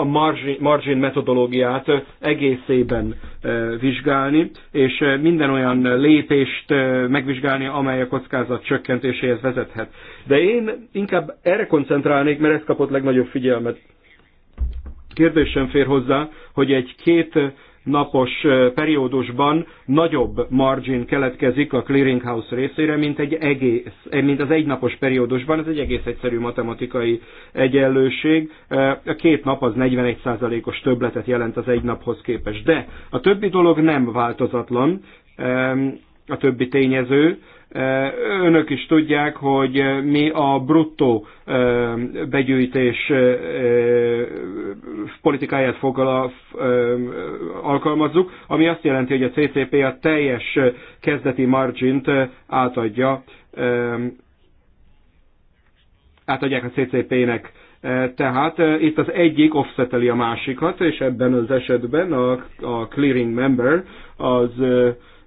a margin, margin metodológiát egészében eh, vizsgálni, és eh, minden olyan lépést eh, megvizsgálni, amely a kockázat csökkentéséhez vezethet. De én inkább erre koncentrálnék, mert ez kapott legnagyobb figyelmet. Kérdés sem fér hozzá, hogy egy két napos periódusban nagyobb margin keletkezik a clearinghouse részére, mint, egy egész, mint az egynapos periódusban. Ez egy egész egyszerű matematikai egyenlőség. A két nap az 41%-os többletet jelent az egy naphoz képest. De a többi dolog nem változatlan, a többi tényező, Önök is tudják, hogy mi a bruttó begyűjtés politikáját fogal alkalmazzuk, ami azt jelenti, hogy a CCP a teljes kezdeti margint átadja, átadják a CCP-nek. Tehát itt az egyik offseteli a másikat, és ebben az esetben a, a clearing member az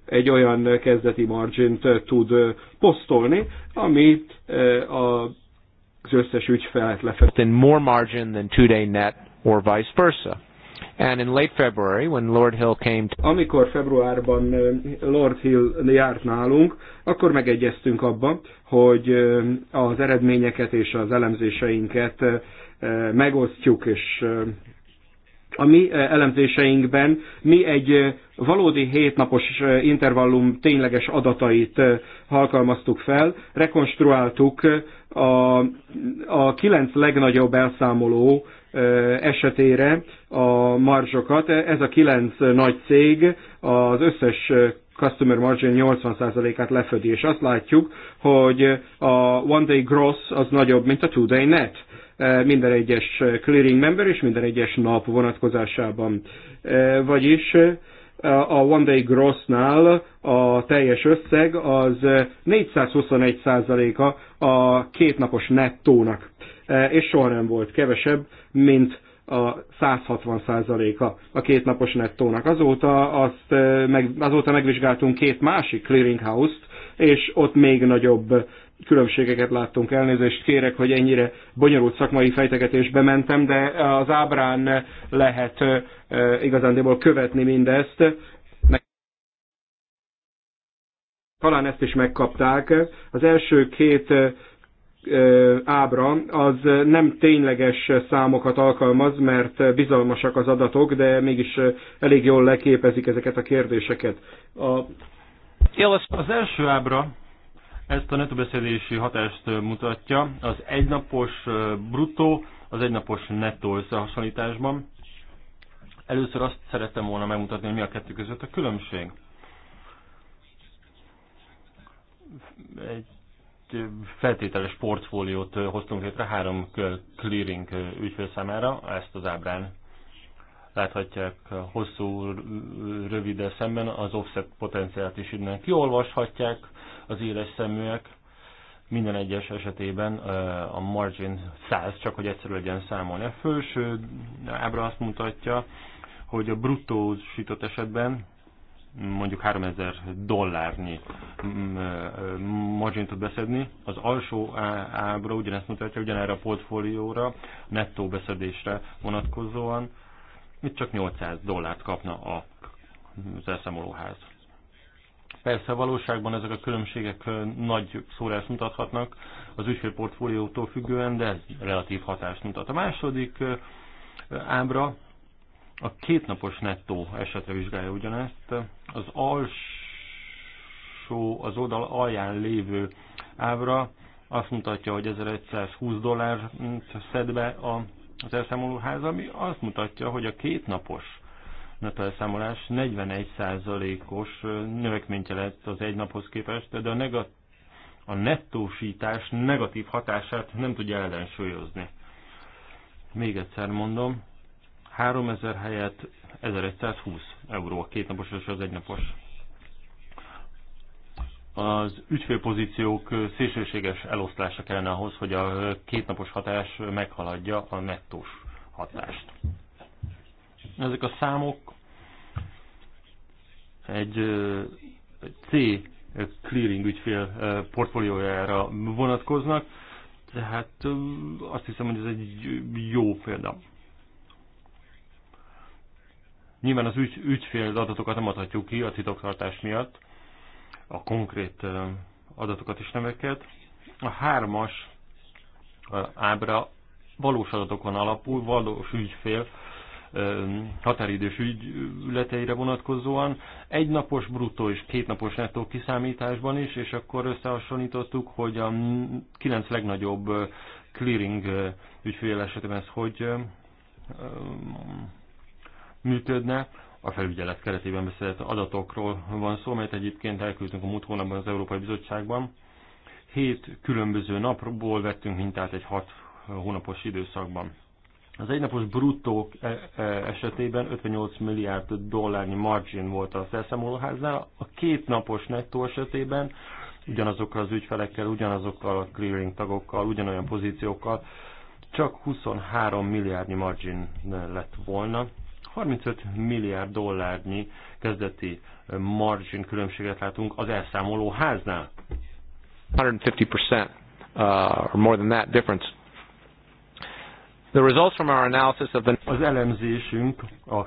egy olyan kezdeti margint eh, tud eh, posztolni, ami eh, az összes ügyfelet lefett. In more margin than two-day net or vice versa. And in late February, when Lord Hill came to... Amikor februárban Lord Hill járt nálunk, akkor megegyeztünk abban, hogy az eredményeket és az elemzéseinket megosztjuk, és a mi eh, elemzéseinkben mi egy eh, valódi hétnapos eh, intervallum tényleges adatait alkalmaztuk fel, rekonstruáltuk a, a kilenc legnagyobb elszámoló esetére a marzsokat. Ez a kilenc nagy cég az összes customer margin 80%-át lefedi, és azt látjuk, hogy a one day gross az nagyobb, mint a two day net E, minden egyes clearing member és minden egyes nap vonatkozásában. E, vagyis e, a One Day Grossnál a teljes összeg az 421%-a a kétnapos nettónak, és soha nem volt kevesebb, mint a 160%-a a kétnapos nettónak. Azóta, azt meg, azóta megvizsgáltunk két másik clearinghouse-t, és ott még nagyobb különbségeket láttunk. Elnézést kérek, hogy ennyire bonyolult szakmai fejtegetésbe mentem, de az ábrán lehet igazándiból követni mindezt. Talán ezt is megkapták. Az első két ábra, az nem tényleges számokat alkalmaz, mert bizalmasak az adatok, de mégis elég jól leképezik ezeket a kérdéseket. A... Az első ábra ezt a netobeszélési hatást mutatja az egynapos bruttó, az egynapos nettó összehasonlításban. Először azt szerettem volna megmutatni, hogy mi a kettő között a különbség. Egy feltételes portfóliót hoztunk létre három clearing ügyfél számára, ezt az ábrán láthatják hosszú, rövide szemben, az offset potenciált is innen kiolvashatják az éles szeműek minden egyes esetében a margin 100, csak hogy egyszerű legyen számolni. A felső ábra azt mutatja, hogy a bruttósított esetben mondjuk 3000 dollárnyi margin tud beszedni. Az alsó ábra ugyanezt mutatja, ugyanerre a portfólióra, nettó beszedésre vonatkozóan, itt csak 800 dollárt kapna a, az elszámolóház. Persze a valóságban ezek a különbségek nagy szórást mutathatnak az ügyfélportfóliótól függően, de ez relatív hatást mutat. A második ábra a kétnapos nettó esetre vizsgálja ugyanezt. Az alsó, az oldal alján lévő ábra azt mutatja, hogy 1120 dollár szed be az ház, ami azt mutatja, hogy a kétnapos felszámolás 41%-os növekményt jelent az egy naphoz képest, de a, negat- a nettósítás negatív hatását nem tudja ellensúlyozni. Még egyszer mondom, 3000 helyett 1120 euró a kétnapos és az egynapos. Az ügyfélpozíciók szélsőséges eloszlása kellene ahhoz, hogy a kétnapos hatás meghaladja a nettós hatást ezek a számok egy C clearing ügyfél portfóliójára vonatkoznak, tehát azt hiszem, hogy ez egy jó példa. Nyilván az ügy, ügyfél adatokat nem adhatjuk ki a titoktartás miatt, a konkrét adatokat és neveket. A hármas ábra valós adatokon alapul, valós ügyfél határidős ügyleteire vonatkozóan, egynapos bruttó és kétnapos nettó kiszámításban is, és akkor összehasonlítottuk, hogy a kilenc legnagyobb clearing ügyfél esetében ez hogy működne. A felügyelet keretében beszélt adatokról van szó, mert egyébként elküldtünk a múlt hónapban az Európai Bizottságban. Hét különböző napból vettünk mintát egy hat hónapos időszakban. Az egynapos bruttó e, e, esetében 58 milliárd dollárnyi margin volt a felszámolóháznál, a kétnapos nettó esetében ugyanazokkal az ügyfelekkel, ugyanazokkal a clearing tagokkal, ugyanolyan pozíciókkal, csak 23 milliárdnyi margin lett volna. 35 milliárd dollárnyi kezdeti margin különbséget látunk az elszámoló háznál. 150% uh, or more than that difference The results from our analysis of the... Az elemzésünk a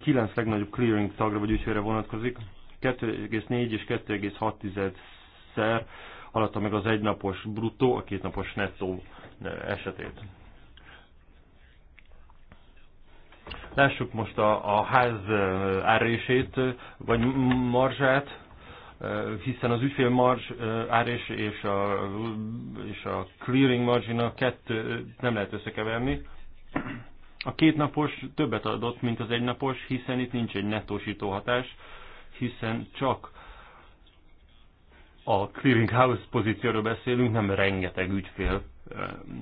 kilenc legnagyobb clearing tagra vagy ügyfélre vonatkozik. 2,4 és 2,6 szer alatta meg az egynapos bruttó, a kétnapos netto esetét. Lássuk most a, a ház árését, vagy marzsát hiszen az ügyfél marzs árés és a, és a clearing margin a kettő nem lehet összekeverni. A kétnapos többet adott, mint az egynapos, hiszen itt nincs egy nettósító hatás, hiszen csak a clearing house pozícióról beszélünk, nem rengeteg ügyfél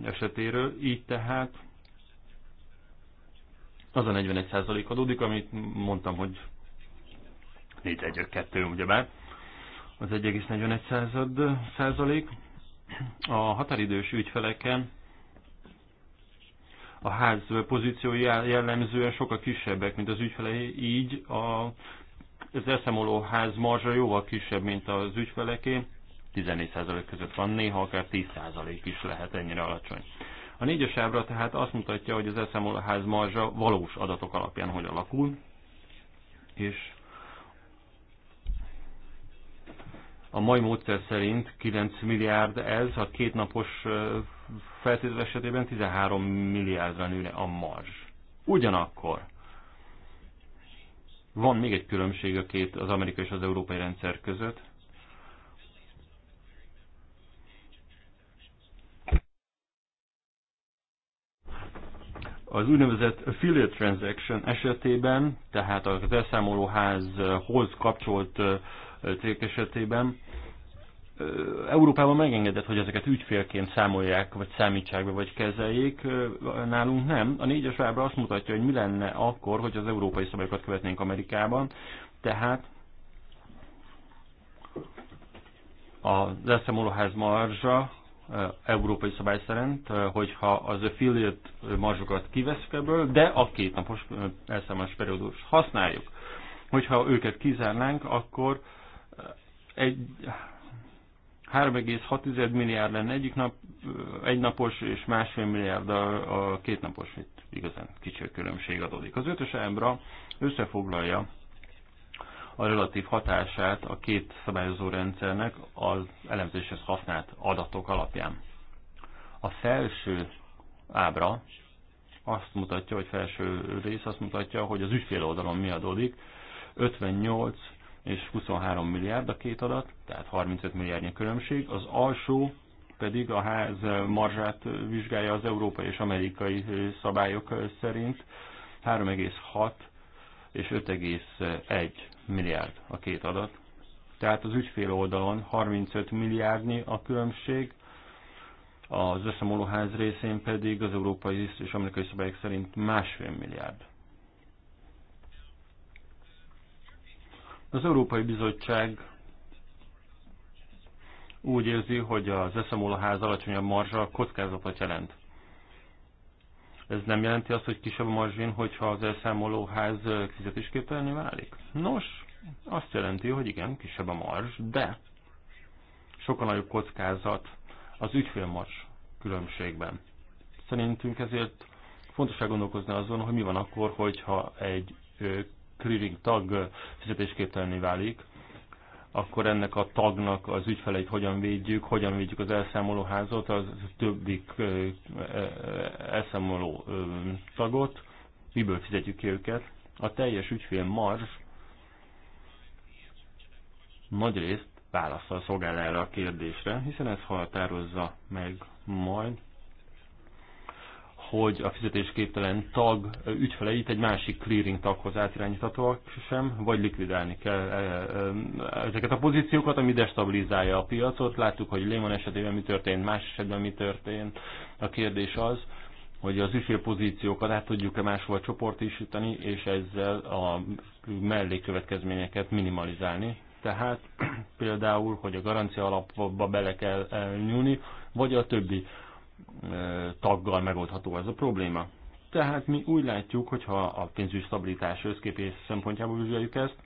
esetéről, így tehát az a 41% adódik, amit mondtam, hogy 4 1 2 ugyebár az 1,41 század százalék. A határidős ügyfeleken a ház pozíciói jellemzően sokkal kisebbek, mint az ügyfelei, így a, az elszámoló ház marzsa jóval kisebb, mint az ügyfeleké. 14% között van, néha akár 10% is lehet ennyire alacsony. A négyes ábra tehát azt mutatja, hogy az ház marzsa valós adatok alapján hogy alakul, és A mai módszer szerint 9 milliárd ez, a két napos feltétel esetében 13 milliárdra nőne a marzs. Ugyanakkor van még egy különbség a két, az amerikai és az európai rendszer között. Az úgynevezett affiliate transaction esetében, tehát az elszámolóházhoz kapcsolt cég esetében Európában megengedett, hogy ezeket ügyfélként számolják, vagy számítsák be, vagy kezeljék, nálunk nem. A négyes ábra azt mutatja, hogy mi lenne akkor, hogy az európai szabályokat követnénk Amerikában, tehát az elszámolóház marzsa európai szabály szerint, hogyha az affiliate marzsokat kiveszük ebből, de a két napos elszámolás periódus használjuk. Hogyha őket kizárnánk, akkor egy 3,6 milliárd lenne egyik nap, egy napos és másfél milliárd a, a két napos, itt igazán kicsi különbség adódik. Az ötös ábra összefoglalja a relatív hatását a két szabályozó rendszernek az elemzéshez használt adatok alapján. A felső ábra azt mutatja, hogy felső rész azt mutatja, hogy az ügyfél oldalon mi adódik. 58 és 23 milliárd a két adat, tehát 35 milliárdnyi különbség. Az alsó pedig a ház marzsát vizsgálja az európai és amerikai szabályok szerint 3,6 és 5,1 milliárd a két adat. Tehát az ügyfél oldalon 35 milliárdnyi a különbség, az összemolóház részén pedig az európai és amerikai szabályok szerint másfél milliárd Az Európai Bizottság úgy érzi, hogy az eszemóla ház alacsonyabb marzsa kockázatot jelent. Ez nem jelenti azt, hogy kisebb a marzsin, hogyha az ház fizetésképtelenné válik? Nos, azt jelenti, hogy igen, kisebb a marzs, de sokkal nagyobb kockázat az ügyfélmarzs különbségben. Szerintünk ezért fontos elgondolkozni azon, hogy mi van akkor, hogyha egy clearing tag fizetésképtelenné válik, akkor ennek a tagnak az ügyfeleit hogyan védjük, hogyan védjük az elszámolóházat, az többi elszámoló tagot, miből fizetjük ki őket. A teljes ügyfél marzs nagy részt válaszol szolgál erre a kérdésre, hiszen ez határozza meg majd hogy a fizetésképtelen tag ügyfeleit egy másik clearing taghoz átirányíthatóak sem, vagy likvidálni kell e, e, ezeket a pozíciókat, ami destabilizálja a piacot. Láttuk, hogy Lehman esetében mi történt, más esetben mi történt. A kérdés az, hogy az ügyfél pozíciókat át tudjuk-e máshol csoportisítani, és ezzel a mellékkövetkezményeket minimalizálni. Tehát például, hogy a garancia alapba bele kell e, nyúlni, vagy a többi taggal megoldható ez a probléma. Tehát mi úgy látjuk, hogyha a pénzügyi stabilitás összképés szempontjából vizsgáljuk ezt,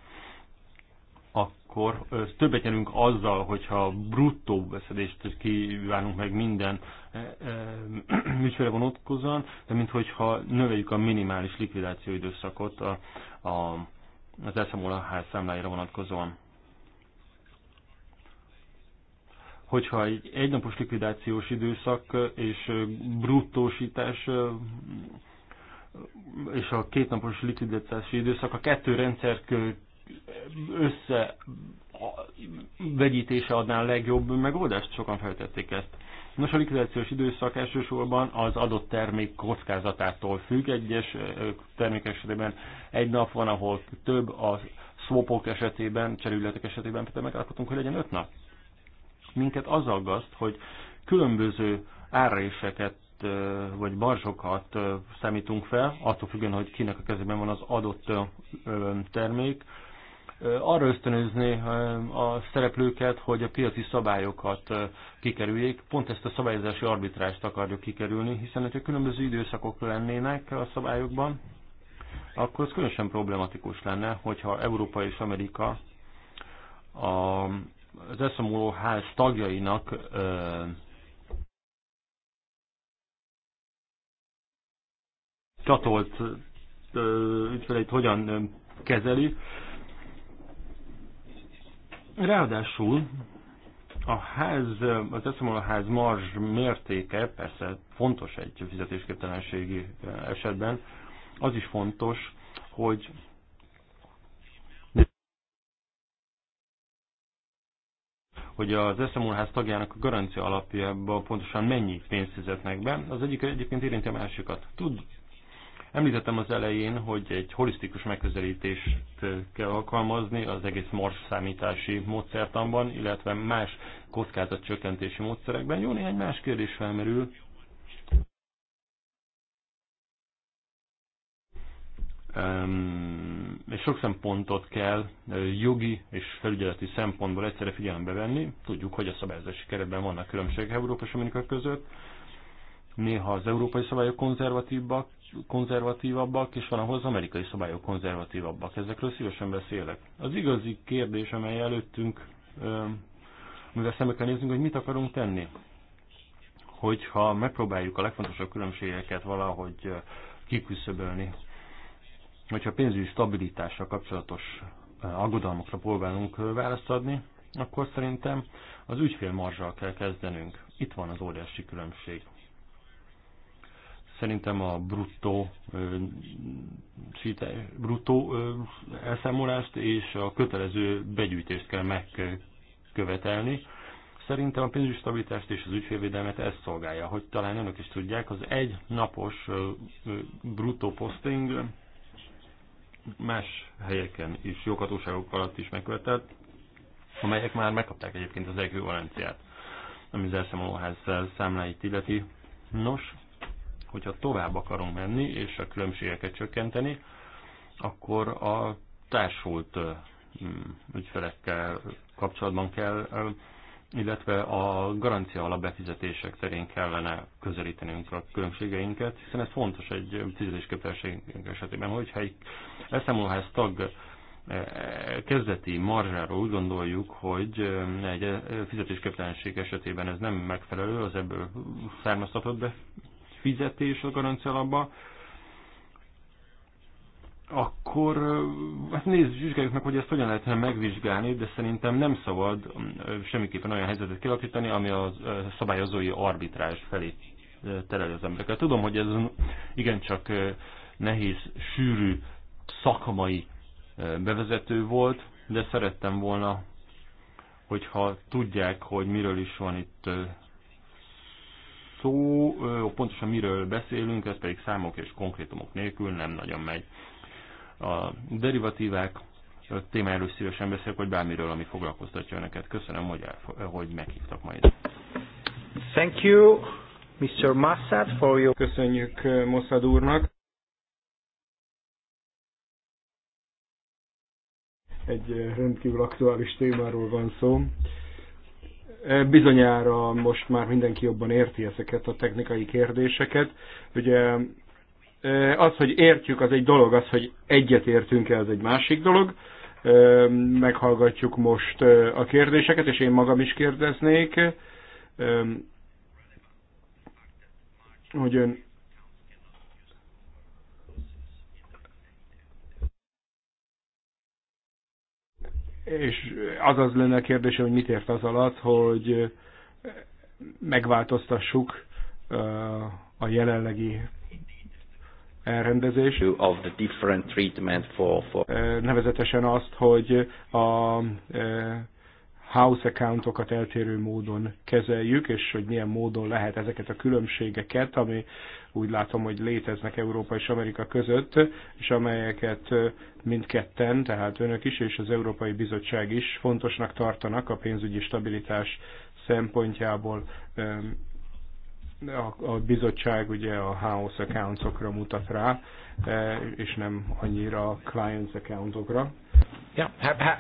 akkor többet nyerünk azzal, hogyha bruttó beszedést kívánunk meg minden ügyfele vonatkozóan, de mint hogyha növeljük a minimális likvidáció időszakot a, a, az elszámolás számlájára vonatkozóan. hogyha egy egynapos likvidációs időszak és bruttósítás és a kétnapos likviditási időszak, a kettő rendszer össze vegyítése adná a legjobb megoldást? Sokan feltették ezt. Nos, a likvidációs időszak elsősorban az adott termék kockázatától függ. Egyes termékek esetében egy nap van, ahol több, a swapok esetében, cserületek esetében például megállapodtunk, hogy legyen öt nap minket az aggaszt, hogy különböző árréseket vagy barzsokat számítunk fel, attól függően, hogy kinek a kezében van az adott termék, arra ösztönözni a szereplőket, hogy a piaci szabályokat kikerüljék. Pont ezt a szabályozási arbitrást akarjuk kikerülni, hiszen hogyha különböző időszakok lennének a szabályokban, akkor ez különösen problematikus lenne, hogyha Európa és Amerika a az elszámoló ház tagjainak csatolt ügyfeleit hogyan kezeli. Ráadásul a ház, az eszemoló ház marzs mértéke persze fontos egy fizetésképtelenségi esetben. Az is fontos, hogy hogy az Eszemúrház tagjának a garancia alapjában pontosan mennyi pénzt fizetnek be. Az egyik egyébként érinti a másikat. Tud, Említettem az elején, hogy egy holisztikus megközelítést kell alkalmazni az egész mars számítási módszertanban, illetve más kockázatcsökkentési módszerekben. Jó néhány más kérdés felmerül. Um, és sok szempontot kell jogi és felügyeleti szempontból egyszerre figyelembe venni. Tudjuk, hogy a szabályozási keretben vannak különbségek Európa és Amerika között. Néha az európai szabályok konzervatívabbak, konzervatívabbak, és van, ahol az amerikai szabályok konzervatívabbak. Ezekről szívesen beszélek. Az igazi kérdés, amely előttünk, mivel szembe kell néznünk, hogy mit akarunk tenni. Hogyha megpróbáljuk a legfontosabb különbségeket valahogy kiküszöbölni, hogyha pénzügyi stabilitásra kapcsolatos eh, aggodalmakra próbálunk eh, választ adni, akkor szerintem az ügyfélmarzsal kell kezdenünk. Itt van az óriási különbség. Szerintem a bruttó, eh, bruttó elszámolást és a kötelező begyűjtést kell megkövetelni. Szerintem a pénzügyi stabilitást és az ügyfélvédelmet ez szolgálja. Hogy talán önök is tudják, az egy napos bruttó posting más helyeken is, joghatóságok alatt is megkövetelt, amelyek már megkapták egyébként az ekvivalenciát, ami az elszámolóház számláit illeti. Nos, hogyha tovább akarunk menni és a különbségeket csökkenteni, akkor a társult mm, ügyfelekkel kapcsolatban kell illetve a garancia alapbefizetések terén kellene közelítenünk a különbségeinket, hiszen ez fontos egy fizetésképtelenség esetében, hogyha egy SMOHS tag eh, kezdeti marzsáról úgy gondoljuk, hogy eh, egy eh, fizetésképtelenség esetében ez nem megfelelő, az ebből származtatott be fizetés a garancia alapba, akkor hát nézzük, vizsgáljuk meg, hogy ezt hogyan lehetne megvizsgálni, de szerintem nem szabad semmiképpen olyan helyzetet kialakítani, ami a szabályozói arbitrás felé tereli az embereket. Tudom, hogy ez igencsak nehéz, sűrű, szakmai bevezető volt, de szerettem volna, hogyha tudják, hogy miről is van itt szó, pontosan miről beszélünk, ez pedig számok és konkrétumok nélkül nem nagyon megy a derivatívák témájáról is szívesen beszélek, hogy bármiről, ami foglalkoztatja önöket. Köszönöm, hogy, el, hogy meghívtak majd. Thank you, Mr. Massad, for your... Köszönjük eh, Mossad úrnak. Egy eh, rendkívül aktuális témáról van szó. Eh, bizonyára most már mindenki jobban érti ezeket a technikai kérdéseket. Ugye az, hogy értjük, az egy dolog, az, hogy egyet értünk el, az egy másik dolog. Meghallgatjuk most a kérdéseket, és én magam is kérdeznék, hogy ön és az az lenne a kérdése, hogy mit ért az alatt, hogy megváltoztassuk a jelenlegi elrendezés. Of the different treatment for, for... Nevezetesen azt, hogy a house accountokat eltérő módon kezeljük, és hogy milyen módon lehet ezeket a különbségeket, ami úgy látom, hogy léteznek Európa és Amerika között, és amelyeket mindketten, tehát önök is és az Európai Bizottság is fontosnak tartanak a pénzügyi stabilitás szempontjából a, a bizottság ugye a house accountokra mutat rá, e, és nem annyira a clients accountokra. Yeah,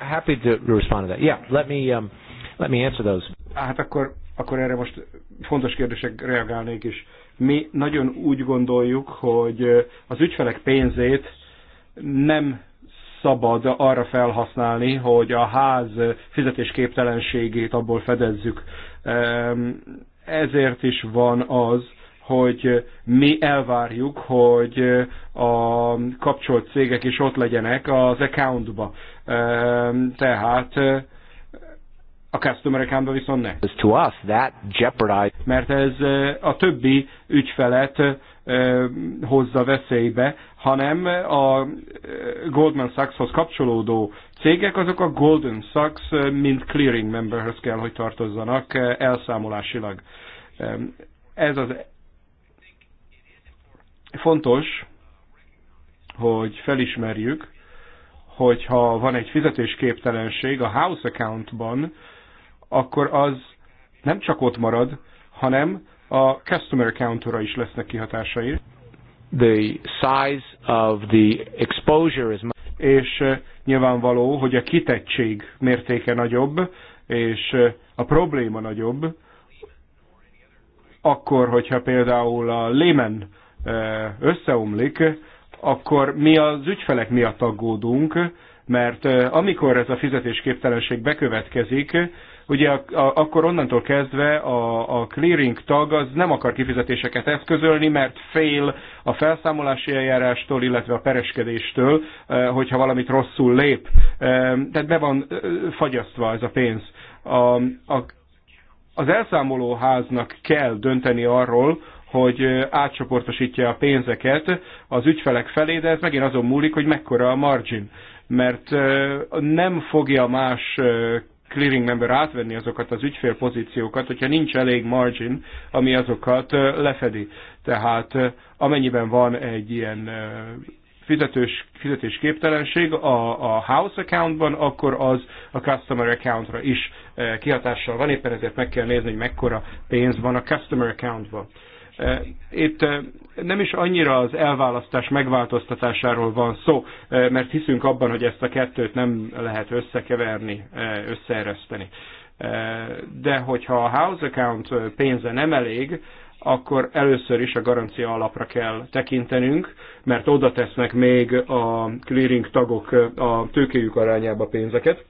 happy to respond to that. Yeah, let me, um, let me answer those. Hát akkor, akkor erre most fontos kérdések reagálnék is. Mi nagyon úgy gondoljuk, hogy az ügyfelek pénzét nem szabad arra felhasználni, hogy a ház fizetésképtelenségét abból fedezzük ezért is van az, hogy mi elvárjuk, hogy a kapcsolt cégek is ott legyenek az accountba. Tehát a customer accountba viszont ne. To us, that Mert ez a többi ügyfelet hozza veszélybe, hanem a Goldman Sachshoz kapcsolódó cégek, azok a Golden Sachs mint clearing memberhez kell, hogy tartozzanak elszámolásilag. Ez az fontos, hogy felismerjük, hogyha van egy fizetésképtelenség a house accountban, akkor az nem csak ott marad, hanem a customer accountra is lesznek kihatásai. The size of the exposure is és nyilvánvaló, hogy a kitettség mértéke nagyobb, és a probléma nagyobb, akkor, hogyha például a lémen összeomlik, akkor mi az ügyfelek miatt aggódunk, mert amikor ez a fizetésképtelenség bekövetkezik, ugye a, a, akkor onnantól kezdve a, a clearing tag az nem akar kifizetéseket eszközölni, mert fél a felszámolási eljárástól, illetve a pereskedéstől, eh, hogyha valamit rosszul lép. Eh, tehát be van eh, fagyasztva ez a pénz. A, a, az elszámoló háznak kell dönteni arról, hogy átcsoportosítja a pénzeket az ügyfelek felé, de ez megint azon múlik, hogy mekkora a margin. Mert nem fogja más clearing member átvenni azokat az pozíciókat, hogyha nincs elég margin, ami azokat lefedi. Tehát amennyiben van egy ilyen fizetős, fizetésképtelenség a, a house accountban, akkor az a customer accountra is kihatással van, éppen ezért meg kell nézni, hogy mekkora pénz van a customer accountban. Eh, itt eh, nem is annyira az elválasztás megváltoztatásáról van szó, eh, mert hiszünk abban, hogy ezt a kettőt nem lehet összekeverni, összeereszteni. De hogyha a house account pénze nem elég, akkor először is a garancia alapra kell tekintenünk, mert oda tesznek még a clearing tagok a tőkéjük arányába pénzeket,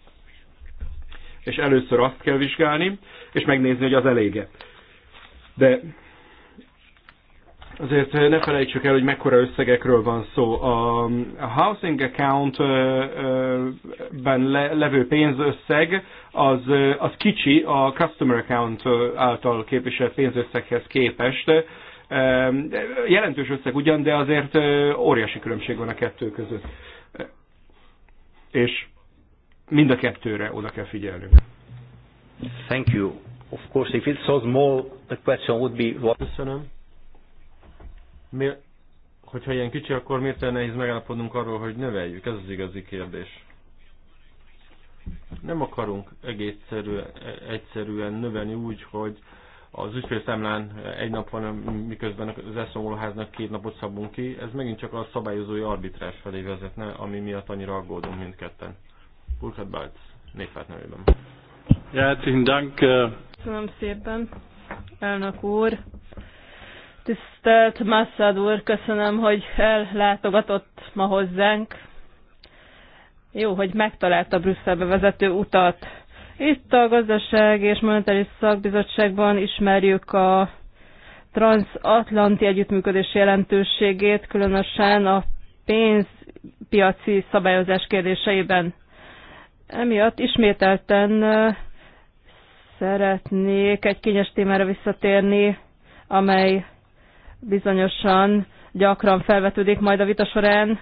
és először azt kell vizsgálni, és megnézni, hogy az elége. De azért eh, ne felejtsük el, hogy mekkora összegekről van szó. A housing account-ben eh, eh, levő pénzösszeg az, az kicsi a customer account által képviselt pénzösszeghez képest. Jelentős összeg ugyan, de azért óriási különbség van a kettő között. És mind a kettőre oda kell figyelnünk. Thank you. Of course, if it's so small, the question would be what... Köszönöm mi, hogyha ilyen kicsi, akkor miért olyan nehéz megállapodnunk arról, hogy növeljük? Ez az igazi kérdés. Nem akarunk egészszerűen, egyszerűen növelni úgy, hogy az ügyfélszámlán egy nap van, miközben az elszomolóháznak két napot szabunk ki, ez megint csak a szabályozói arbitrás felé vezetne, ami miatt annyira aggódunk mindketten. Burkhard Balc, Népfát nevében. Ja, Dank. Äh, Köszönöm szépen, elnök úr. Tisztelt Massad úr, köszönöm, hogy ellátogatott ma hozzánk. Jó, hogy a Brüsszelbe vezető utat. Itt a Gazdaság és Monetáris Szakbizottságban ismerjük a transatlanti együttműködés jelentőségét, különösen a pénzpiaci szabályozás kérdéseiben. Emiatt ismételten szeretnék egy kényes témára visszatérni, amely bizonyosan gyakran felvetődik majd a vita során.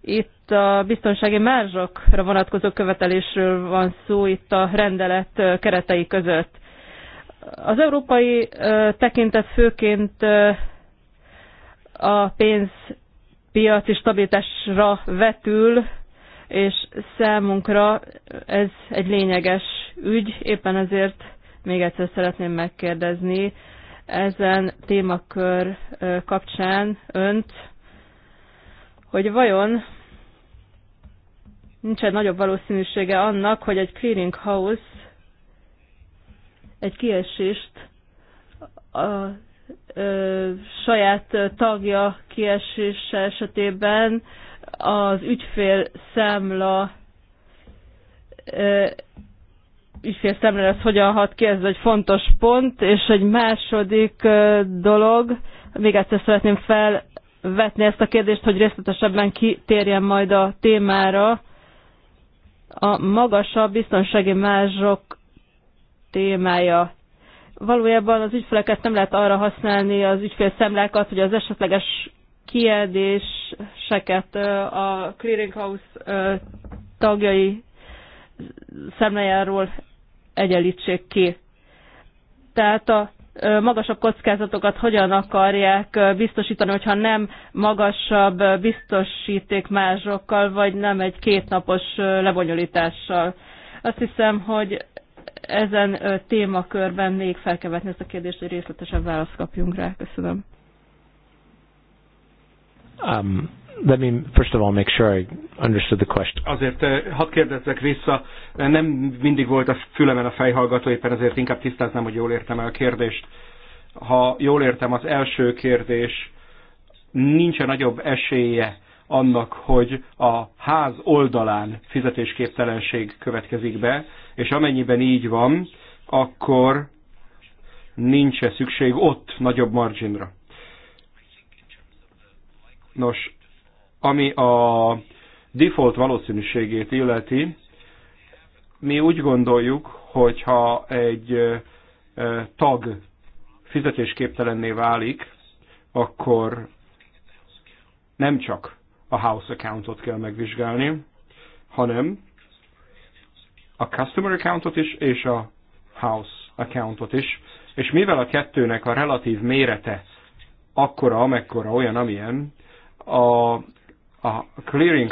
Itt a biztonsági márzsokra vonatkozó követelésről van szó itt a rendelet keretei között. Az európai tekintet főként a pénzpiaci stabilitásra vetül, és számunkra ez egy lényeges ügy, éppen ezért még egyszer szeretném megkérdezni, ezen témakör kapcsán önt, hogy vajon nincs egy nagyobb valószínűsége annak, hogy egy clearing house egy kiesést a ö, saját tagja kiesése esetében az ügyfél számla ügyfél szemlélet hogyan hat ki, ez egy fontos pont, és egy második dolog, még egyszer szeretném felvetni ezt a kérdést, hogy részletesebben kitérjen majd a témára, a magasabb biztonsági mázsok témája. Valójában az ügyfeleket nem lehet arra használni, az ügyfélszemlákat, hogy az esetleges kiedéseket a clearinghouse tagjai szemlejáról egyenlítsék ki. Tehát a magasabb kockázatokat hogyan akarják biztosítani, hogyha nem magasabb biztosíték másokkal, vagy nem egy kétnapos lebonyolítással. Azt hiszem, hogy ezen témakörben még fel kell vetni ezt a kérdést, hogy részletesen választ kapjunk rá. Köszönöm. Um, let me first of all make sure I understood the question. Azért eh, hadd kérdezzek vissza, eh, nem mindig volt a fülemen a fejhallgató, éppen ezért inkább tisztáznám, hogy jól értem el a kérdést. Ha jól értem, az első kérdés nincsen nagyobb esélye annak, hogy a ház oldalán fizetésképtelenség következik be, és amennyiben így van, akkor nincs-e szükség ott nagyobb marginra? Nos, ami a default valószínűségét illeti, mi úgy gondoljuk, hogyha egy tag fizetésképtelenné válik, akkor nem csak a house accountot kell megvizsgálni, hanem a customer accountot is, és a house accountot is. És mivel a kettőnek a relatív mérete akkora, amekkora, olyan, amilyen, a, a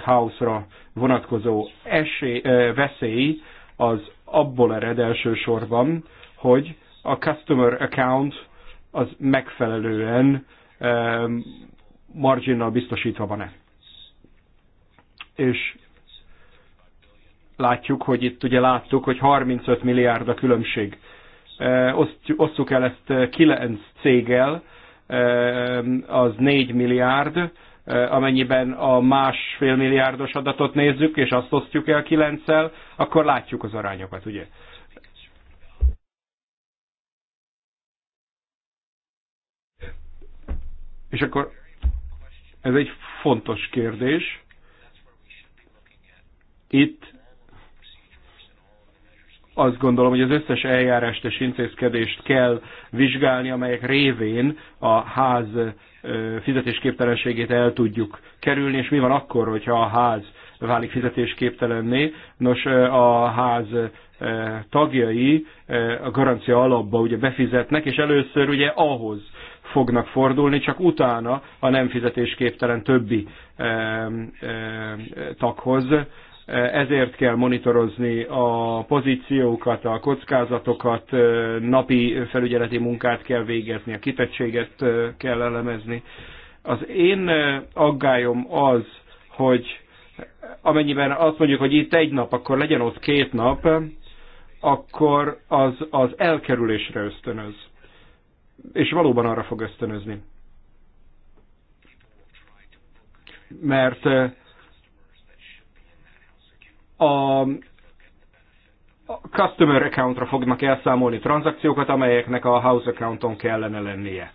house ra vonatkozó esély, veszély az abból ered elsősorban, hogy a customer account az megfelelően marginnal biztosítva van-e. És látjuk, hogy itt ugye láttuk, hogy 35 milliárd a különbség. Osztjuk el ezt 9 céggel, az 4 milliárd, Eh, amennyiben a másfél milliárdos adatot nézzük, és azt osztjuk el kilenccel, akkor látjuk az arányokat, ugye? És akkor ez egy fontos kérdés. Itt azt gondolom, hogy az összes eljárást és intézkedést kell vizsgálni, amelyek révén a ház fizetésképtelenségét el tudjuk kerülni, és mi van akkor, hogyha a ház válik fizetésképtelenné. Nos, a ház tagjai a garancia alapba ugye befizetnek, és először ugye ahhoz fognak fordulni, csak utána a nem fizetésképtelen többi taghoz ezért kell monitorozni a pozíciókat, a kockázatokat, napi felügyeleti munkát kell végezni, a kitettséget kell elemezni. Az én aggályom az, hogy amennyiben azt mondjuk, hogy itt egy nap, akkor legyen ott két nap, akkor az, az elkerülésre ösztönöz. És valóban arra fog ösztönözni. Mert a customer accountra fognak elszámolni tranzakciókat, amelyeknek a house accounton kellene lennie.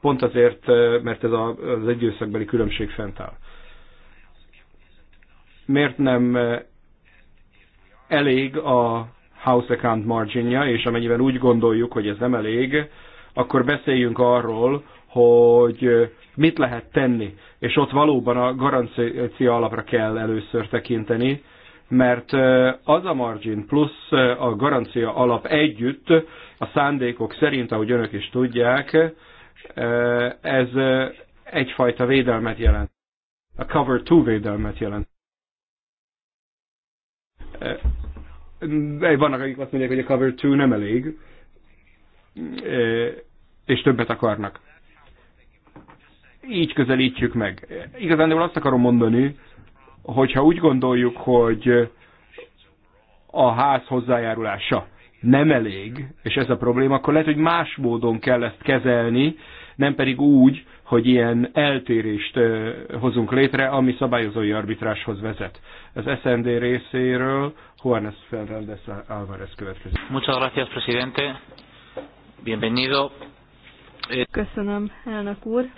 Pont azért, mert ez az egyőszakbeli különbség fent áll. Miért nem elég a house account marginja, és amennyiben úgy gondoljuk, hogy ez nem elég, akkor beszéljünk arról, hogy mit lehet tenni, és ott valóban a garancia alapra kell először tekinteni, mert az a margin plusz a garancia alap együtt a szándékok szerint, ahogy önök is tudják, ez egyfajta védelmet jelent. A cover to védelmet jelent. Vannak, akik azt mondják, hogy a cover to nem elég, és többet akarnak. Így közelítjük meg. Igazán azt akarom mondani, hogyha úgy gondoljuk, hogy a ház hozzájárulása nem elég, és ez a probléma, akkor lehet, hogy más módon kell ezt kezelni, nem pedig úgy, hogy ilyen eltérést hozunk létre, ami szabályozói arbitráshoz vezet. Az SND részéről Juanes Fernández Álvarez következik. Muchas gracias, presidente. Bienvenido. Eh, Köszönöm, elnök úr.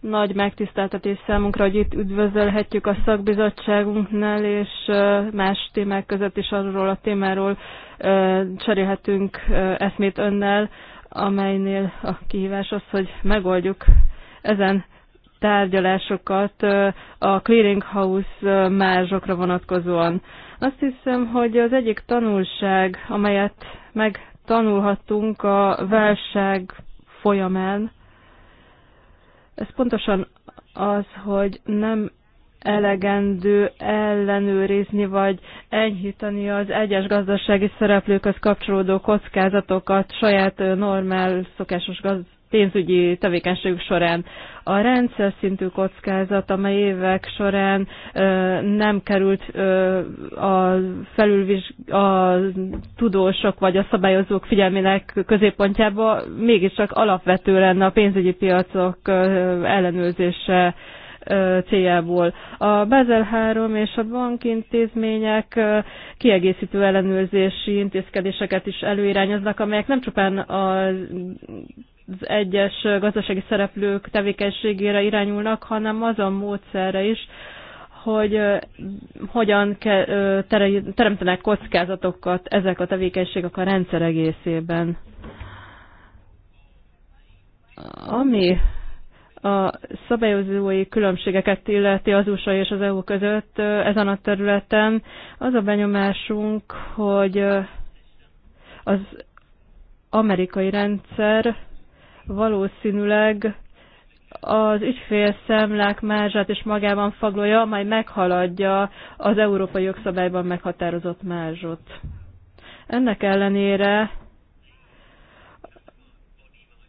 Nagy megtiszteltetés számunkra, hogy itt üdvözölhetjük a szakbizottságunknál, és más témák között is arról a témáról cserélhetünk eszmét önnel, amelynél a kihívás az, hogy megoldjuk ezen tárgyalásokat a clearinghouse mázsokra vonatkozóan. Azt hiszem, hogy az egyik tanulság, amelyet megtanulhattunk a válság folyamán, ez pontosan az, hogy nem elegendő ellenőrizni vagy enyhíteni az egyes gazdasági szereplőkhöz kapcsolódó kockázatokat saját normál szokásos gazdasági pénzügyi tevékenységük során. A rendszer szintű kockázat, amely évek során nem került a felülviz a tudósok vagy a szabályozók figyelmének középpontjába, mégiscsak alapvető lenne a pénzügyi piacok ellenőrzése céljából. A Basel 3 és a bankintézmények kiegészítő ellenőrzési intézkedéseket is előirányoznak, amelyek nem csupán a az egyes gazdasági szereplők tevékenységére irányulnak, hanem az a módszerre is, hogy hogyan teremtenek kockázatokat ezek a tevékenységek a rendszer egészében. Ami a szabályozói különbségeket illeti az USA és az EU között ezen a területen, az a benyomásunk, hogy az amerikai rendszer valószínűleg az ügyfélszemlák mázsát és magában faglója, majd meghaladja az európai jogszabályban meghatározott mázsot. Ennek ellenére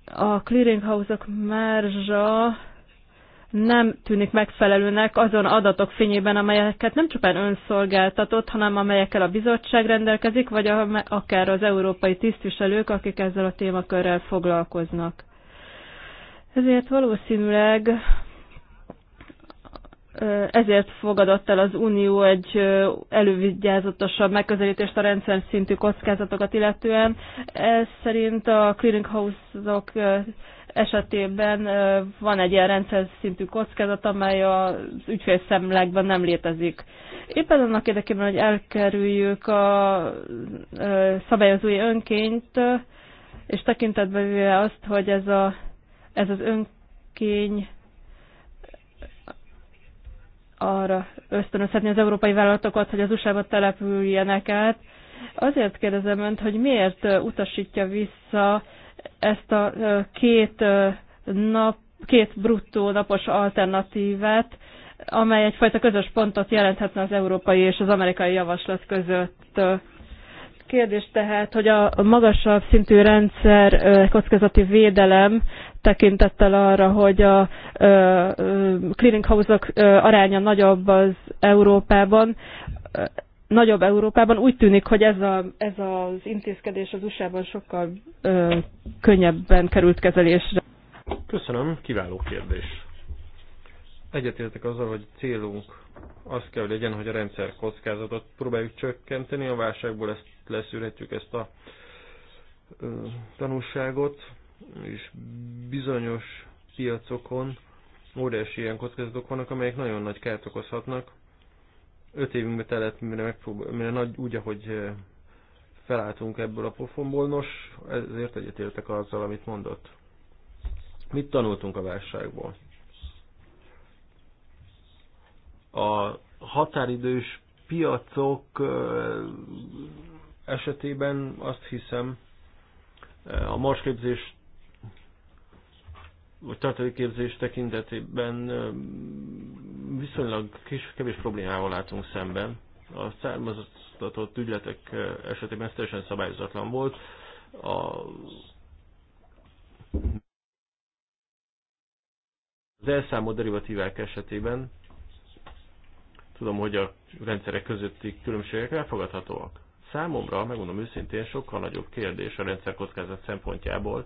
a clearinghouse-ok mázsa nem tűnik megfelelőnek azon adatok fényében, amelyeket nem csupán önszolgáltatott, hanem amelyekkel a bizottság rendelkezik, vagy akár az európai tisztviselők, akik ezzel a témakörrel foglalkoznak. Ezért valószínűleg ezért fogadott el az Unió egy elővigyázatosabb megközelítést a rendszer szintű kockázatokat illetően. Ez szerint a clearinghouse-ok esetében van egy ilyen rendszer szintű kockázat, amely az ügyfélszemlegben nem létezik. Éppen annak érdekében, hogy elkerüljük a szabályozói önként, és tekintetben azt, hogy ez a ez az önkény arra ösztönözhetni az európai vállalatokat, hogy az USA-ba települjenek át. Azért kérdezem önt, hogy miért utasítja vissza ezt a két nap, két bruttó napos alternatívát, amely egyfajta közös pontot jelenthetne az európai és az amerikai javaslat között. Kérdés tehát, hogy a magasabb szintű rendszer kockázati védelem tekintettel arra, hogy a house ok aránya nagyobb az Európában, nagyobb Európában. Úgy tűnik, hogy ez, a, ez az intézkedés az USA-ban sokkal könnyebben került kezelésre. Köszönöm, kiváló kérdés. Egyetértek azzal, hogy célunk az kell, hogy legyen, hogy a rendszer kockázatot próbáljuk csökkenteni, a válságból ezt leszűrhetjük ezt a ö, tanulságot, és bizonyos piacokon óriási ilyen kockázatok vannak, amelyek nagyon nagy kárt okozhatnak. Öt évünkbe telett, mire, megpróbál, mire nagy, úgy, ahogy felálltunk ebből a pofonból, nos, ezért egyetértek azzal, amit mondott. Mit tanultunk a válságból? a határidős piacok esetében azt hiszem a marsképzés vagy tartalék képzés tekintetében viszonylag kis, kevés problémával látunk szemben. A származatott ügyletek esetében ez teljesen szabályozatlan volt. A az elszámolt derivatívák esetében Tudom, hogy a rendszerek közötti különbségek elfogadhatóak. Számomra, megmondom őszintén, sokkal nagyobb kérdés a rendszerkockázat szempontjából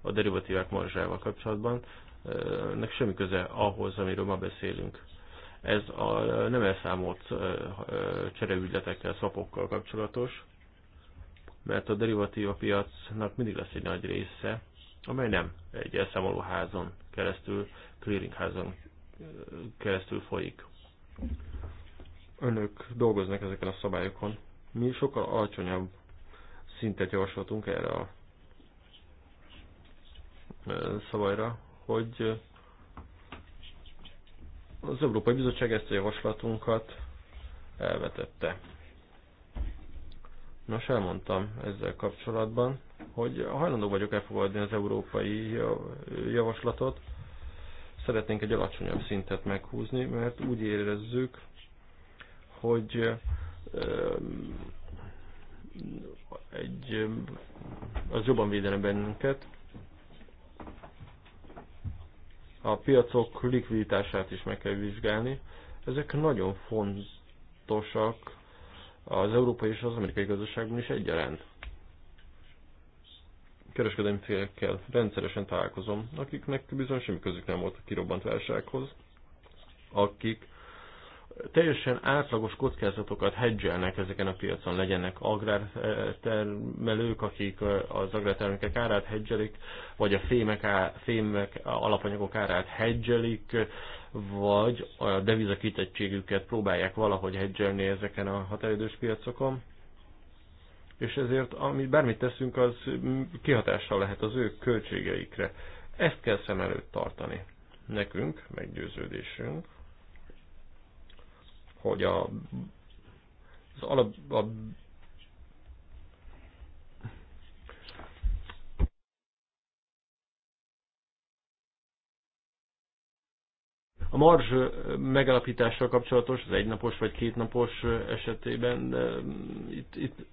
a derivatívák marzsával kapcsolatban. Nek semmi köze ahhoz, amiről ma beszélünk. Ez a nem elszámolt csereügyletekkel, szapokkal kapcsolatos, mert a derivatíva piacnak mindig lesz egy nagy része, amely nem egy házon, keresztül, clearingházon keresztül folyik önök dolgoznak ezeken a szabályokon. Mi sokkal alacsonyabb szintet javasoltunk erre a e, szabályra, hogy az Európai Bizottság ezt a javaslatunkat elvetette. Nos, elmondtam ezzel kapcsolatban, hogy hajlandó vagyok elfogadni az európai javaslatot. Szeretnénk egy alacsonyabb szintet meghúzni, mert úgy érezzük, hogy egy, az jobban védene bennünket. A piacok likviditását is meg kell vizsgálni. Ezek nagyon fontosak az európai és az amerikai gazdaságban is egyaránt. Kereskedelmi félekkel rendszeresen találkozom, akiknek bizony semmi közük nem volt a kirobbant válsághoz, akik teljesen átlagos kockázatokat hedgelnek ezeken a piacon, legyenek agrártermelők, akik az agrártermékek árát hedgelik, vagy a fémek, á, fémek alapanyagok árát hedgelik, vagy a devizakitettségüket próbálják valahogy hedgelni ezeken a határidős piacokon. És ezért ami, bármit teszünk, az kihatással lehet az ő költségeikre. Ezt kell szem előtt tartani. Nekünk, meggyőződésünk, hogy a, az alap, a A marzs megalapítással kapcsolatos, az egynapos vagy kétnapos esetében mm, itt, itt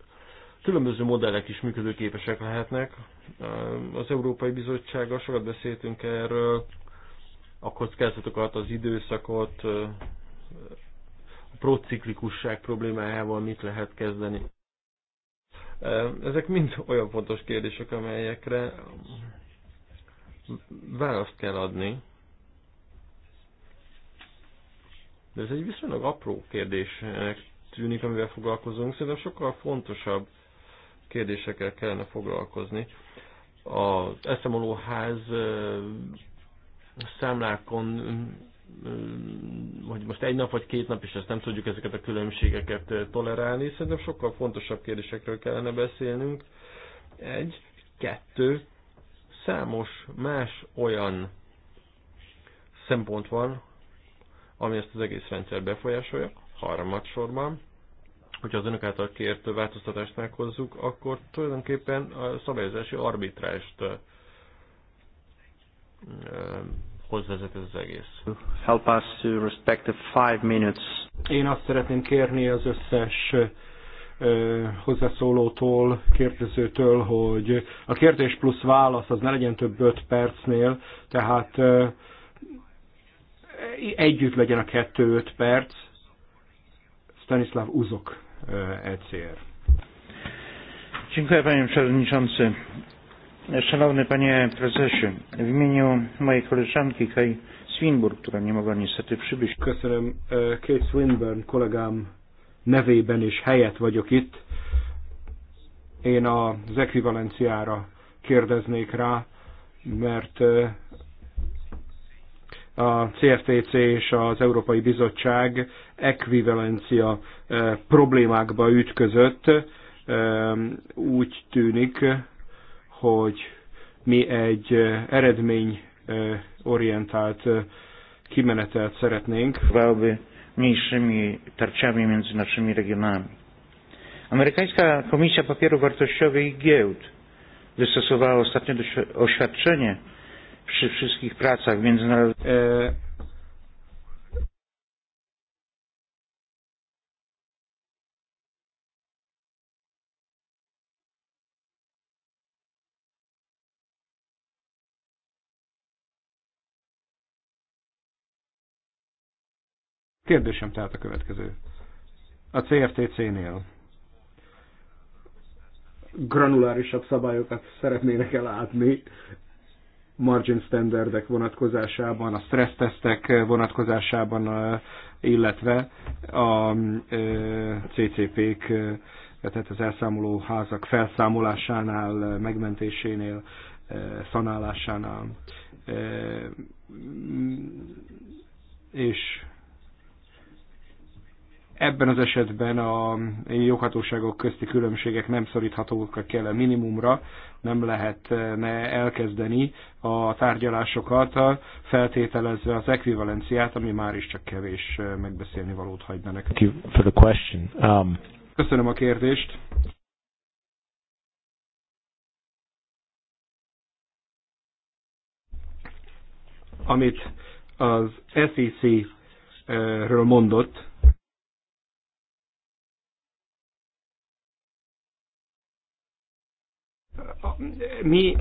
különböző modellek is működőképesek lehetnek. Az Európai Bizottsággal sokat beszéltünk erről, a kockázatokat, az időszakot, prociklikusság problémájával mit lehet kezdeni. Ezek mind olyan fontos kérdések, amelyekre választ kell adni. De ez egy viszonylag apró kérdésnek tűnik, amivel foglalkozunk. Szerintem sokkal fontosabb kérdésekkel kellene foglalkozni. Az eszemolóház számlákon hogy most egy nap vagy két nap, és ezt nem tudjuk ezeket a különbségeket tolerálni. Szerintem sokkal fontosabb kérdésekről kellene beszélnünk. Egy, kettő, számos más olyan szempont van, ami ezt az egész rendszer befolyásolja. Harmadsorban, hogyha az önök által kért változtatást meghozzuk, akkor tulajdonképpen a szabályozási arbitrást hoz vezet ez az egész. Help us to respect the five minutes. Én azt szeretném kérni az összes hozzászólótól, kérdezőtől, hogy a kérdés plusz válasz az ne legyen több öt percnél, tehát együtt legyen a 2-5 perc. Stanislav Uzok, ECR. Dziękuję panie przewodniczący. Szanowny Panie Prezesie, w imieniu mojej koleżanki Kay Swinburne, która nie mogła niestety przybyć. Köszönöm e, Kay Swinburne kollégám nevében is helyet vagyok itt. Én az ekvivalenciára kérdeznék rá, mert e, a CFTC és az Európai Bizottság ekvivalencia e, problémákba ütközött. Úgy tűnik, hogy mi egy eredmény orientált kimenetelt szeretnénk. mniejszymi tarciami między naszymi regionami. Amerykańska Komisja Papierów Wartościowych i Giełd wystosowała ostatnio oświadczenie przy wszystkich pracach międzynarodowych. E, Kérdésem tehát a következő. A CRTC-nél granulárisabb szabályokat szeretnének elátni margin standardek vonatkozásában, a tesztek vonatkozásában, illetve a CCP-k, tehát az elszámoló házak felszámolásánál, megmentésénél, szanálásánál. És Ebben az esetben a joghatóságok közti különbségek nem szoríthatók kell a minimumra, nem lehetne elkezdeni a tárgyalásokat, feltételezve az ekvivalenciát, ami már is csak kevés megbeszélni valót hagyna nekünk. Um... Köszönöm a kérdést. Amit az SEC-ről mondott, mi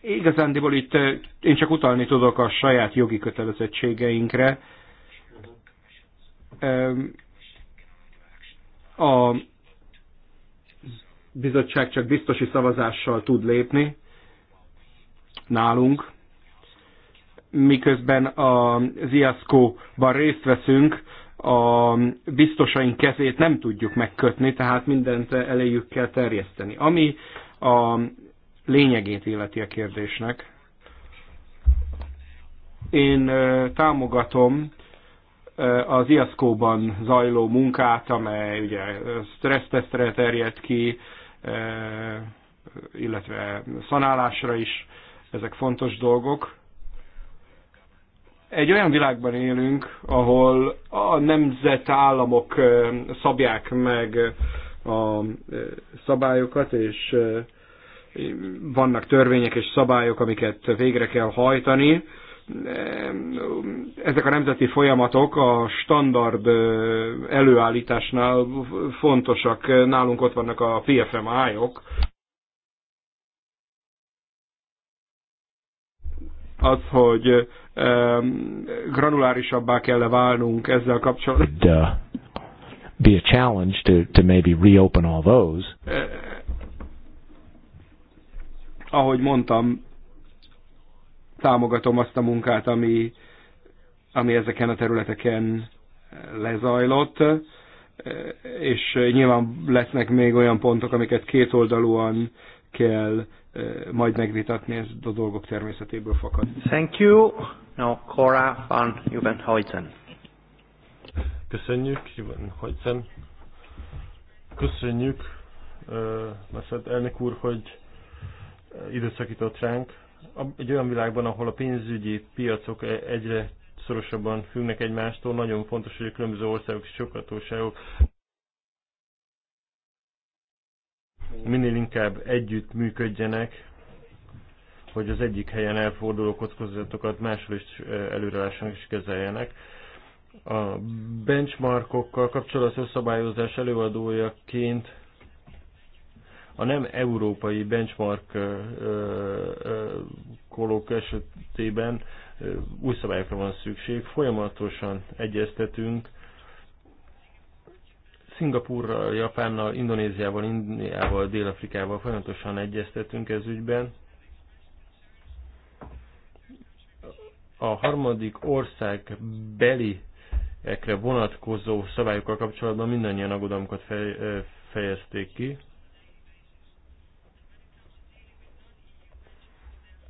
igazándiból itt én csak utalni tudok a saját jogi kötelezettségeinkre. A bizottság csak biztosi szavazással tud lépni nálunk, miközben az IASZKO-ban részt veszünk, a biztosaink kezét nem tudjuk megkötni, tehát mindent eléjük kell terjeszteni. Ami a lényegét illeti a kérdésnek, én támogatom az IASZKÓ-ban zajló munkát, amely ugye stressztesztre terjed ki, illetve szanálásra is, ezek fontos dolgok. Egy olyan világban élünk, ahol a nemzetállamok szabják meg a szabályokat, és vannak törvények és szabályok, amiket végre kell hajtani. Ezek a nemzeti folyamatok a standard előállításnál fontosak. Nálunk ott vannak a pfm ályok. Az, hogy granulárisabbá kell -e válnunk ezzel kapcsolatban. Duh. Be a challenge to, to maybe reopen all those. Eh, ahogy mondtam, támogatom azt a munkát, ami, ami ezeken a területeken lezajlott, és nyilván lesznek még olyan pontok, amiket kétoldalúan kell majd megvitatni, ez a dolgok természetéből fakad. Thank you. No, Cora van Jubenhuizen. Köszönjük, Jubenhuizen. Köszönjük, Messze elnök úr, hogy időszakított ránk. Egy olyan világban, ahol a pénzügyi piacok e, egyre szorosabban függnek egymástól, nagyon fontos, hogy a különböző országok és sokatóságok minél inkább együtt működjenek, hogy az egyik helyen elforduló kockázatokat máshol is előrelássanak és kezeljenek. A benchmarkokkal kapcsolatos szabályozás előadójaként a nem európai benchmark kolók esetében új szabályokra van szükség. Folyamatosan egyeztetünk Szingapúrral, Japánnal, Indonéziával, Indiával, Dél-Afrikával folyamatosan egyeztetünk ez ügyben. A harmadik ország beli ekre vonatkozó szabályokkal kapcsolatban mindannyian aggodalmukat fej, fejezték ki.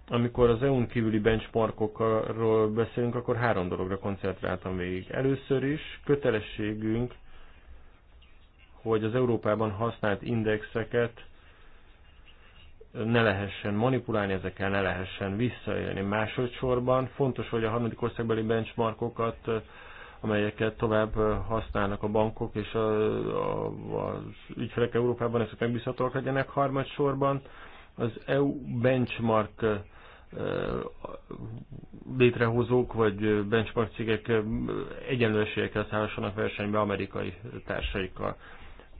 Amikor az EU-n kívüli benchmarkokról beszélünk, akkor három dologra koncentráltam végig. Először is kötelességünk hogy az Európában használt indexeket ne lehessen manipulálni, ezekkel ne lehessen visszaélni. Másodszorban fontos, hogy a harmadik országbeli benchmarkokat, amelyeket tovább használnak a bankok és a, a, az ügyfelek Európában, ezek megbízhatóak legyenek. Harmadsorban az EU benchmark létrehozók vagy benchmark cégek egyenlőségekkel szállhassanak versenybe amerikai társaikkal.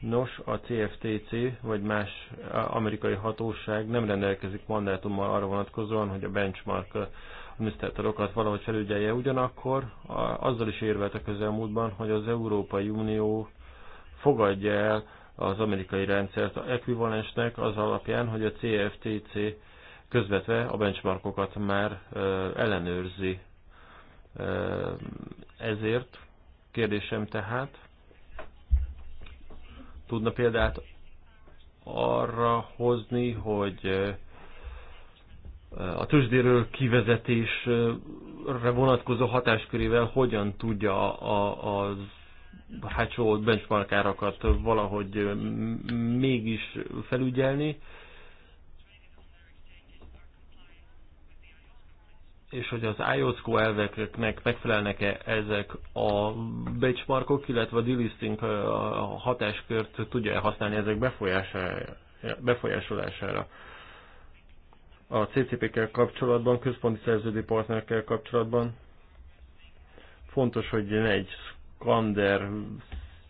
Nos, a CFTC vagy más amerikai hatóság nem rendelkezik mandátummal arra vonatkozóan, hogy a benchmark uh, adminisztrátorokat valahogy felügyelje. Ugyanakkor azzal is érvelt a közelmúltban, hogy az Európai Unió fogadja el az amerikai rendszert a ekvivalensnek az alapján, hogy a CFTC közvetve a benchmarkokat már uh, ellenőrzi. Uh, ezért kérdésem tehát, Tudna példát arra hozni, hogy eh, a tőzsdéről kivezetésre vonatkozó hatáskörével hogyan tudja a, a hátsó benchmark árakat valahogy eh, mégis felügyelni, és hogy az IOSCO elveknek megfelelnek-e ezek a benchmarkok, illetve a delisting hatáskört tudja-e használni ezek befolyásolására. A CCP-kkel kapcsolatban, központi szerződő partnerekkel kapcsolatban fontos, hogy ne egy skander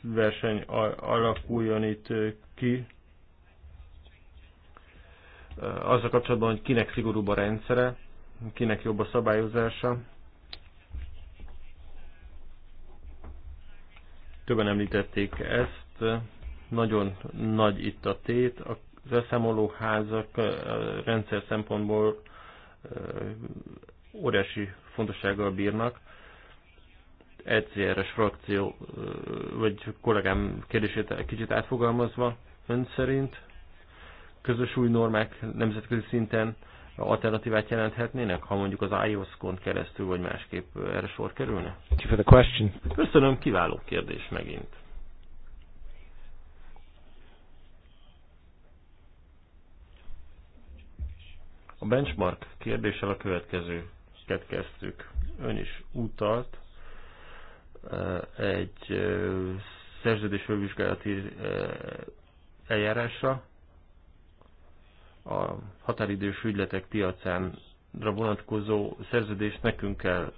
verseny alakuljon itt ki, azzal kapcsolatban, hogy kinek szigorúbb a rendszere, kinek jobb a szabályozása. Többen említették ezt, nagyon nagy itt a tét, az eszemoló házak rendszer szempontból óriási fontossággal bírnak. es frakció, vagy kollégám kérdését kicsit átfogalmazva, ön szerint közös új normák nemzetközi szinten alternatívát jelenthetnének, ha mondjuk az iOS-kont keresztül vagy másképp erre sor kerülne? Köszönöm, kiváló kérdés megint. A benchmark kérdéssel a következő: kezdtük. Ön is utalt e, egy e, szerződésfölvizsgálati e, eljárásra, a határidős ügyletek piacánra vonatkozó szerződést nekünk kell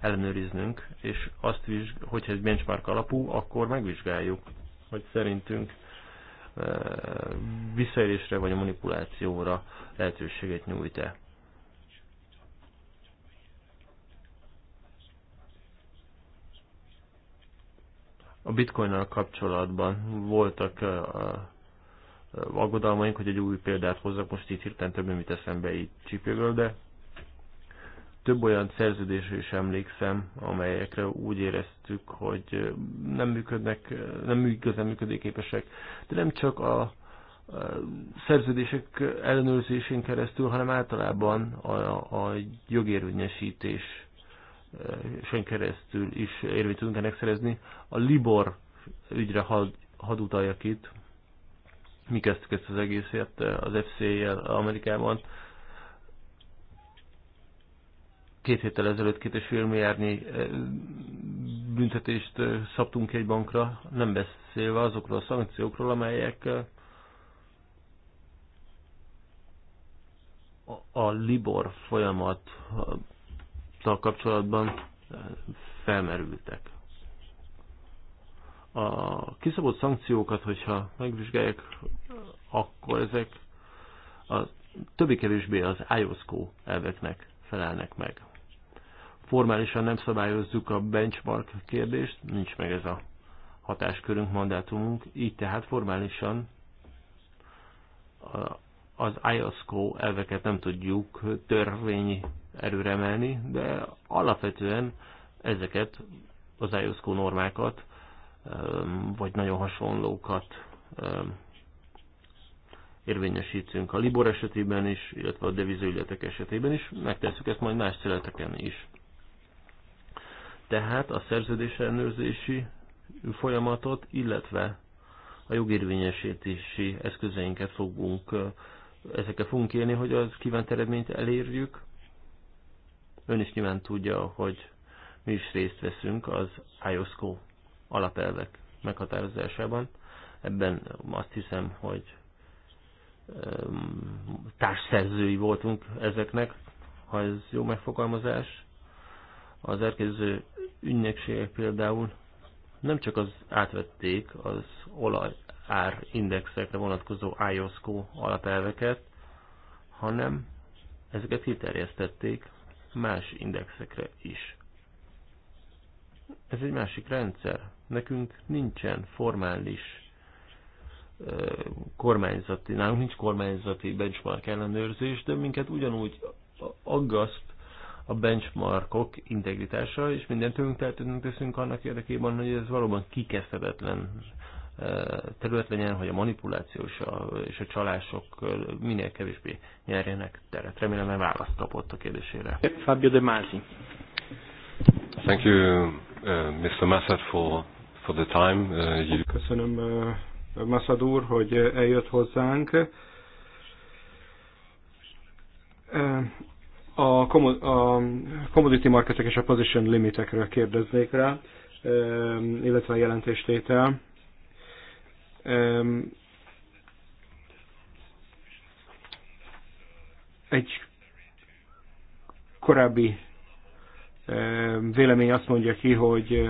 ellenőriznünk, és azt vizsg, hogyha ez benchmark alapú, akkor megvizsgáljuk, hogy szerintünk visszaérésre vagy a manipulációra lehetőséget nyújt-e. A bitcoinnal kapcsolatban voltak aggodalmaink, hogy egy új példát hozzak, most itt hirtelen több nem eszembe így csípőről, de több olyan szerződésre is emlékszem, amelyekre úgy éreztük, hogy nem működnek, nem igazán működőképesek, de nem csak a szerződések ellenőrzésén keresztül, hanem általában a, a jogérvényesítés sen keresztül is érvényt tudunk ennek szerezni. A Libor ügyre had, had utaljak itt, mi kezdtük ezt az egészet eh, az fc jel Amerikában. Két héttel ezelőtt két és fél milliárdnyi eh, büntetést eh, szabtunk egy bankra, nem beszélve azokról a szankciókról, amelyek a Libor folyamattal kapcsolatban felmerültek. A kiszabott szankciókat, hogyha megvizsgálják, akkor ezek a többi-kevésbé az IOSCO elveknek felelnek meg. Formálisan nem szabályozzuk a benchmark kérdést, nincs meg ez a hatáskörünk, mandátumunk, így tehát formálisan az IOSCO elveket nem tudjuk törvényi erőre emelni, de alapvetően ezeket az IOSCO normákat vagy nagyon hasonlókat érvényesítünk a Libor esetében is, illetve a devizőületek esetében is, megtesszük ezt majd más szeleteken is. Tehát a szerződés ellenőrzési folyamatot, illetve a jogérvényesítési eszközeinket fogunk, ezekkel fogunk élni, hogy az kívánt eredményt elérjük. Ön is nyilván tudja, hogy mi is részt veszünk az IOSCO alapelvek meghatározásában. Ebben azt hiszem, hogy társszerzői voltunk ezeknek, ha ez jó megfogalmazás. Az elkezdő ünnepségek például nem csak az átvették az olaj ár indexekre vonatkozó IOSCO alapelveket, hanem ezeket kiterjesztették más indexekre is. Ez egy másik rendszer. Nekünk nincsen formális kormányzati, nálunk nincs kormányzati benchmark ellenőrzés, de minket ugyanúgy aggaszt a benchmarkok integritása, és mindent tőlünk tehetünk teszünk annak érdekében, hogy ez valóban kikeszedetlen terület legyen, hogy a manipuláció és a, és a csalások minél kevésbé nyerjenek teret. Remélem, mert választ kapott a kérdésére. Fabio De Masi. Thank you, uh, Mr. Massad, for, for the time. Uh, you... Köszönöm, uh, Massad úr, hogy eljött hozzánk. Uh, a, komo- a commodity marketek és a position limitekről kérdeznék rá, uh, illetve a jelentéstétel. Um, Egy korábbi vélemény azt mondja ki, hogy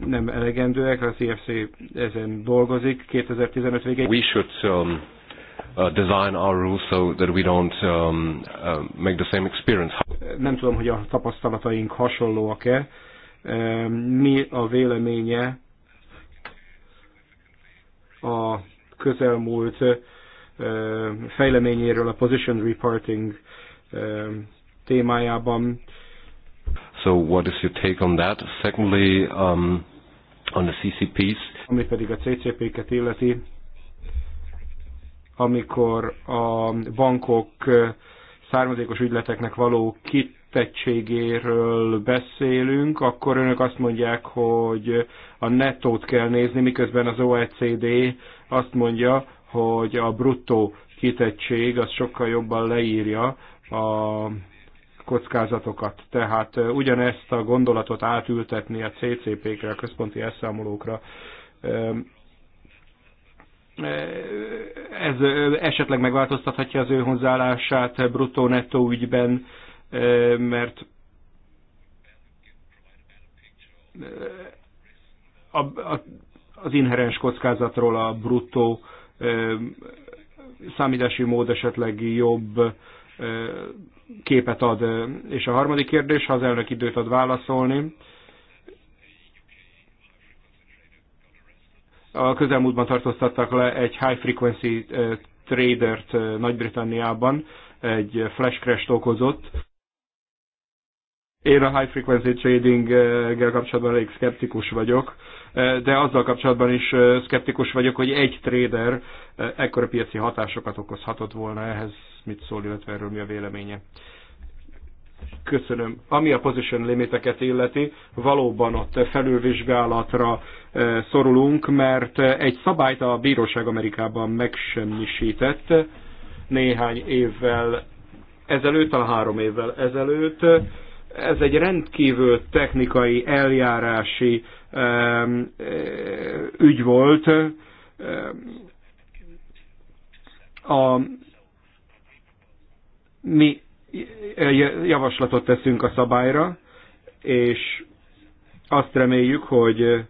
nem elegendőek, az IFC ezen dolgozik 2015 végéig. We should um, uh, design our rules so that we don't um, uh, make the same experience. Nem tudom, hogy a tapasztalataink hasonlóak-e. Mi a véleménye a közelmúlt fejleményéről a position reporting témájában. So what is your take on that? Secondly, um, on the CCPs. Ami pedig a CCP-ket illeti, amikor a bankok származékos ügyleteknek való kitettségéről beszélünk, akkor önök azt mondják, hogy a nettót kell nézni, miközben az OECD azt mondja, hogy a bruttó kitettség az sokkal jobban leírja a kockázatokat. Tehát ugyanezt a gondolatot átültetni a CCP-kre, a központi elszámolókra, ez esetleg megváltoztathatja az ő hozzáállását bruttó-nettó ügyben, mert az inherens kockázatról a bruttó számítási mód esetleg jobb képet ad. És a harmadik kérdés, ha az elnök időt ad válaszolni, a közelmúltban tartóztattak le egy high frequency tradert Nagy-Britanniában, egy flash crash okozott. Én a high frequency trading-gel kapcsolatban elég szkeptikus vagyok, de azzal kapcsolatban is szkeptikus vagyok, hogy egy trader ekkora piaci hatásokat okozhatott volna ehhez, mit szól, illetve erről mi a véleménye. Köszönöm. Ami a position limiteket illeti, valóban ott felülvizsgálatra szorulunk, mert egy szabályt a bíróság Amerikában megsemmisített néhány évvel ezelőtt, a három évvel ezelőtt, ez egy rendkívül technikai, eljárási eh, ügy volt. A, mi eh, javaslatot teszünk a szabályra, és azt reméljük, hogy eh,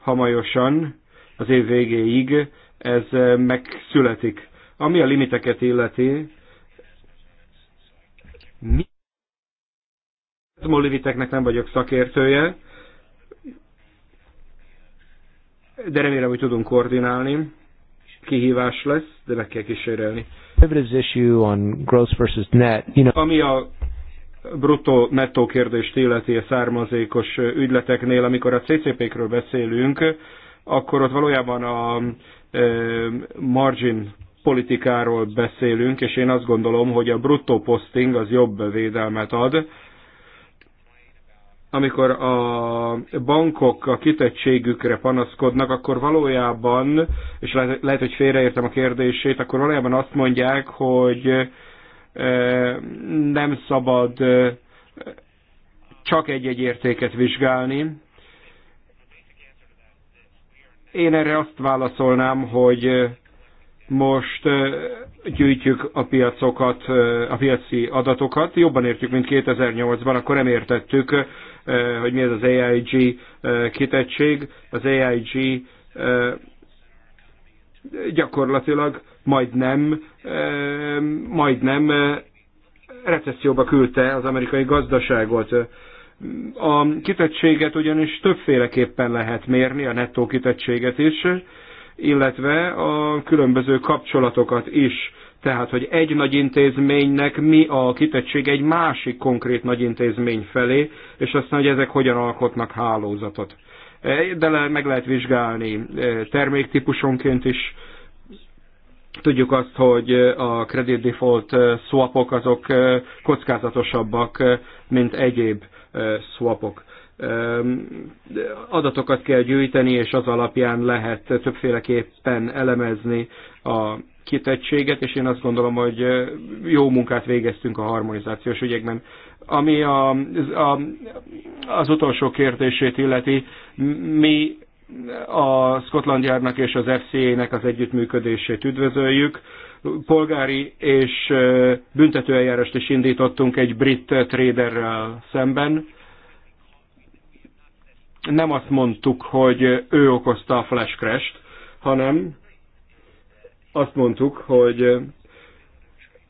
hamarosan az év végéig ez megszületik. Ami a limiteket illeti, mi Moliviteknek nem vagyok szakértője, de remélem, hogy tudunk koordinálni. Kihívás lesz, de meg kell kísérelni. Ami a bruttó nettó kérdést illeti a származékos ügyleteknél, amikor a CCP-kről beszélünk, akkor ott valójában a margin politikáról beszélünk, és én azt gondolom, hogy a bruttó posting az jobb védelmet ad, amikor a bankok a kitettségükre panaszkodnak, akkor valójában, és lehet, hogy félreértem a kérdését, akkor valójában azt mondják, hogy e, nem szabad e, csak egy-egy értéket vizsgálni. Én erre azt válaszolnám, hogy e, most gyűjtjük a piacokat, a piaci adatokat, jobban értjük, mint 2008-ban, akkor nem értettük hogy mi ez az AIG kitettség. Az AIG gyakorlatilag majdnem, majdnem recesszióba küldte az amerikai gazdaságot. A kitettséget ugyanis többféleképpen lehet mérni, a nettó kitettséget is, illetve a különböző kapcsolatokat is. Tehát, hogy egy nagy intézménynek mi a kitettség egy másik konkrét nagy intézmény felé, és aztán, hogy ezek hogyan alkotnak hálózatot. E, de le, meg lehet vizsgálni e, terméktípusonként is. Tudjuk azt, hogy a credit default e, swapok azok kockázatosabbak, mint egyéb swapok adatokat kell gyűjteni, és az alapján lehet többféleképpen elemezni a kitettséget, és én azt gondolom, hogy jó munkát végeztünk a harmonizációs ügyekben. Ami a, a, az utolsó kérdését illeti, mi a Scotland Yardnak és az FCA-nek az együttműködését üdvözöljük. Polgári és büntetőeljárást is indítottunk egy brit traderrel szemben. Nem azt mondtuk, hogy ő okozta a flash crash hanem azt mondtuk, hogy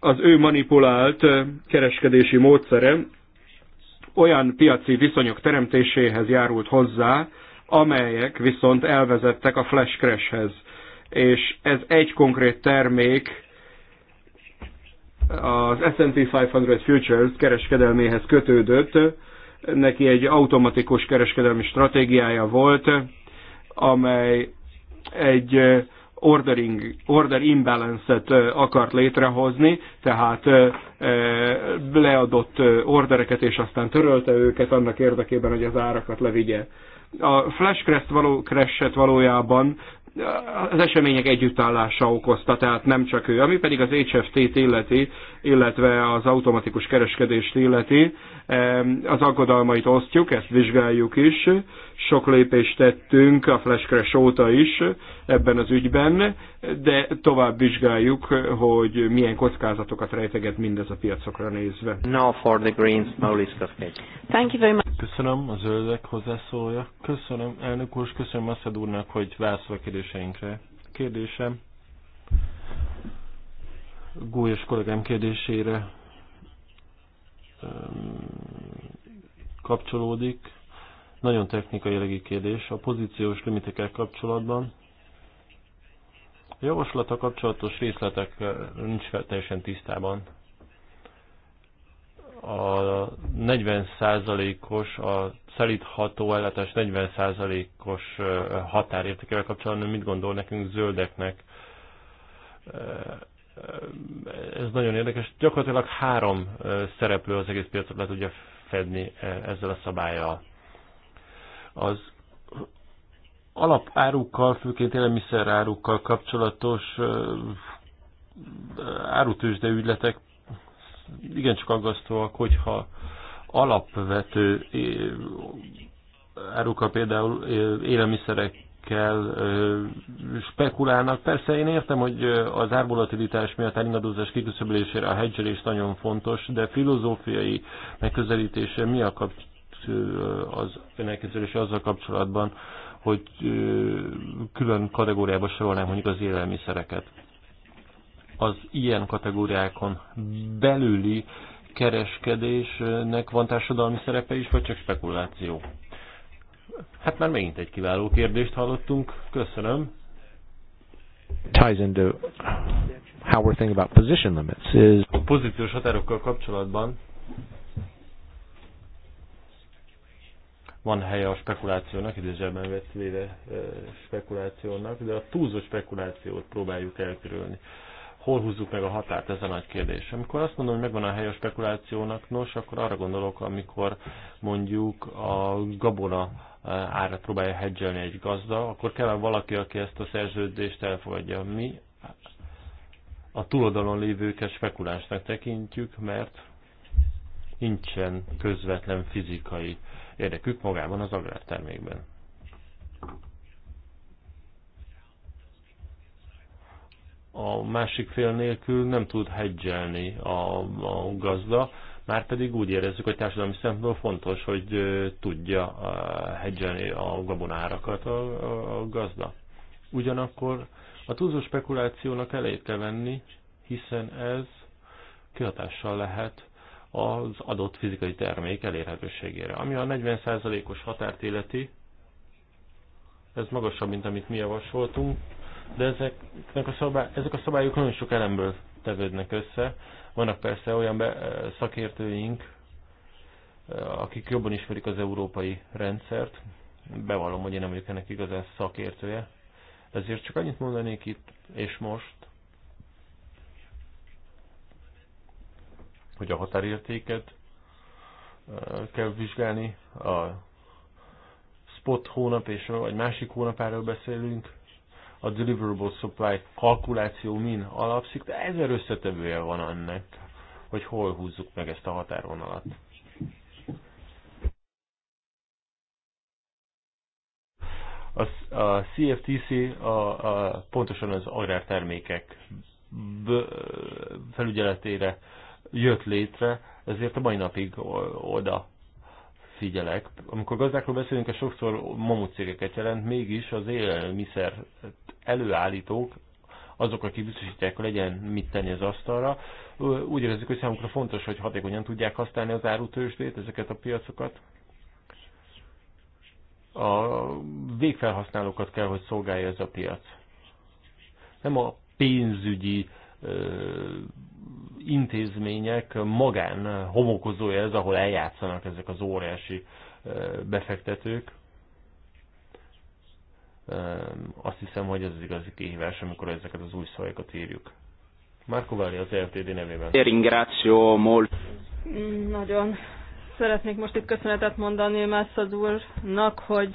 az ő manipulált kereskedési módszere olyan piaci viszonyok teremtéséhez járult hozzá, amelyek viszont elvezettek a flash crashhez. És ez egy konkrét termék, az S&P 500 Futures kereskedelméhez kötődött, neki egy automatikus kereskedelmi stratégiája volt, amely egy ordering, order imbalance-et akart létrehozni, tehát leadott ordereket, és aztán törölte őket annak érdekében, hogy az árakat levigye. A flash crash való, crash valójában az események együttállása okozta, tehát nem csak ő. Ami pedig az HFT-t illeti, illetve az automatikus kereskedést illeti, az aggodalmait osztjuk, ezt vizsgáljuk is sok lépést tettünk, a Flashcrash óta is ebben az ügyben, de tovább vizsgáljuk, hogy milyen kockázatokat rejteget mindez a piacokra nézve. Now for the Greens, Maurice Thank you very much. Köszönöm a zöldek hozzászólója. Köszönöm, elnök úr, köszönöm Masszad úrnak, hogy válaszol a kérdéseinkre. Kérdésem, Gólyos kollégám kérdésére kapcsolódik nagyon technikai jellegű kérdés. A pozíciós limitekkel kapcsolatban a javaslata kapcsolatos részletek eh, nincs teljesen tisztában. A 40%-os, a szelítható ellátás 40%-os eh, határértékevel kapcsolatban mit gondol nekünk zöldeknek? Eh, ez nagyon érdekes. Gyakorlatilag három szereplő az egész piacot le tudja fedni ezzel a szabályjal. Az alapárukkal, főként élelmiszerárukkal kapcsolatos árutősde ügyletek igencsak aggasztóak, hogyha alapvető árukkal, például élelmiszerekkel spekulálnak. Persze én értem, hogy az árvolatilitás miatt elingadózás kiküszöbölésére a hedgelés nagyon fontos, de filozófiai megközelítése mi a kapcsolat? az önelképzelése azzal kapcsolatban, hogy külön kategóriába sorolnám mondjuk az élelmiszereket. Az ilyen kategóriákon belüli kereskedésnek van társadalmi szerepe is, vagy csak spekuláció? Hát már megint egy kiváló kérdést hallottunk. Köszönöm. Ties into how we're thinking about position limits is... A pozíciós határokkal kapcsolatban van helye a spekulációnak, idézőben vett véve spekulációnak, de a túlzott spekulációt próbáljuk elkerülni. Hol húzzuk meg a határt, ez a nagy kérdés. Amikor azt mondom, hogy megvan a helye a spekulációnak, nos, akkor arra gondolok, amikor mondjuk a gabona ára próbálja hedgelni egy gazda, akkor kell -e valaki, aki ezt a szerződést elfogadja. Mi a túloldalon lévőket spekulásnak tekintjük, mert nincsen közvetlen fizikai uh, érdekük magában az agrártermékben. A másik fél nélkül nem tud hedzselni a, a gazda, már pedig úgy érezzük, hogy társadalmi szempontból fontos, hogy tudja hedzselni a gabonárakat a, a gazda. Ugyanakkor a túlzó spekulációnak elejét kell venni, hiszen ez kihatással lehet az adott fizikai termék elérhetőségére. Ami a 40%-os határt életi, ez magasabb, mint amit mi javasoltunk, de ezeknek a szabály, ezek a szabályok nagyon sok elemből tevődnek össze. Vannak persze olyan be, szakértőink, akik jobban ismerik az európai rendszert. Bevallom, hogy én nem vagyok ennek igazán szakértője. Ezért csak annyit mondanék itt és most, hogy a határértéket kell vizsgálni, a spot hónap és vagy másik hónapáról beszélünk, a deliverable supply kalkuláció min alapszik, de ezer összetevője van ennek, hogy hol húzzuk meg ezt a határvonalat. A, a CFTC a, a, pontosan az agrártermékek felügyeletére jött létre, ezért a mai napig oda figyelek. Amikor gazdákról beszélünk, ez sokszor mamut cégeket jelent, mégis az élelmiszer előállítók, azok, akik biztosítják, hogy legyen mit tenni az asztalra, úgy érezzük, hogy számukra fontos, hogy hatékonyan tudják használni az árutősdét, ezeket a piacokat. A végfelhasználókat kell, hogy szolgálja ez a piac. Nem a pénzügyi intézmények magán homokozója ez, ahol eljátszanak ezek az óriási befektetők. Azt hiszem, hogy ez az igazi kihívás, amikor ezeket az új szavakat írjuk. Márko Váli az LTD nevében. Ringráció, mol. Nagyon szeretnék most itt köszönetet mondani Mászad úrnak, hogy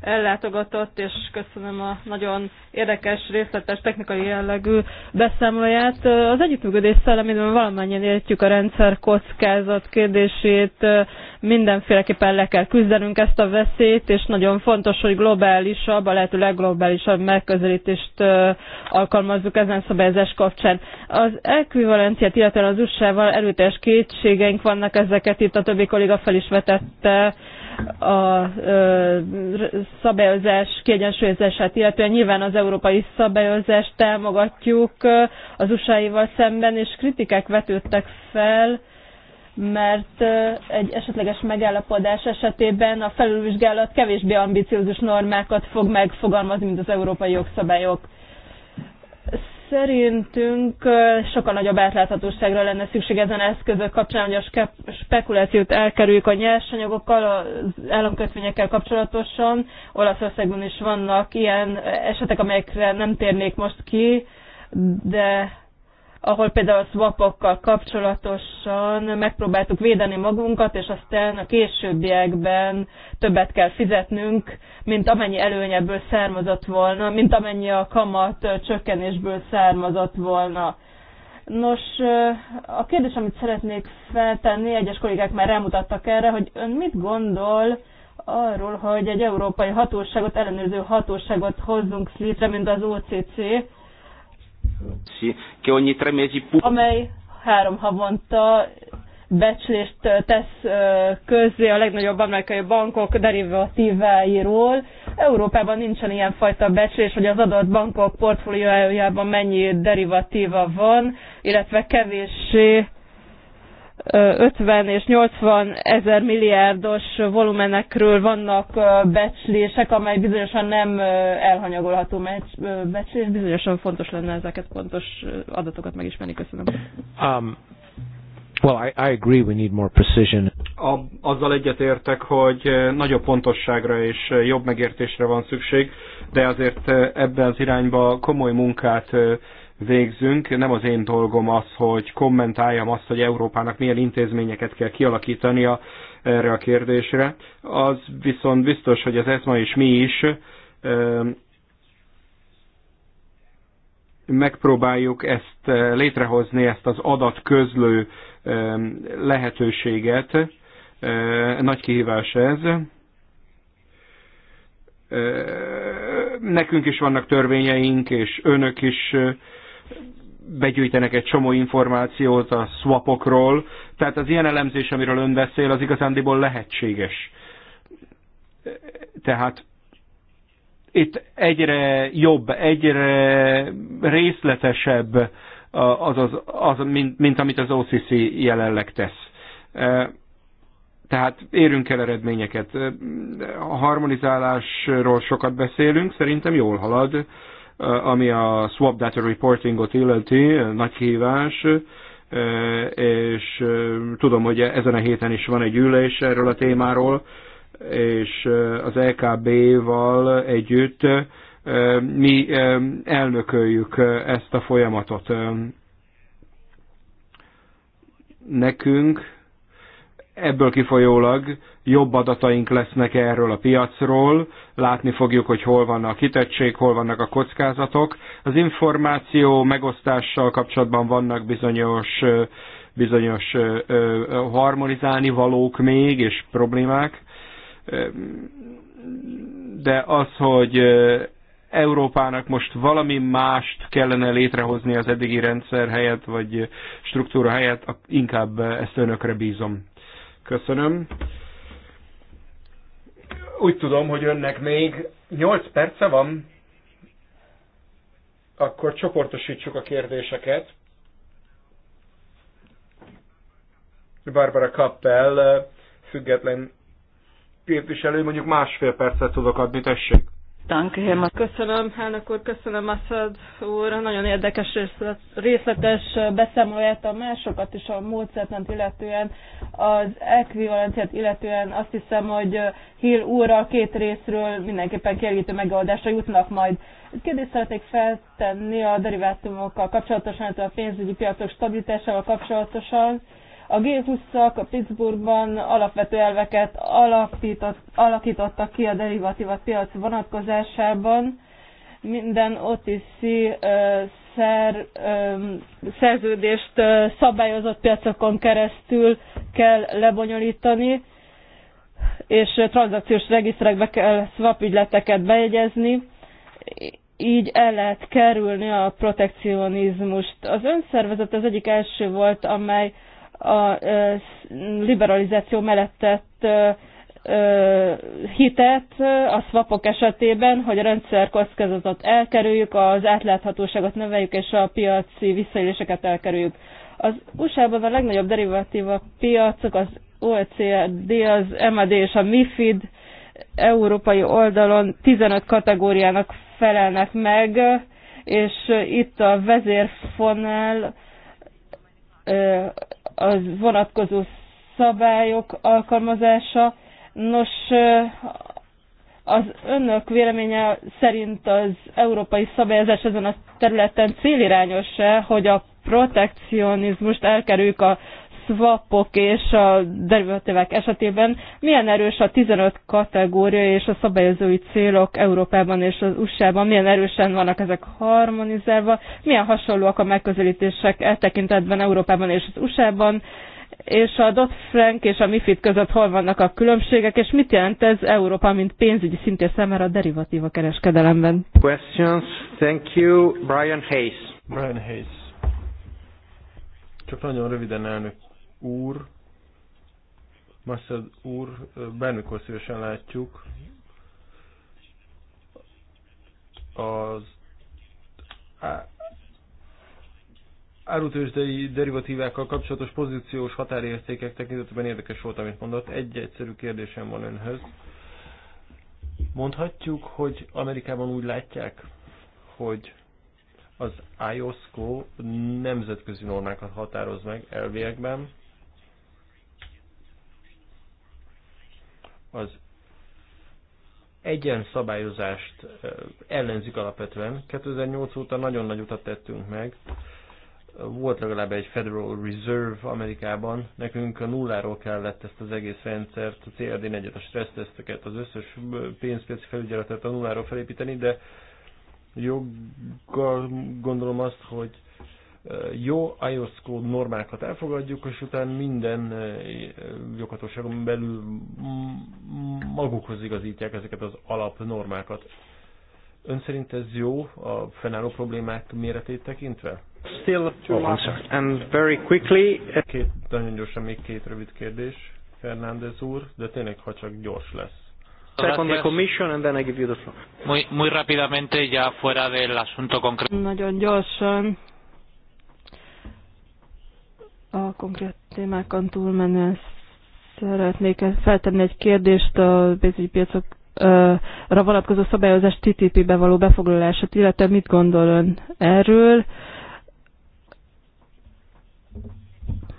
ellátogatott, és köszönöm a nagyon érdekes, részletes, technikai jellegű beszámolóját. Az együttműködés szellemében valamennyien értjük a rendszer kockázat kérdését, mindenféleképpen le kell küzdenünk ezt a veszélyt, és nagyon fontos, hogy globálisabb, a lehető legglobálisabb megközelítést alkalmazzuk ezen szabályozás kapcsán. Az ekvivalenciát, illetve az USA-val erőteljes kétségeink vannak ezeket itt a többi kolléga fel is vetette, a szabályozás kiegyensúlyozását, illetően nyilván az európai szabályozást támogatjuk az usa szemben, és kritikák vetődtek fel, mert egy esetleges megállapodás esetében a felülvizsgálat kevésbé ambiciózus normákat fog megfogalmazni, mint az európai jogszabályok. Szerintünk sokkal nagyobb átláthatóságra lenne szükség ezen eszközök kapcsán, hogy a spekulációt elkerüljük a nyersanyagokkal, az államkötvényekkel kapcsolatosan. Olaszországban is vannak ilyen esetek, amelyekre nem térnék most ki, de ahol például a swapokkal kapcsolatosan megpróbáltuk védeni magunkat, és aztán a későbbiekben többet kell fizetnünk, mint amennyi előnyebből származott volna, mint amennyi a kamat csökkenésből származott volna. Nos, a kérdés, amit szeretnék feltenni, egyes kollégák már rámutattak erre, hogy ön mit gondol arról, hogy egy európai hatóságot, ellenőrző hatóságot hozzunk létre, mint az OCC, amely három havonta becslést tesz közzé a legnagyobb amerikai bankok derivatíváiról. Európában nincsen ilyen fajta becslés, hogy az adott bankok portfóliójában mennyi derivatíva van, illetve kevéssé 50 és 80 ezer milliárdos volumenekről vannak becslések, amely bizonyosan nem elhanyagolható becslés, bizonyosan fontos lenne ezeket pontos adatokat megismerni. Köszönöm. Um. Well, I, I agree we need more precision. A, azzal egyetértek, hogy nagyobb pontosságra és jobb megértésre van szükség, de azért ebben az irányba komoly munkát végzünk. Nem az én dolgom az, hogy kommentáljam azt, hogy Európának milyen intézményeket kell kialakítania erre a kérdésre. Az viszont biztos, hogy az ESMA és mi is megpróbáljuk ezt létrehozni, ezt az adatközlő lehetőséget. Nagy kihívás ez. Nekünk is vannak törvényeink, és önök is begyűjtenek egy csomó információt a swapokról, tehát az ilyen elemzés, amiről ön beszél, az igazándiból lehetséges. Tehát itt egyre jobb, egyre részletesebb az, az, az mint, mint amit az OCC jelenleg tesz. Tehát érünk el eredményeket. A harmonizálásról sokat beszélünk, szerintem jól halad ami a swap data reportingot illeti, nagy kihívás, és tudom, hogy ezen a héten is van egy ülés erről a témáról, és az LKB-val e együtt mi elnököljük ezt a folyamatot. Nekünk ebből kifolyólag jobb adataink lesznek erről a piacról, látni fogjuk, hogy hol van a kitettség, hol vannak a kockázatok. Az információ megosztással kapcsolatban vannak bizonyos, bizonyos harmonizálni valók még, és problémák. De az, hogy Európának most valami mást kellene létrehozni az eddigi rendszer helyett, vagy struktúra helyett, inkább ezt önökre bízom. Köszönöm. Úgy tudom, hogy önnek még 8 perce van, akkor csoportosítsuk a kérdéseket. Barbara Kappel, független képviselő, mondjuk másfél percet tudok adni, tessék. Köszönöm, elnök úr, köszönöm Assad úr, nagyon érdekes részletes beszámolját a másokat is a módszertant illetően, az ekvivalenciát illetően azt hiszem, hogy Hill a két részről mindenképpen kielégítő megoldásra jutnak majd. Egy kérdést szeretnék feltenni a derivátumokkal kapcsolatosan, a pénzügyi piacok stabilitásával kapcsolatosan. A g 20 a Pittsburghban alapvető elveket alakított, alakítottak ki a derivatíva piac vonatkozásában. Minden OTC szer, szerződést szabályozott piacokon keresztül kell lebonyolítani, és tranzakciós regiszterekbe kell swap ügyleteket bejegyezni így el lehet kerülni a protekcionizmust. Az önszervezet az egyik első volt, amely a liberalizáció mellett tett hitet a swapok esetében, hogy a rendszer kockázatot elkerüljük, az átláthatóságot növeljük, és a piaci visszaéléseket elkerüljük. Az USA-ban a legnagyobb derivatíva piacok az OECD, az MAD e és a MIFID európai oldalon 15 kategóriának felelnek meg, és itt a vezérfonál az vonatkozó szabályok alkalmazása. Nos, az önök véleménye szerint az európai szabályozás ezen a területen célirányos-e, hogy a protekcionizmust elkerüljük a swapok és a derivatívek esetében milyen erős a 15 kategória és a szabályozói célok Európában és az USA-ban, milyen erősen vannak ezek harmonizálva, milyen hasonlóak a megközelítések e tekintetben Európában és az USA-ban, és a Dodd-Frank és a MIFID között hol vannak a különbségek, és mit jelent ez Európa, mint pénzügyi szintén számára a derivatíva kereskedelemben? Questions, thank you, Brian Hayes. Brian Hayes. Csak nagyon röviden elnök úr, Masszad úr, bennükor szívesen látjuk az árutősdei derivatívákkal kapcsolatos pozíciós határértékek tekintetében érdekes volt, amit mondott. Egy egyszerű kérdésem van önhöz. Mondhatjuk, hogy Amerikában úgy látják, hogy az IOSCO nemzetközi normákat határoz meg elviekben, az egyen szabályozást ellenzik alapvetően. 2008 óta nagyon nagy utat tettünk meg. Volt legalább egy Federal Reserve Amerikában. Nekünk a nulláról kellett ezt az egész rendszert, a CRD 4 a stresszteszteket, az összes pénzpiaci felügyeletet a nulláról felépíteni, de joggal gondolom azt, hogy jó iOS kód normákat elfogadjuk, és utána minden joghatóságon belül magukhoz igazítják ezeket az normákat. Ön szerint ez jó a fennálló problémák méretét tekintve? Still too oh, and very quickly. Eh, két, nagyon gyorsan még két rövid kérdés, Fernández úr, de tényleg ha csak gyors lesz. Muy, muy rápidamente, ya fuera del asunto concreto. Nagyon gyorsan, a konkrét témákon túlmenően szeretnék feltenni egy kérdést a pénzügyi piacokra vonatkozó szabályozás TTP-be való befoglalását, illetve mit gondol ön erről?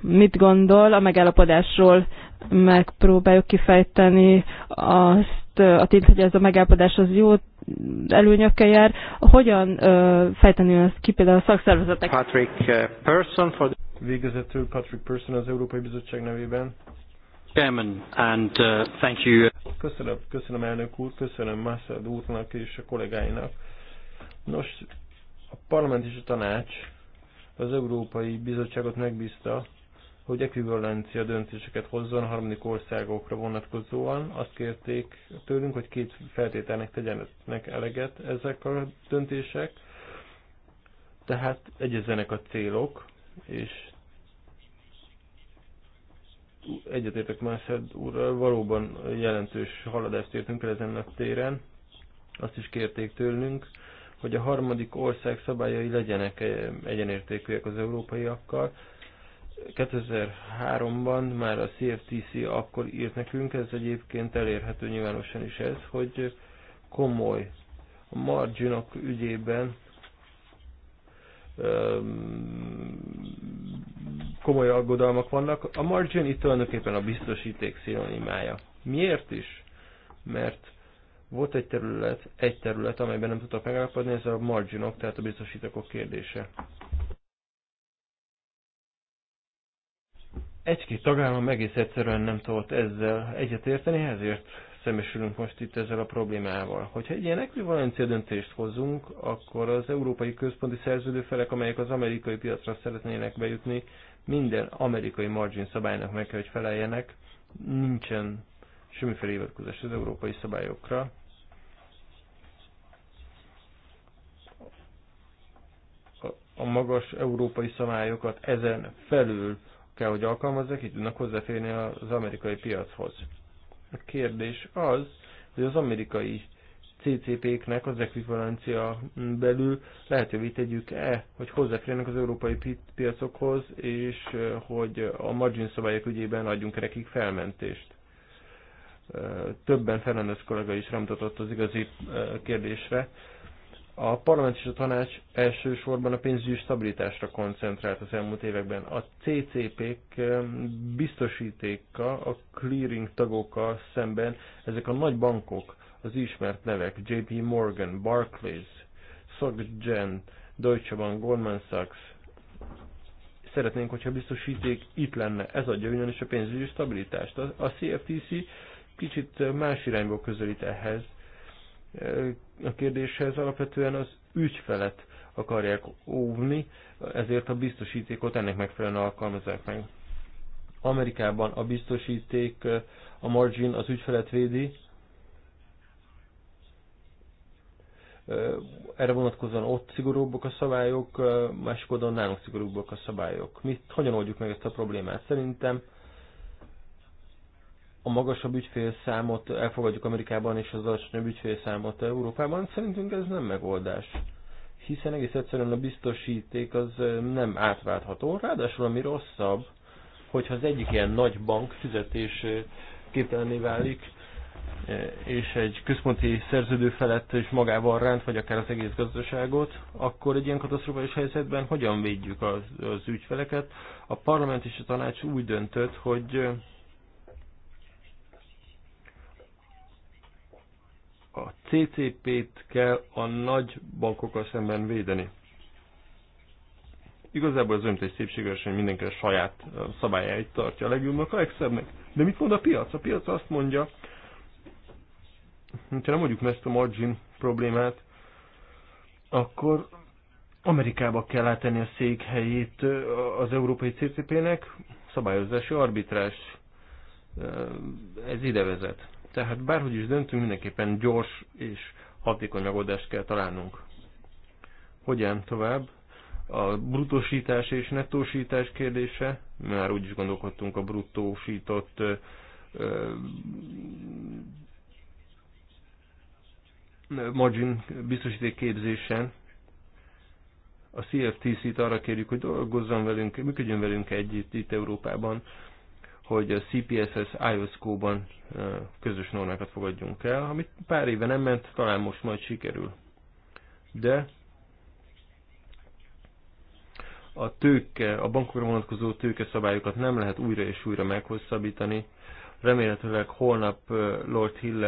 Mit gondol a megállapodásról? Megpróbáljuk kifejteni azt a tényt, hogy ez a megállapodás az jó előnyökkel jár. Hogyan fejteni ezt ki például a szakszervezetek? Patrick Person for the Végezetül Patrick Person az Európai Bizottság nevében. Chairman, and uh, thank you. Köszönöm, köszönöm elnök úr, köszönöm Massad úrnak és a kollégáinak. Nos, a parlament és a tanács az Európai Bizottságot megbízta, hogy ekvivalencia döntéseket hozzon harmadik országokra vonatkozóan. Azt kérték tőlünk, hogy két feltételnek tegyenek eleget ezek a döntések, tehát egyezzenek a célok, és egyetértek Mászed úrral, valóban jelentős haladást értünk el ezen a téren. Azt is kérték tőlünk, hogy a harmadik ország szabályai legyenek eh, egyenértékűek az európaiakkal. 2003-ban már a CFTC akkor írt nekünk, ez egyébként elérhető nyilvánosan is ez, hogy komoly a marginok ügyében komoly aggodalmak vannak. A margin itt tulajdonképpen a biztosíték szinonimája. Miért is? Mert volt egy terület, egy terület, amelyben nem tudtak megállapodni, ez a marginok, tehát a biztosítékok kérdése. Egy-két tagállam egész egyszerűen nem tudott ezzel egyetérteni, ezért szemesülünk most itt ezzel a problémával. Hogyha egy ilyen ekvivalencia döntést hozunk, akkor az európai központi szerződőfelek, amelyek az amerikai piacra szeretnének bejutni, minden amerikai margin szabálynak meg kell, hogy feleljenek. Nincsen semmiféle hivatkozás az európai szabályokra. A magas európai szabályokat ezen felül kell, hogy alkalmazzák, így tudnak hozzáférni az amerikai piachoz. A kérdés az, hogy az amerikai CCP-knek az ekvivalencia belül lehetővé tegyük-e, hogy hozzáférjenek az európai piacokhoz, és hogy a margin szabályok ügyében adjunk -e nekik felmentést. Többen Fernández kollega is rámutatott az igazi kérdésre. A parlament és a tanács elsősorban a pénzügyi stabilitásra koncentrált az elmúlt években. A CCP-k biztosítéka a clearing tagokkal szemben ezek a nagy bankok, az ismert nevek, JP Morgan, Barclays, SocGen, Deutsche Bank, Goldman Sachs, szeretnénk, hogyha biztosíték itt lenne. Ez adja ugyanis a pénzügyi stabilitást. A CFTC kicsit más irányból közelít ehhez, a kérdéshez, alapvetően az ügyfelet akarják óvni, ezért a biztosítékot ennek megfelelően alkalmazzák meg. Amerikában a biztosíték, a margin az ügyfelet védi, erre vonatkozóan ott szigorúbbak a szabályok, másik oldalon nálunk szigorúbbak a szabályok. Mi hogyan oldjuk meg ezt a problémát? Szerintem a magasabb ügyfélszámot elfogadjuk Amerikában és az alacsonyabb ügyfélszámot Európában, szerintünk ez nem megoldás. Hiszen egész egyszerűen a biztosíték az nem átváltható, ráadásul ami rosszabb, hogyha az egyik ilyen nagy bank fizetés képtelenné válik, és egy központi szerződő felett és magával ránt, vagy akár az egész gazdaságot, akkor egy ilyen katasztrofális helyzetben hogyan védjük az, az ügyfeleket? A parlament és a tanács úgy döntött, hogy A CCP-t kell a nagy bankokkal szemben védeni. Igazából az öntés szépséges, hogy mindenki a saját szabályait tartja a legjobbnak, a legszebbnek. De mit mond a piac? A piac azt mondja, hogyha nem mondjuk ezt a margin problémát, akkor Amerikába kell átenni a székhelyét az európai CCP-nek, szabályozási arbitrás, ez ide vezet. Tehát bárhogy is döntünk, mindenképpen gyors és hatékony megoldást kell találnunk. Hogyan tovább? A brutósítás és nettósítás kérdése, már úgy is gondolkodtunk a bruttósított margin biztosíték képzésen. A CFTC-t arra kérjük, hogy dolgozzon velünk, működjön velünk együtt itt Európában, hogy a CPSS iOS ban közös normákat fogadjunk el, amit pár éve nem ment, talán most majd sikerül. De a tőke, a bankokra vonatkozó szabályokat nem lehet újra és újra meghosszabbítani. Remélhetőleg holnap Lord hill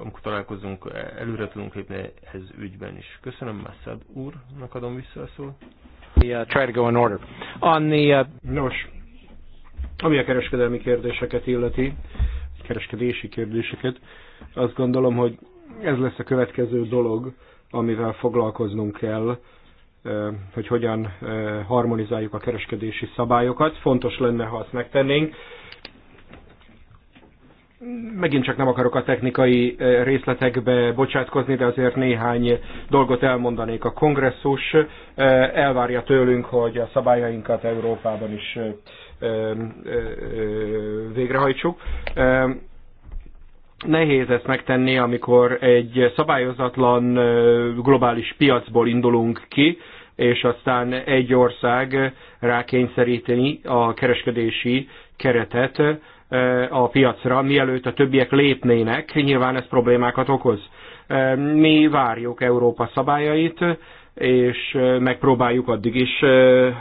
amikor találkozunk, e, előre tudunk lépni ez ügyben is. Köszönöm, Massad úrnak adom vissza a szót. Yeah, try to go in order. On the, uh... Nos, ami a kereskedelmi kérdéseket illeti, kereskedési kérdéseket, azt gondolom, hogy ez lesz a következő dolog, amivel foglalkoznunk kell, hogy hogyan harmonizáljuk a kereskedési szabályokat. Fontos lenne, ha azt megtennénk megint csak nem akarok a technikai részletekbe bocsátkozni, de azért néhány dolgot elmondanék. A kongresszus elvárja tőlünk, hogy a szabályainkat Európában is végrehajtsuk. Nehéz ezt megtenni, amikor egy szabályozatlan globális piacból indulunk ki, és aztán egy ország rákényszeríteni a kereskedési keretet a piacra, mielőtt a többiek lépnének. Nyilván ez problémákat okoz. Mi várjuk Európa szabályait, és megpróbáljuk addig is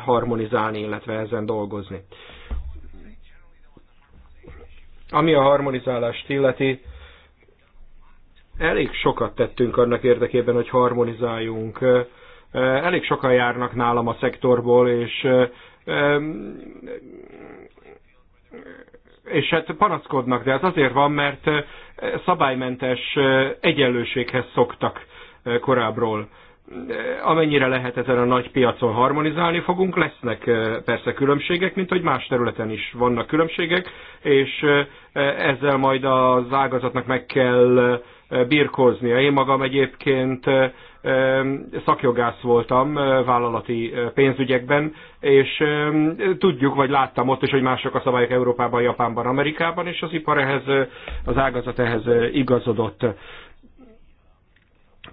harmonizálni, illetve ezen dolgozni. Ami a harmonizálást illeti, elég sokat tettünk annak érdekében, hogy harmonizáljunk. Elég sokan járnak nálam a szektorból, és és hát panaszkodnak, de ez hát azért van, mert eh, szabálymentes eh, egyenlőséghez szoktak eh, korábbról. Amennyire lehet ezen a nagy piacon harmonizálni fogunk, lesznek persze különbségek, mint hogy más területen is vannak különbségek, és ezzel majd az ágazatnak meg kell birkóznia. Én magam egyébként szakjogász voltam vállalati pénzügyekben, és tudjuk, vagy láttam ott is, hogy mások a szabályok Európában, Japánban, Amerikában, és az ipar ehhez, az ágazat ehhez igazodott.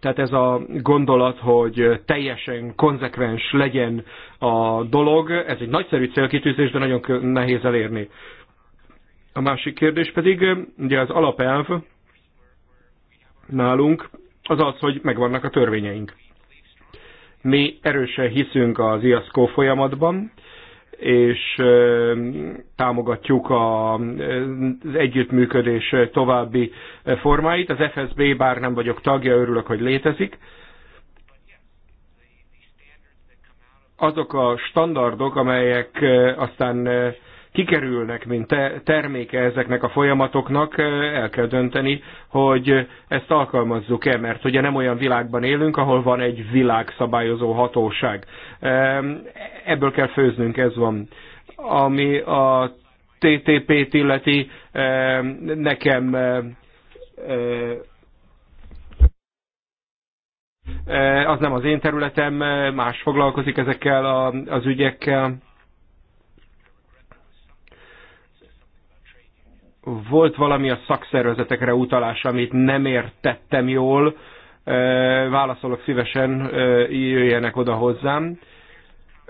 Tehát ez a gondolat, hogy teljesen konzekvens legyen a dolog, ez egy nagyszerű célkitűzés, de nagyon nehéz elérni. A másik kérdés pedig, ugye az alapelv nálunk az az, hogy megvannak a törvényeink. Mi erősen hiszünk az IASZKO folyamatban, és támogatjuk az együttműködés további formáit. Az FSB bár nem vagyok tagja, örülök, hogy létezik. Azok a standardok, amelyek aztán kikerülnek, mint te, terméke ezeknek a folyamatoknak, el kell dönteni, hogy ezt alkalmazzuk-e, mert ugye nem olyan világban élünk, ahol van egy világszabályozó hatóság. Ebből kell főznünk, ez van. Ami a TTP-t illeti, nekem az nem az én területem, más foglalkozik ezekkel az ügyekkel volt valami a szakszervezetekre utalás, amit nem értettem jól, válaszolok szívesen, jöjjenek oda hozzám.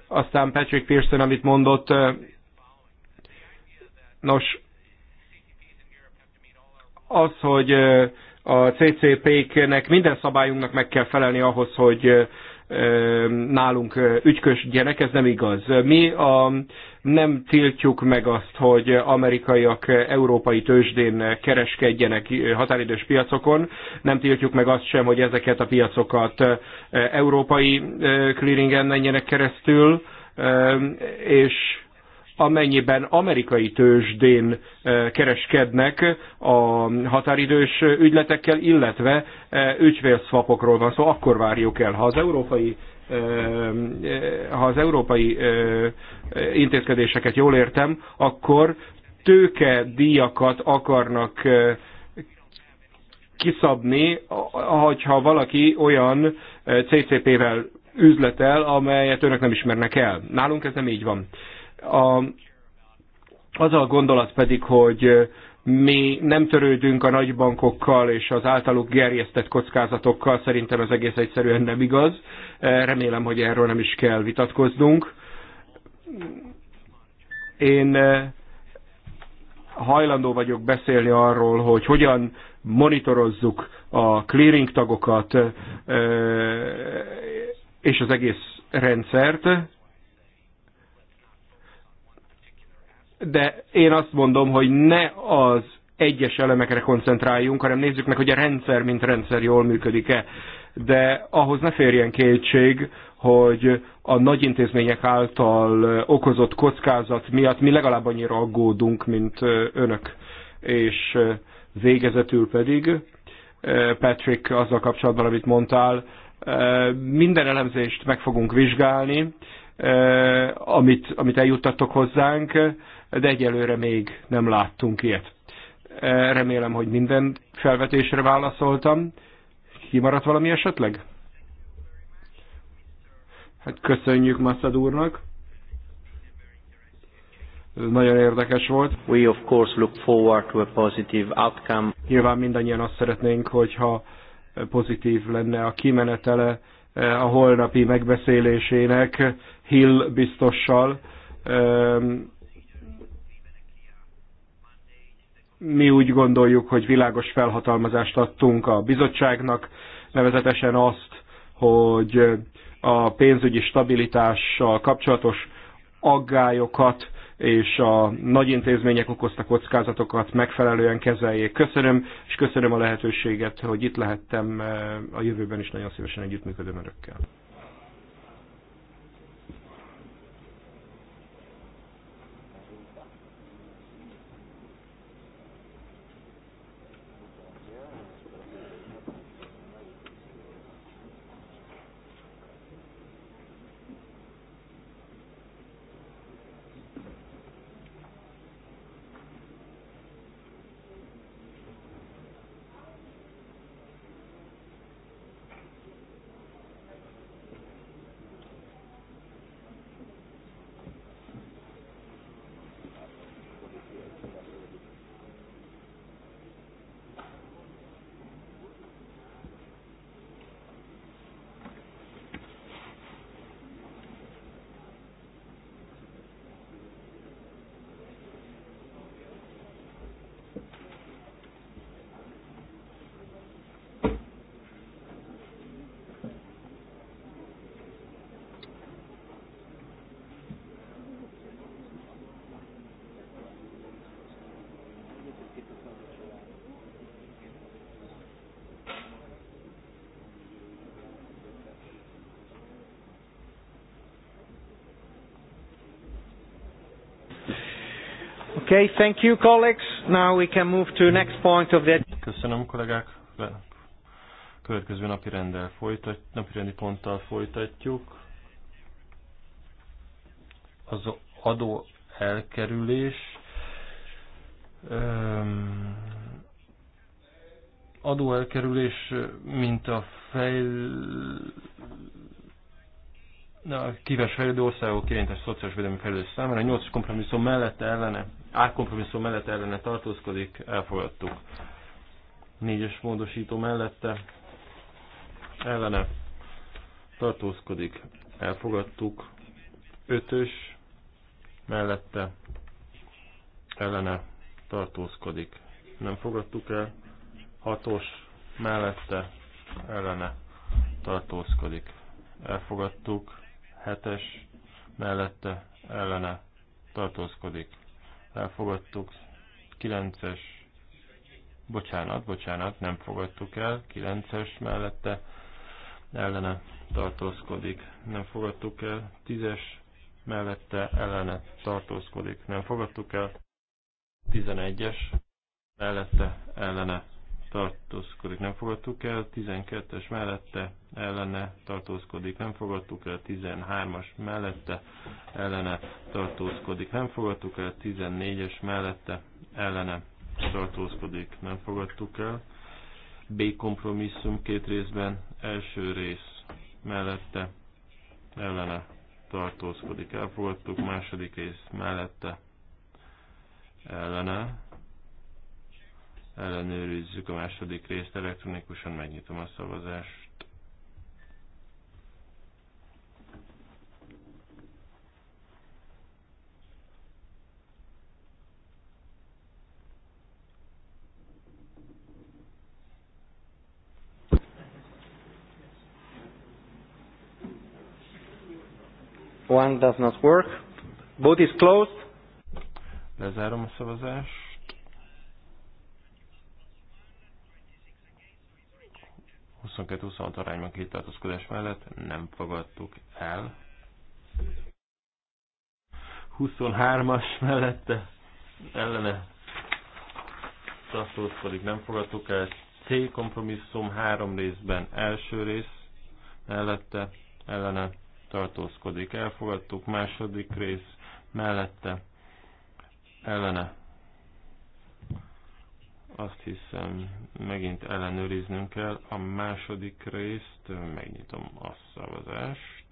Aztán Patrick Pearson, amit mondott, nos, az, hogy a CCP-knek minden szabályunknak meg kell felelni ahhoz, hogy nálunk ügykösdjenek, ez nem igaz. Mi a nem tiltjuk meg azt, hogy amerikaiak európai tőzsdén kereskedjenek határidős piacokon, nem tiltjuk meg azt sem, hogy ezeket a piacokat európai clearingen menjenek keresztül, és amennyiben amerikai tőzsdén kereskednek a határidős ügyletekkel, illetve ügyfélszvapokról van szó, szóval akkor várjuk el. Ha az európai ha az európai intézkedéseket jól értem, akkor tőke díjakat akarnak kiszabni, ha valaki olyan CCP-vel üzletel, amelyet önök nem ismernek el. Nálunk ez nem így van. A, az a gondolat pedig, hogy mi nem törődünk a nagybankokkal és az általuk gerjesztett kockázatokkal, szerintem ez egész egyszerűen nem igaz. Eh, remélem, hogy erről nem is kell vitatkoznunk. Én eh, hajlandó vagyok beszélni arról, hogy hogyan monitorozzuk a clearing tagokat eh, és az egész rendszert, de én azt mondom, hogy ne az egyes elemekre koncentráljunk, hanem nézzük meg, hogy a rendszer, mint rendszer jól működik-e. De ahhoz ne férjen kétség, hogy a nagy intézmények által okozott kockázat miatt mi legalább annyira aggódunk, mint önök. És végezetül pedig, Patrick, azzal kapcsolatban, amit mondtál, minden elemzést meg fogunk vizsgálni, amit, amit eljuttattok hozzánk, de egyelőre még nem láttunk ilyet. E, remélem, hogy minden felvetésre válaszoltam. Kimaradt valami esetleg? Hát köszönjük Massad úrnak. Ez nagyon érdekes volt. We of course look forward to a positive outcome. Nyilván mindannyian azt szeretnénk, hogyha pozitív lenne a kimenetele e, a holnapi megbeszélésének Hill biztossal. mi úgy gondoljuk, hogy világos felhatalmazást adtunk a bizottságnak, nevezetesen azt, hogy a pénzügyi stabilitással kapcsolatos aggályokat és a nagy intézmények okozta kockázatokat megfelelően kezeljék. Köszönöm, és köszönöm a lehetőséget, hogy itt lehettem. Eh, a jövőben is nagyon szívesen együttműködöm önökkel. Okay, thank you, colleagues. Now we can move to next point of the... Köszönöm, kollégák. Következő napi, rendel folytat, napi rendi ponttal folytatjuk. Az adó elkerülés. adó elkerülés, mint a fejl... Na, kíves fejlődő országok érintett szociális védelmi fejlődés számára, nyolcas kompromisszum mellette ellene átkompromisszum mellett ellene tartózkodik, elfogadtuk. Négyes módosító mellette ellene tartózkodik, elfogadtuk. Ötös mellette ellene tartózkodik, nem fogadtuk el. Hatos mellette ellene tartózkodik, elfogadtuk. Hetes mellette ellene tartózkodik, elfogadtuk. 9-es, bocsánat, bocsánat, nem fogadtuk el. 9-es mellette ellene tartózkodik, nem fogadtuk el. 10-es mellette ellene tartózkodik, nem fogadtuk el. 11-es mellette ellene tartózkodik, nem fogadtuk el, 12-es mellette ellene tartózkodik, nem fogadtuk el, 13-as mellette ellene tartózkodik, nem fogadtuk el, 14-es mellette ellene tartózkodik, nem fogadtuk el. B kompromisszum két részben, első rész mellette ellene tartózkodik, elfogadtuk, második rész mellette ellene ellenőrizzük a második részt elektronikusan, megnyitom a szavazást. One does not work. Vote is closed. Lezárom a szavazást. 22-26 arányban két tartózkodás mellett nem fogadtuk el. 23-as mellette ellene tartózkodik, nem fogadtuk el. C kompromisszum három részben első rész mellette ellene tartózkodik, elfogadtuk. Második rész mellette ellene azt hiszem megint ellenőriznünk kell. A második részt megnyitom a szavazást.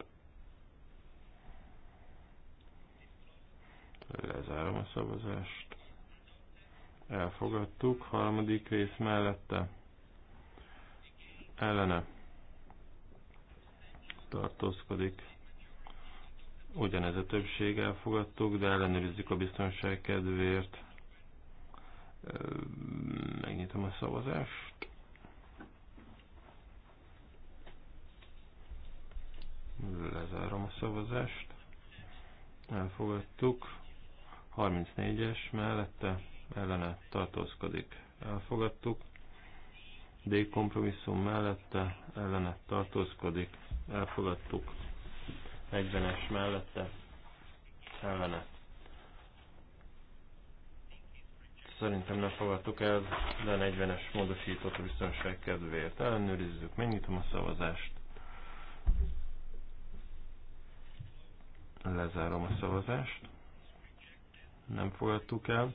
Lezárom a szavazást. Elfogadtuk. Harmadik rész mellette. Ellene. Tartózkodik. Ugyanez a többség elfogadtuk, de ellenőrizzük a biztonság kedvéért. Megnyitom a szavazást. Lezárom a szavazást. Elfogadtuk. 34-es mellette ellene tartózkodik. Elfogadtuk. D kompromisszum mellette ellene tartózkodik. Elfogadtuk. 40-es mellette ellene szerintem nem fogadtuk el, de a 40-es módosított a biztonság kedvéért. Ellenőrizzük, megnyitom a szavazást. Lezárom a szavazást. Nem fogadtuk el.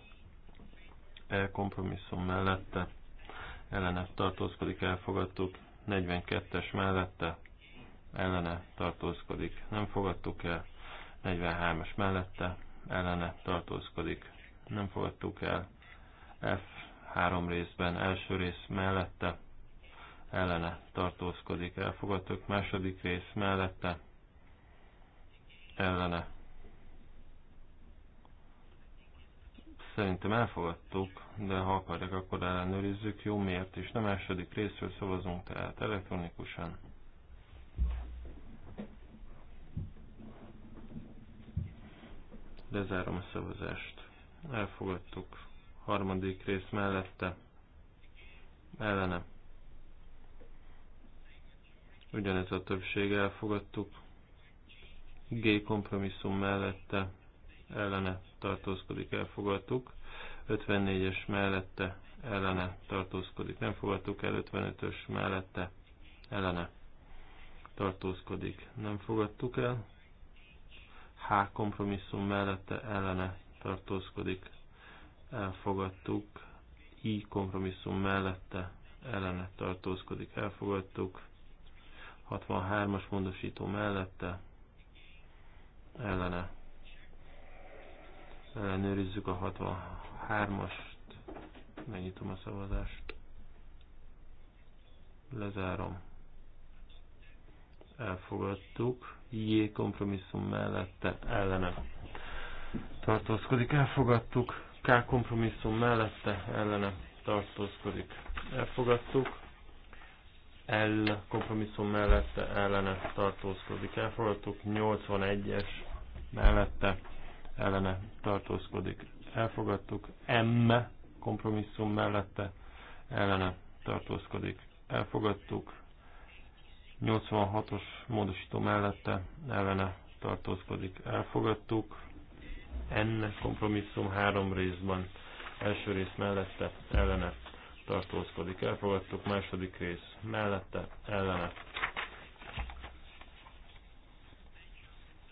Elkompromisszum mellette. Ellene tartózkodik, elfogadtuk. 42-es mellette. Ellene tartózkodik, nem fogadtuk el. 43-es mellette. Ellene tartózkodik, nem fogadtuk el f három részben első rész mellette ellene tartózkodik. Elfogadtuk második rész mellette ellene. Szerintem elfogadtuk, de ha akarják, akkor ellenőrizzük. Jó, miért is? Nem második részről szavazunk, tehát elektronikusan. Lezárom a szavazást. Elfogadtuk harmadik rész mellette ellene. Ugyanez a többség elfogadtuk. G kompromisszum mellette ellene tartózkodik, elfogadtuk. 54-es mellette ellene tartózkodik, nem fogadtuk el. 55-ös mellette ellene tartózkodik, nem fogadtuk el. H kompromisszum mellette ellene tartózkodik, elfogadtuk, i kompromisszum mellette ellene tartózkodik, elfogadtuk, 63-as módosító mellette ellene ellenőrizzük a 63-ast, megnyitom a szavazást, lezárom, elfogadtuk, J kompromisszum mellette ellene tartózkodik, elfogadtuk, K kompromisszum mellette ellene tartózkodik. Elfogadtuk. L kompromisszum mellette ellene tartózkodik. Elfogadtuk. 81-es mellette ellene tartózkodik. Elfogadtuk. M kompromisszum mellette ellene tartózkodik. Elfogadtuk. 86-os módosító mellette ellene tartózkodik. Elfogadtuk ennek kompromisszum három részben. Első rész mellette, ellene tartózkodik. Elfogadtuk második rész mellette, ellene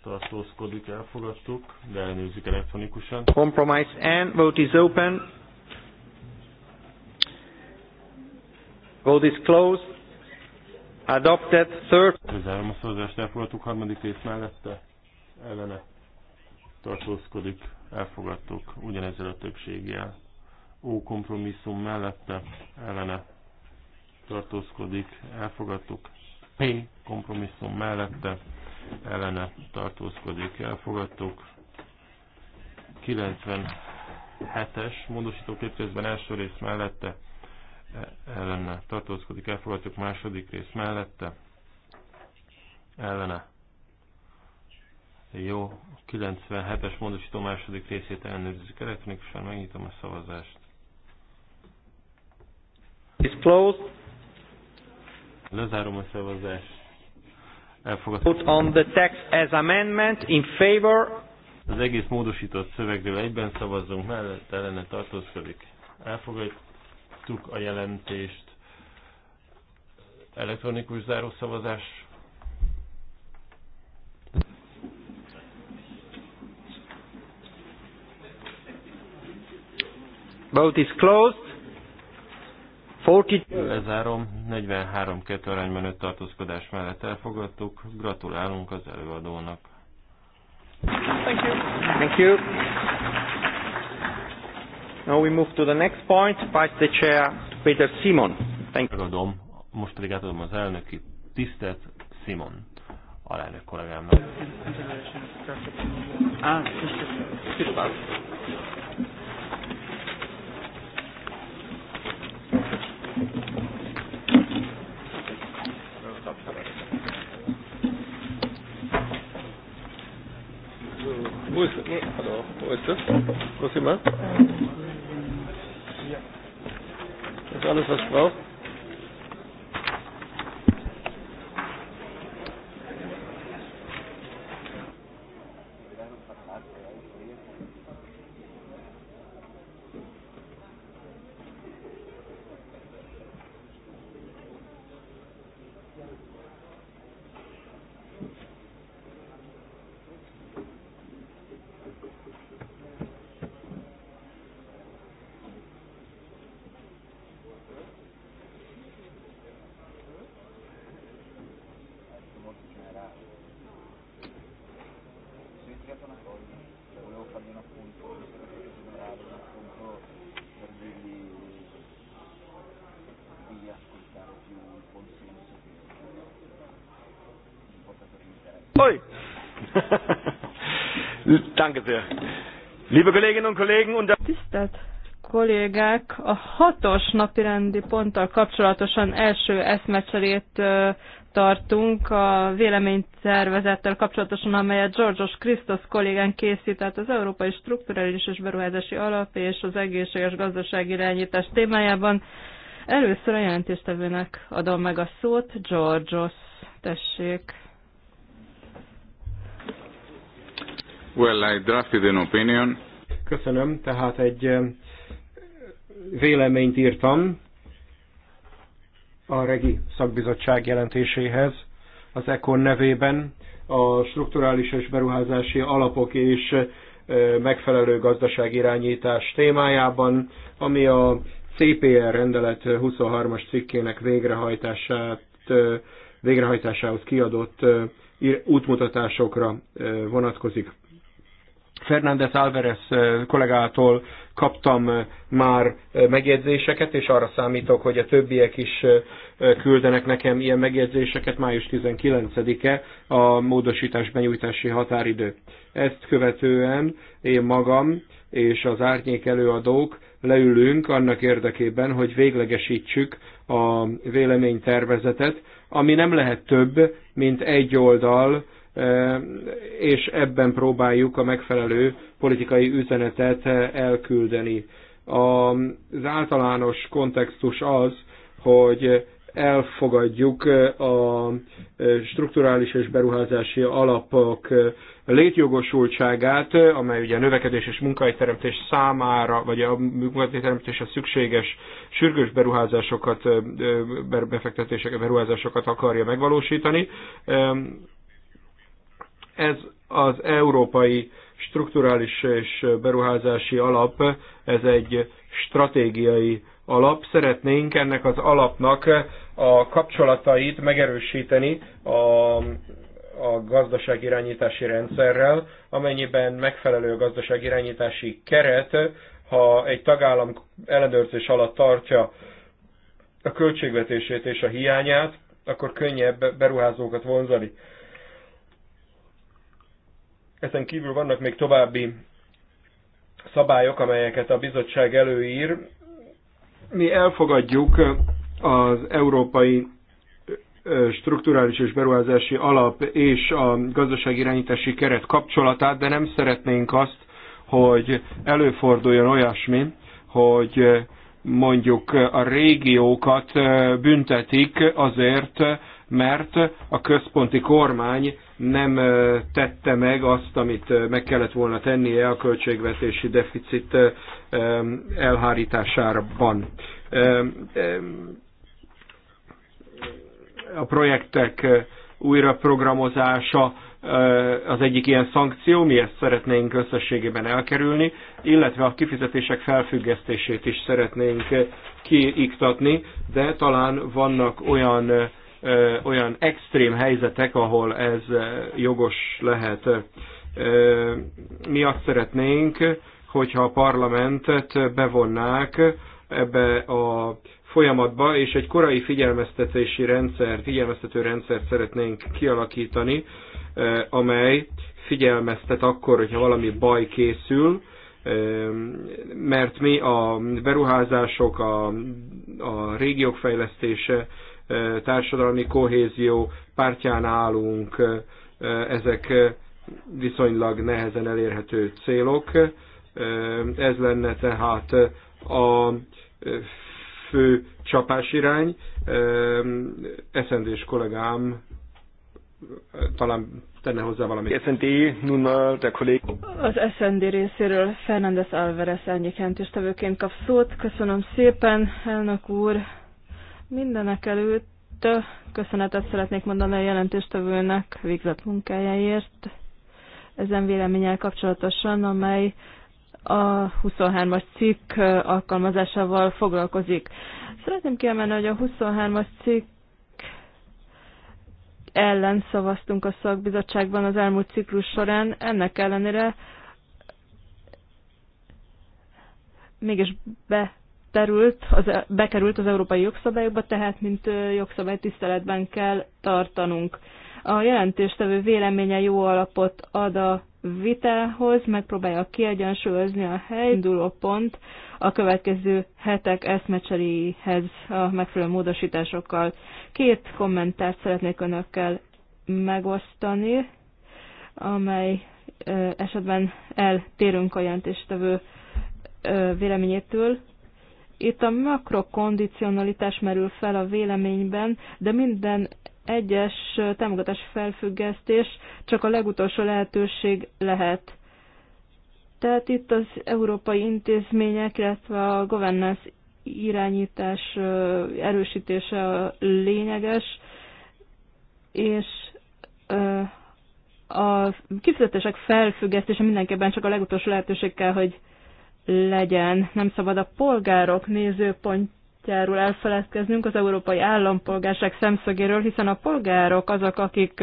tartózkodik, elfogadtuk, de elnőzzük elektronikusan. Compromise N, vote is open. Vote is closed. Adopted third. Zárom a elfogadtuk harmadik rész mellette, ellene tartózkodik, elfogadtuk ugyanezzel a többséggel. Ó kompromisszum mellette ellene tartózkodik, elfogadtuk. P kompromisszum mellette ellene tartózkodik, elfogadtuk. 97-es módosító képzésben első rész mellette e, ellene tartózkodik, elfogadtuk második rész mellette ellene jó, 97-es módosító második részét ellenőrizzük elektronikusan, megnyitom a szavazást. It's closed. Lezárom a szavazást. Elfogadom. Put on the text as amendment in favor. Az egész módosított szövegről egyben szavazzunk, mellett ellene tartózkodik. Elfogadtuk a jelentést. Elektronikus zárószavazás Boat is closed. 43-2 arányban öt tartózkodás mellett elfogadtuk. Gratulálunk az előadónak. Thank you. Thank you. Now we move to the next point, Pass the Chair to Peter Simon. Thank you. Megadom, most pedig átadom az elnöki tisztet Simon, alelnök kollégámnak. Ah, Ist Was immer? Das ist alles, was ich brauche. Danke sehr. Liebe Kolleginnen und Kollegen und Tisztelt kollégák, a hatos rendi ponttal kapcsolatosan első eszmecserét tartunk a szervezettel kapcsolatosan, amelyet Georgios Krisztos kollégán készített az Európai Strukturális és Beruházási Alap és az Egészséges Gazdasági Irányítás témájában. Először a jelentéstevőnek adom meg a szót, Georgios, tessék. Well, I drafted an opinion. Köszönöm, tehát egy eh, véleményt írtam a Regi Szakbizottság jelentéséhez az ECON nevében a strukturális és beruházási alapok és eh, megfelelő gazdaságirányítás témájában, ami a CPR rendelet 23-as cikkének végrehajtását, eh, végrehajtásához kiadott útmutatásokra vonatkozik. Fernández Álvarez kollégától kaptam már megjegyzéseket, és arra számítok, hogy a többiek is küldenek nekem ilyen megjegyzéseket május 19-e a módosítás benyújtási határidő. Ezt követően én magam és az árnyék előadók leülünk annak érdekében, hogy véglegesítsük a véleménytervezetet, ami nem lehet több, mint egy oldal és ebben próbáljuk a megfelelő politikai üzenetet elküldeni. Az általános kontextus az, hogy elfogadjuk a strukturális és beruházási alapok létjogosultságát, amely ugye a növekedés és munkahelyteremtés számára, vagy a munkahelyteremtésre szükséges sürgős beruházásokat, befektetéseket, beruházásokat akarja megvalósítani. Ez az európai strukturális és beruházási alap, ez egy stratégiai alap. Szeretnénk ennek az alapnak a kapcsolatait megerősíteni a, a gazdaságirányítási rendszerrel, amennyiben megfelelő a gazdaságirányítási keret, ha egy tagállam ellenőrzés alatt tartja a költségvetését és a hiányát, akkor könnyebb beruházókat vonzani. Ezen kívül vannak még további szabályok, amelyeket a bizottság előír. Mi elfogadjuk az Európai Strukturális és Beruházási Alap és a gazdaságirányítási keret kapcsolatát, de nem szeretnénk azt, hogy előforduljon olyasmi, hogy mondjuk a régiókat büntetik azért, mert a központi kormány nem tette meg azt, amit meg kellett volna tennie a költségvetési deficit elhárításában. A projektek újraprogramozása az egyik ilyen szankció, mi ezt szeretnénk összességében elkerülni, illetve a kifizetések felfüggesztését is szeretnénk kiiktatni, de talán vannak olyan olyan extrém helyzetek, ahol ez jogos lehet. Mi azt szeretnénk, hogyha a parlamentet bevonnák ebbe a folyamatba, és egy korai figyelmeztetési rendszer, figyelmeztető rendszert szeretnénk kialakítani, amely figyelmeztet akkor, hogyha valami baj készül, mert mi a beruházások, a, a régiók fejlesztése, társadalmi kohézió pártján állunk, ezek viszonylag nehezen elérhető célok. Ez lenne tehát a fő csapásirány. Eszendés kollégám talán tenne hozzá valamit. SND, Nunna, de kollég. Az SND részéről Fernández Alvarez elnyékentős tevőként kap szót. Köszönöm szépen, elnök úr, Mindenek előtt köszönetet szeretnék mondani a jelentéstevőnek végzett munkájáért ezen véleményel kapcsolatosan, amely a 23-as cikk alkalmazásával foglalkozik. Szeretném kiemelni, hogy a 23-as cikk ellen szavaztunk a szakbizottságban az elmúlt ciklus során, ennek ellenére mégis be terült, az, e- bekerült az európai jogszabályokba, tehát mint jogszabály tiszteletben kell tartanunk. A jelentéstevő véleménye jó alapot ad a vitához, megpróbálja kiegyensúlyozni a helyinduló pont a következő hetek eszmecseréhez a megfelelő módosításokkal. Két kommentárt szeretnék önökkel megosztani, amely esetben eltérünk a jelentéstevő véleményétől. Itt a makrokondicionalitás merül fel a véleményben, de minden egyes támogatás felfüggesztés csak a legutolsó lehetőség lehet. Tehát itt az európai intézmények, illetve a governance irányítás erősítése lényeges, és a kifizetések felfüggesztése mindenképpen csak a legutolsó lehetőség kell, hogy legyen. Nem szabad a polgárok nézőpontjáról elfeledkeznünk az európai állampolgárság szemszögéről, hiszen a polgárok azok, akik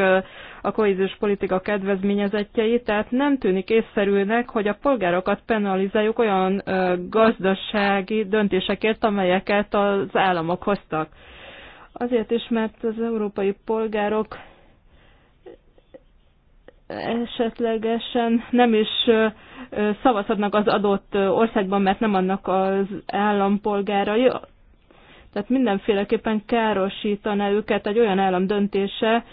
a kohéziós politika kedvezményezettjei, tehát nem tűnik észszerűnek, hogy a polgárokat penalizáljuk olyan gazdasági döntésekért, amelyeket az államok hoztak. Azért is, mert az európai polgárok esetlegesen nem is szavazhatnak az adott országban, mert nem annak az állampolgárai. Tehát mindenféleképpen károsítaná őket egy olyan állam döntése,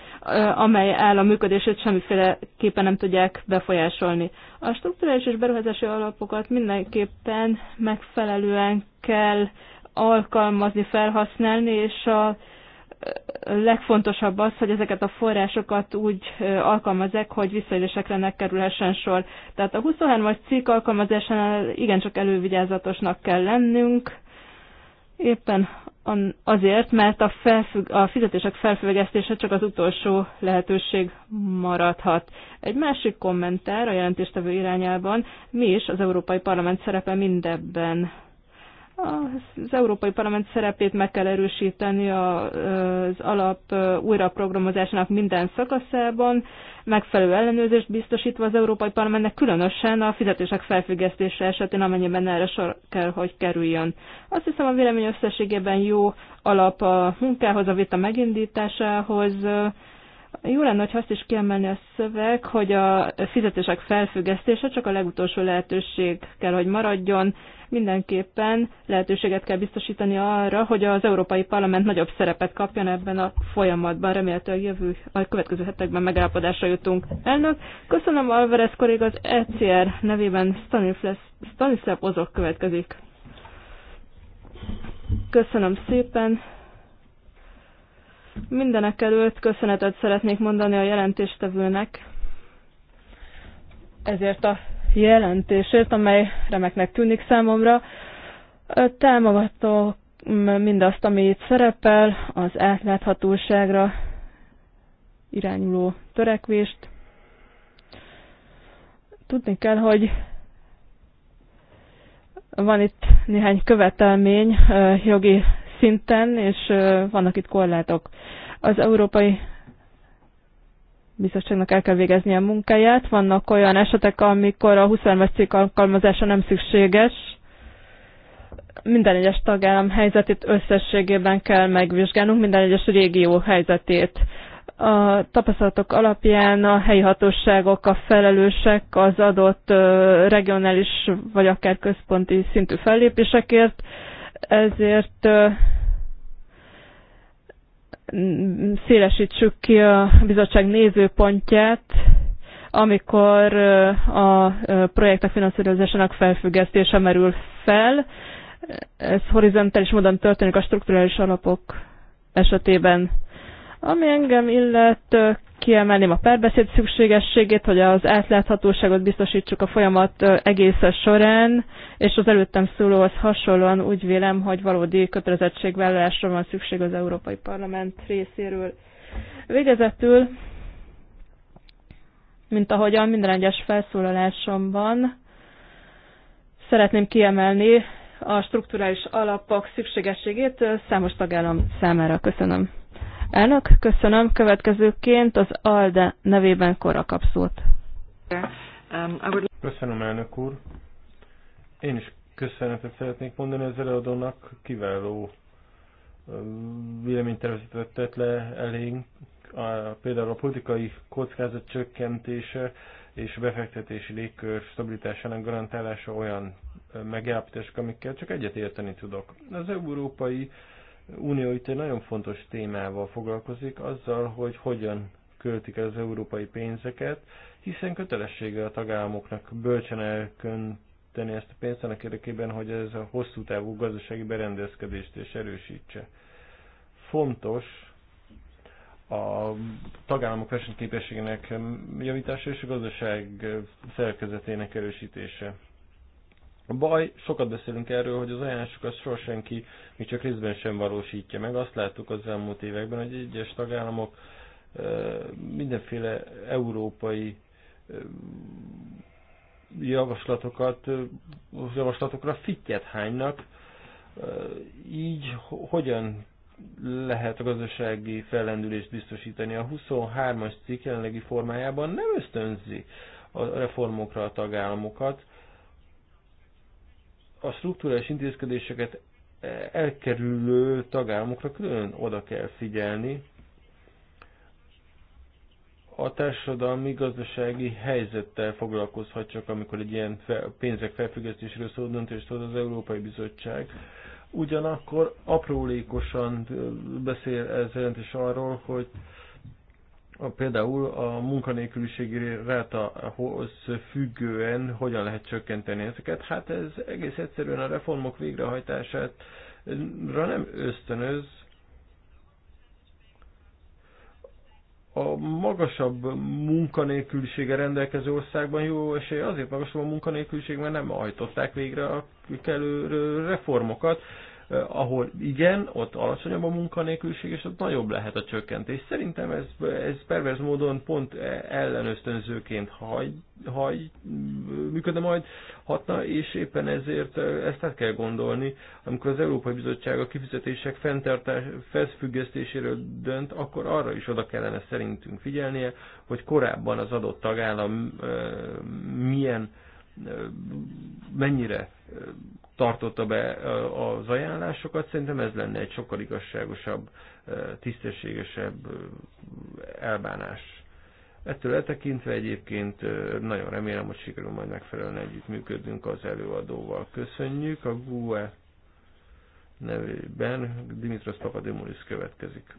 amely állam működését semmiféleképpen nem tudják befolyásolni. A strukturális és beruházási alapokat mindenképpen megfelelően kell alkalmazni, felhasználni, és a legfontosabb az, hogy ezeket a forrásokat úgy alkalmazzák, hogy visszaélésekre ne kerülhessen sor. Tehát a 23-as cikk alkalmazásánál igencsak elővigyázatosnak kell lennünk, éppen azért, mert a, felfügg, a fizetések felfüggesztése csak az utolsó lehetőség maradhat. Egy másik kommentár a jelentéstevő irányában, mi is az Európai Parlament szerepe mindebben az Európai Parlament szerepét meg kell erősíteni az alap újraprogramozásának minden szakaszában, megfelelő ellenőrzést biztosítva az Európai Parlamentnek, különösen a fizetések felfüggesztése esetén, amennyiben erre sor kell, hogy kerüljön. Azt hiszem a vélemény összességében jó alap a munkához, a vita megindításához, jó lenne, hogy azt is kiemelni a szöveg, hogy a fizetések felfüggesztése csak a legutolsó lehetőség kell, hogy maradjon. Mindenképpen lehetőséget kell biztosítani arra, hogy az Európai Parlament nagyobb szerepet kapjon ebben a folyamatban. Remélhetőleg jövő, a következő hetekben megállapodásra jutunk. Elnök, köszönöm Alvarez kollég az ECR nevében Stanislav Ozok következik. Köszönöm szépen, Mindenek előtt köszönetet szeretnék mondani a jelentéstevőnek ezért a jelentésért, amely remeknek tűnik számomra. Támogatok mindazt, ami itt szerepel, az átláthatóságra irányuló törekvést. Tudni kell, hogy van itt néhány követelmény jogi szinten, és vannak itt korlátok. Az Európai Bizottságnak el kell végezni a munkáját. Vannak olyan esetek, amikor a 23-as cikk alkalmazása nem szükséges. Minden egyes tagállam helyzetét összességében kell megvizsgálnunk, minden egyes régió helyzetét a tapasztalatok alapján a helyi hatóságok a felelősek az adott regionális vagy akár központi szintű fellépésekért, ezért szélesítsük ki a bizottság nézőpontját, amikor a projektek finanszírozásának felfüggesztése merül fel. Ez horizontális módon történik a strukturális alapok esetében. Ami engem illet, kiemelném a párbeszéd szükségességét, hogy az átláthatóságot biztosítsuk a folyamat egész során, és az előttem szólóhoz hasonlóan úgy vélem, hogy valódi kötelezettségvállalásra van szükség az Európai Parlament részéről. Végezetül, mint ahogyan minden egyes felszólalásomban, szeretném kiemelni a strukturális alapok szükségességét számos tagállam számára. Köszönöm. Elnök, köszönöm. Következőként az ALDE nevében korra kap um, Köszönöm, elnök úr. Én is köszönetet szeretnék mondani az előadónak. Kiváló um, véleménytervezetet tett le elénk. A, például a politikai kockázat csökkentése és a befektetési légkör stabilitásának garantálása olyan megállapítások, amikkel csak egyet érteni tudok. Az európai Unió itt egy nagyon fontos témával foglalkozik, azzal, hogy hogyan költik az európai pénzeket, hiszen kötelessége a tagállamoknak bölcsen elkönteni ezt a pénzt annak érdekében, hogy ez a hosszú távú gazdasági berendezkedést is erősítse. Fontos a tagállamok versenyképességének javítása és a gazdaság szerkezetének erősítése. A baj, sokat beszélünk erről, hogy az ajánlásokat soha senki, még csak részben sem valósítja meg. Azt láttuk az elmúlt években, hogy egyes tagállamok mindenféle európai javaslatokat, javaslatokra fittyet hánynak, így hogyan lehet a gazdasági fellendülést biztosítani. A 23-as cikk jelenlegi formájában nem ösztönzi a reformokra a tagállamokat, a struktúrális intézkedéseket e, elkerülő tagállamokra külön oda kell figyelni. A társadalmi gazdasági helyzettel foglalkozhat csak, amikor egy ilyen pénzek felfüggesztéséről szóló döntést hoz az Európai Bizottság. Ugyanakkor aprólékosan beszél ez jelentés arról, hogy például a munkanélküliségi rátahoz függően hogyan lehet csökkenteni ezeket? Hát ez egész egyszerűen a reformok végrehajtását nem ösztönöz, a magasabb munkanélkülisége rendelkező országban jó esély azért magasabb a munkanélküliség, mert nem hajtották végre a kellő reformokat. Eh, ahol igen, ott alacsonyabb a munkanélküliség, és ott nagyobb lehet a csökkentés. Szerintem ez, ez pervers módon pont e, ellenösztönzőként hagy, hagy, működne majd hatna, és éppen ezért e, ezt át kell gondolni. Amikor az Európai Bizottság a kifizetések fenntartás, felfüggesztéséről dönt, akkor arra is oda kellene szerintünk figyelnie, hogy korábban az adott tagállam e, milyen mennyire tartotta be az ajánlásokat, szerintem ez lenne egy sokkal igazságosabb, tisztességesebb elbánás. Ettől eltekintve egyébként nagyon remélem, hogy sikerül majd megfelelően együttműködnünk az előadóval. Köszönjük a GUE nevében. Dimitros Papadimulis következik.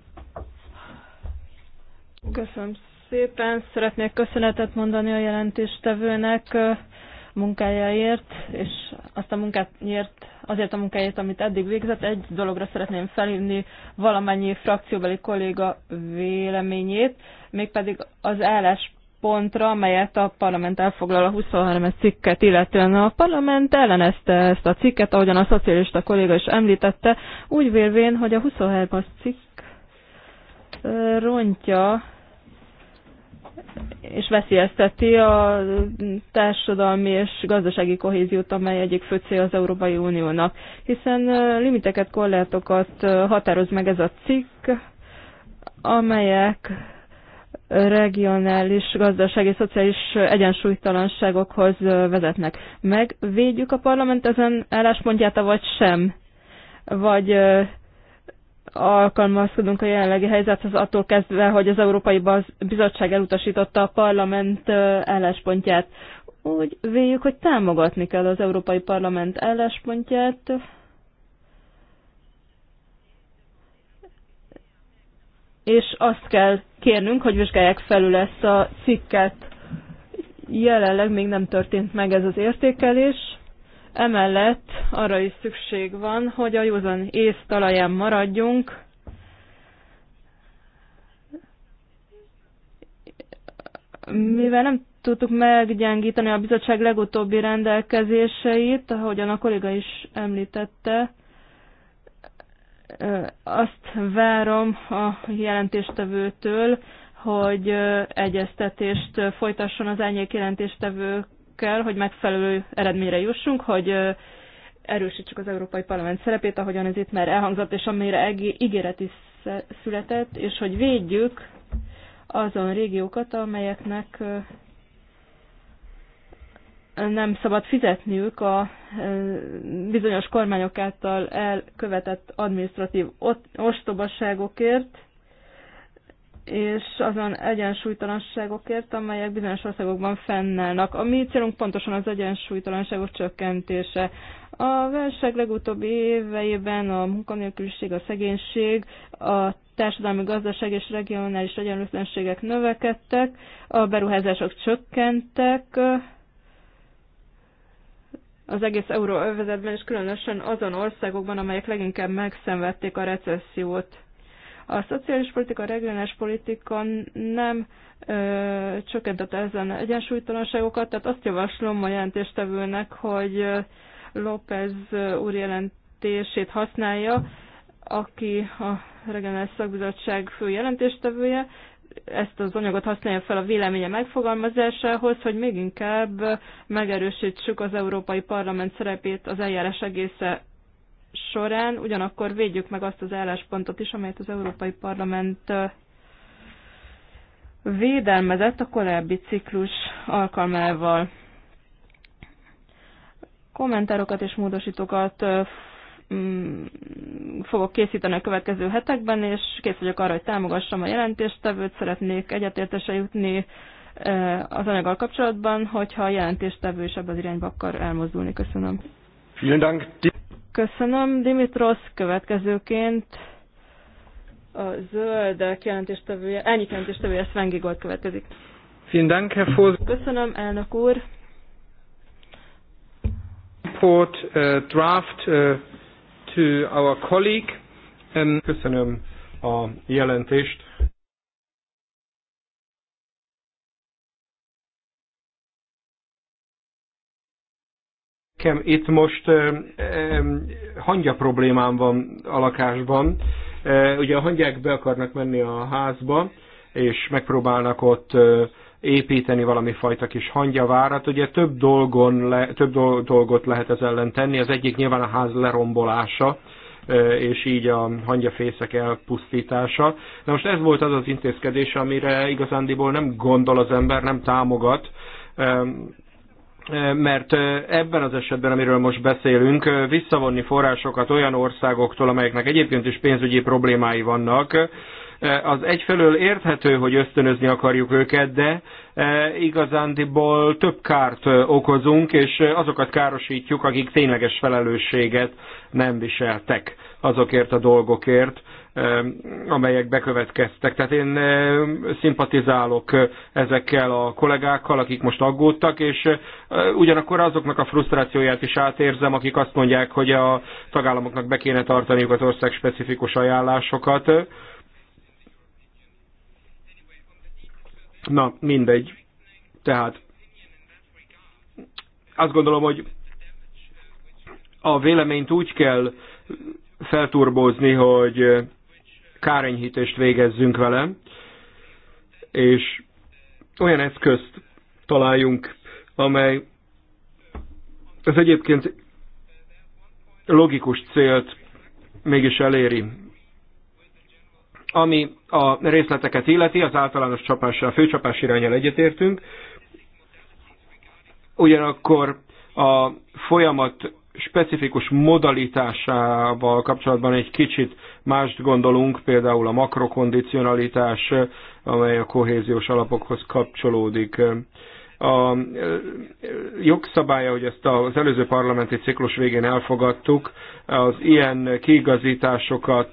Köszönöm szépen. Szeretnék köszönetet mondani a jelentéstevőnek munkájáért, és azt a nyert, azért a munkáért, amit eddig végzett, egy dologra szeretném felhívni valamennyi frakcióbeli kolléga véleményét, mégpedig az álláspontra, pontra, amelyet a parlament elfoglal a 23 cikket, illetően a parlament ellenezte ezt a cikket, ahogyan a szocialista kolléga is említette, úgy vélvén, hogy a 23-as cikk rontja és veszélyezteti a társadalmi és gazdasági kohéziót, amely egyik fő cél az Európai Uniónak. Hiszen limiteket, korlátokat határoz meg ez a cikk, amelyek regionális gazdasági és szociális egyensúlytalanságokhoz vezetnek. Megvédjük a parlament ezen álláspontját, vagy sem? Vagy alkalmazkodunk a jelenlegi helyzethez, attól kezdve, hogy az Európai Bizottság elutasította a parlament álláspontját. Úgy véljük, hogy támogatni kell az Európai Parlament álláspontját. És azt kell kérnünk, hogy vizsgálják felül ezt a cikket. Jelenleg még nem történt meg ez az értékelés Emellett arra is szükség van, hogy a józan ész talaján maradjunk, mivel nem tudtuk meggyengíteni a bizottság legutóbbi rendelkezéseit, ahogyan a kolléga is említette, azt várom a jelentéstevőtől, hogy egyeztetést folytasson az árnyék jelentéstevők kell, hogy megfelelő eredményre jussunk, hogy erősítsük az Európai Parlament szerepét, ahogyan ez itt már elhangzott, és amire ígéret is született, és hogy védjük azon régiókat, amelyeknek nem szabad fizetniük a bizonyos kormányok által elkövetett administratív ostobaságokért, és azon egyensúlytalanságokért, amelyek bizonyos országokban fennállnak. A mi célunk pontosan az egyensúlytalanságok csökkentése. A válság legutóbbi éveiben a munkanélküliség, a szegénység, a társadalmi, gazdaság és regionális egyenlőtlenségek növekedtek, a beruházások csökkentek, az egész euróövezetben, és különösen azon országokban, amelyek leginkább megszenvedték a recessziót a szociális politika, a regionális politika nem ö, csökkentett ezen egyensúlytalanságokat, tehát azt javaslom a jelentéstevőnek, hogy López úr jelentését használja, aki a regionális szakbizottság fő jelentéstevője, ezt az anyagot használja fel a véleménye megfogalmazásához, hogy még inkább megerősítsük az Európai Parlament szerepét az eljárás egésze során, ugyanakkor védjük meg azt az álláspontot is, amelyet az Európai Parlament védelmezett a korábbi ciklus alkalmával. Kommentárokat és módosítókat mm, fogok készíteni a következő hetekben, és kész vagyok arra, hogy támogassam a jelentéstevőt, szeretnék egyetértese jutni az anyaggal kapcsolatban, hogyha a jelentéstevő is ebbe az irányba akar elmozdulni. Köszönöm. Köszönöm, Dimitros Következőként a zöld jelentéstevője, ennyi jelentéstevője Sven Gigold következik. Köszönöm, elnök úr. uh, draft uh, to our colleague. Um, Köszönöm a jelentést nekem itt most hangya problémám van a lakásban. Ugye a hangyák be akarnak menni a házba, és megpróbálnak ott építeni valami fajta kis hangyavárat. Ugye több, dolgon le, több dolgot lehet ez ellen tenni. Az egyik nyilván a ház lerombolása, és így a hangyafészek elpusztítása. Na most ez volt az az intézkedés, amire igazándiból nem gondol az ember, nem támogat mert ebben az esetben, amiről most beszélünk, visszavonni forrásokat olyan országoktól, amelyeknek egyébként is pénzügyi problémái vannak, az egyfelől érthető, hogy ösztönözni akarjuk őket, de igazándiból több kárt okozunk, és azokat károsítjuk, akik tényleges felelősséget nem viseltek azokért a dolgokért, amelyek bekövetkeztek. Tehát én szimpatizálok ezekkel a kollégákkal, akik most aggódtak, és ugyanakkor azoknak a frusztrációját is átérzem, akik azt mondják, hogy a tagállamoknak be kéne tartaniuk az ország specifikus ajánlásokat. Na, mindegy. Tehát azt gondolom, hogy a véleményt úgy kell felturbózni, hogy kárenyhítést végezzünk vele, és olyan eszközt találjunk, amely az egyébként logikus célt mégis eléri. Ami a részleteket illeti, az általános csapással, főcsapás irányjal egyetértünk, ugyanakkor a folyamat specifikus modalitásával kapcsolatban egy kicsit mást gondolunk, például a makrokondicionalitás, amely a kohéziós alapokhoz kapcsolódik. A jogszabálya, hogy ezt az előző parlamenti ciklus végén elfogadtuk, az ilyen kiigazításokat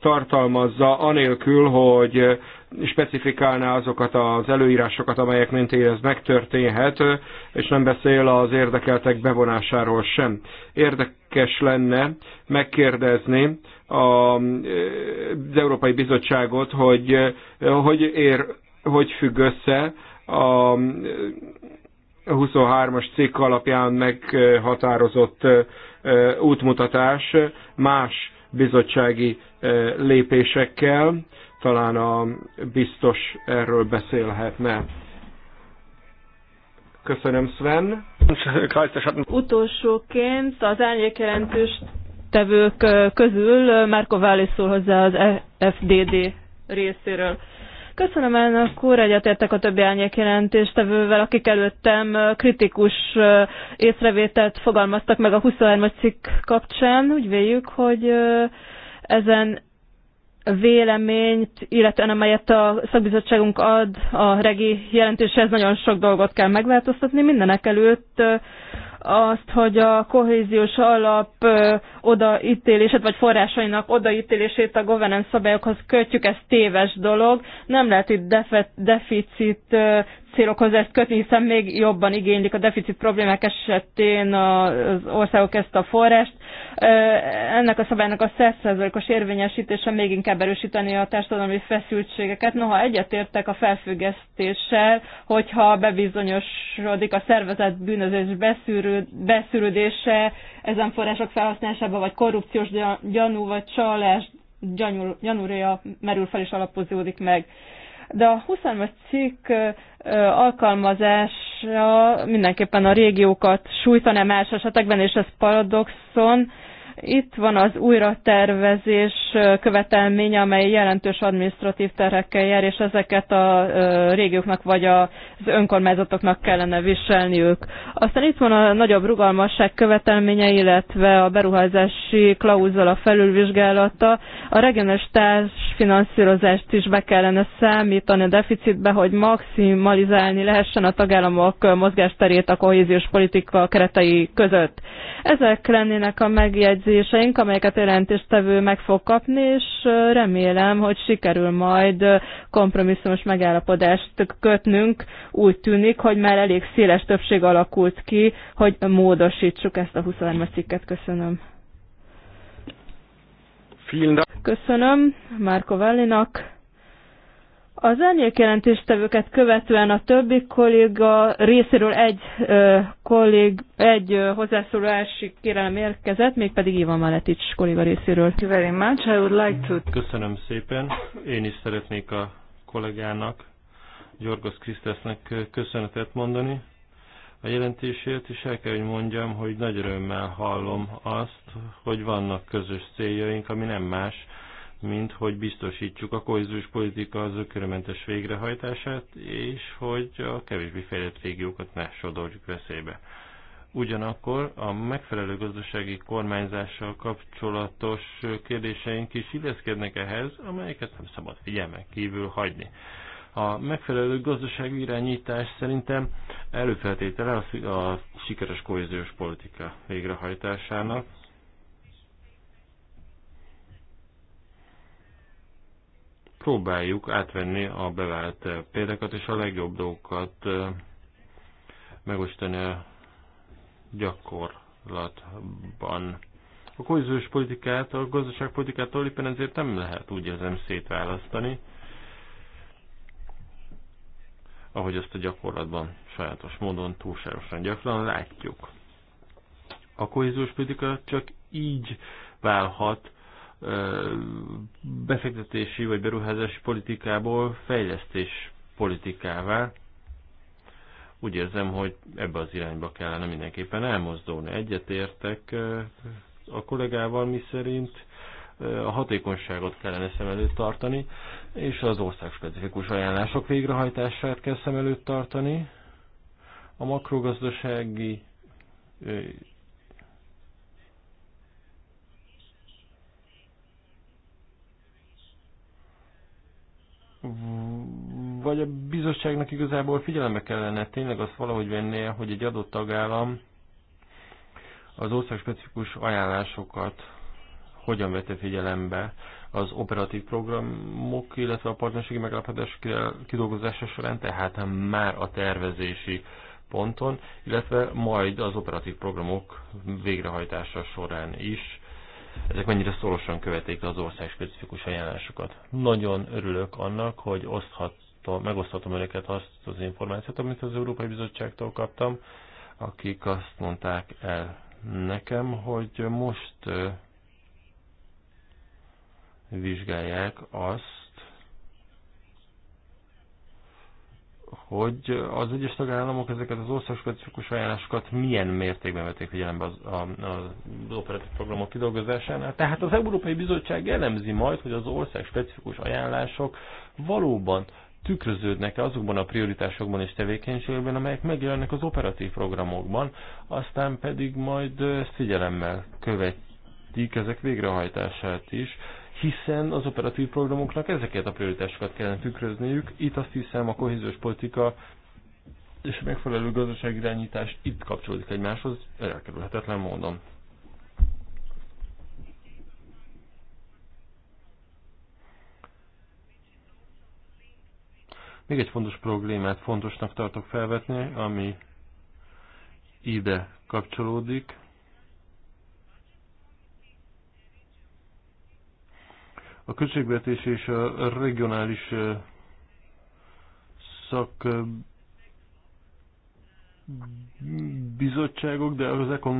tartalmazza, anélkül, hogy specifikálná azokat az előírásokat, amelyek mentén ez megtörténhet, és nem beszél az érdekeltek bevonásáról sem. Érdekes lenne megkérdezni az Európai Bizottságot, hogy hogy ér, hogy függ össze a 23-as cikk alapján meghatározott útmutatás más bizottsági lépésekkel, talán a biztos erről beszélhetne. Köszönöm, Sven. Utolsóként az elnyék tevők közül Márko Váli szól hozzá az e- FDD részéről. Köszönöm elnök úr, egyetértek a többi elnyék jelentéstevővel, akik előttem kritikus észrevételt fogalmaztak meg a 23. cikk kapcsán. Úgy véljük, hogy ezen véleményt, illetve amelyet a szakbizottságunk ad a regi jelentéshez, nagyon sok dolgot kell megváltoztatni. Mindenek előtt azt, hogy a kohéziós alap odaítélését, vagy forrásainak odaítélését a governance szabályokhoz kötjük, ez téves dolog. Nem lehet itt deficit célokhoz ezt kötni, hiszen még jobban igénylik a deficit problémák esetén az országok ezt a forrást ennek a szabálynak a 100%-os érvényesítése még inkább erősíteni a társadalmi feszültségeket. Noha egyetértek a felfüggesztéssel, hogyha bebizonyosodik a szervezet bűnözés beszűrődése, ezen források felhasználásába, vagy korrupciós gyanú, vagy csalás gyanúrja merül fel és alapozódik meg de a 23. cikk alkalmazás megoldása mindenképpen a régiókat sújtanám más esetekben, és ez paradoxon, itt van az újratervezés követelménye, amely jelentős administratív terhekkel jár, és ezeket a régióknak vagy az önkormányzatoknak kellene viselniük. Aztán itt van a nagyobb rugalmasság követelménye, illetve a beruházási klauzula felülvizsgálata. A regionális társfinanszírozást is be kellene számítani a deficitbe, hogy maximalizálni lehessen a tagállamok mozgásterét a kohéziós politika keretei között. Ezek lennének a megjegyzések megjegyzéseink, amelyeket a jelentéstevő meg fog kapni, és remélem, hogy sikerül majd kompromisszumos megállapodást kötnünk. Úgy tűnik, hogy már elég széles többség alakult ki, hogy módosítsuk ezt a 23 cikket. Köszönöm. Köszönöm Márko Vellinak. Az jelentéstevőket követően a többi kolléga részéről egy, ö, kollég, egy ö, hozzászólási kérelem érkezett, mégpedig Ivan Maletics kolléga részéről. Very much. I would like to... Köszönöm szépen. Én is szeretnék a kollégának, Gyorgos Krisztesnek köszönetet mondani a jelentésért, és el kell, hogy mondjam, hogy nagy örömmel hallom azt, hogy vannak közös céljaink, ami nem más, mint hogy biztosítsuk a kohéziós politika ökörömentes végrehajtását, és hogy a kevésbé fejlett régiókat ne sodorjuk veszélybe. Ugyanakkor a megfelelő gazdasági kormányzással kapcsolatos kérdéseink is illeszkednek ehhez, amelyeket nem szabad figyelmen kívül hagyni. A megfelelő gazdasági irányítás szerintem előfeltétele a sikeres kohéziós politika végrehajtásának, próbáljuk átvenni a bevált példákat és a legjobb dolgokat megosztani a gyakorlatban. A kohéziós politikát a gazdaságpolitikától éppen ezért nem lehet úgy érzem szétválasztani, ahogy azt a gyakorlatban sajátos módon túlságosan gyakran látjuk. A kohéziós politika csak így válhat befektetési vagy beruházási politikából fejlesztés politikává. Úgy érzem, hogy ebbe az irányba kellene mindenképpen elmozdulni. Egyetértek a kollégával, mi szerint a hatékonyságot kellene szem előtt tartani, és az ország specifikus ajánlások végrehajtását kell szem előtt tartani. A makrogazdasági vagy a bizottságnak igazából figyelembe kellene tényleg azt valahogy vennie, hogy egy adott tagállam az országspecifikus ajánlásokat hogyan vette figyelembe az operatív programok, illetve a partnerségi megállapodás kidolgozása során, tehát már a tervezési ponton, illetve majd az operatív programok végrehajtása során is ezek mennyire szorosan követik az ország specifikus ajánlásokat. Nagyon örülök annak, hogy oszthatom, megoszthatom önöket azt az információt, amit az Európai Bizottságtól kaptam, akik azt mondták el nekem, hogy most vizsgálják azt, hogy az egyes tagállamok ezeket az országspecifikus ajánlásokat milyen mértékben vették figyelembe az, az operatív programok kidolgozásánál. Tehát az Európai Bizottság elemzi majd, hogy az országspecifikus ajánlások valóban tükröződnek -e azokban a prioritásokban és tevékenységekben, amelyek megjelennek az operatív programokban, aztán pedig majd figyelemmel követjük ezek végrehajtását is hiszen az operatív programoknak ezeket a prioritásokat kellene tükrözniük. Itt azt hiszem a kohéziós politika és a megfelelő gazdaságirányítás itt kapcsolódik egymáshoz, elkerülhetetlen módon. Még egy fontos problémát fontosnak tartok felvetni, ami ide kapcsolódik. A költségvetés és a regionális szak bizottságok, de az ekon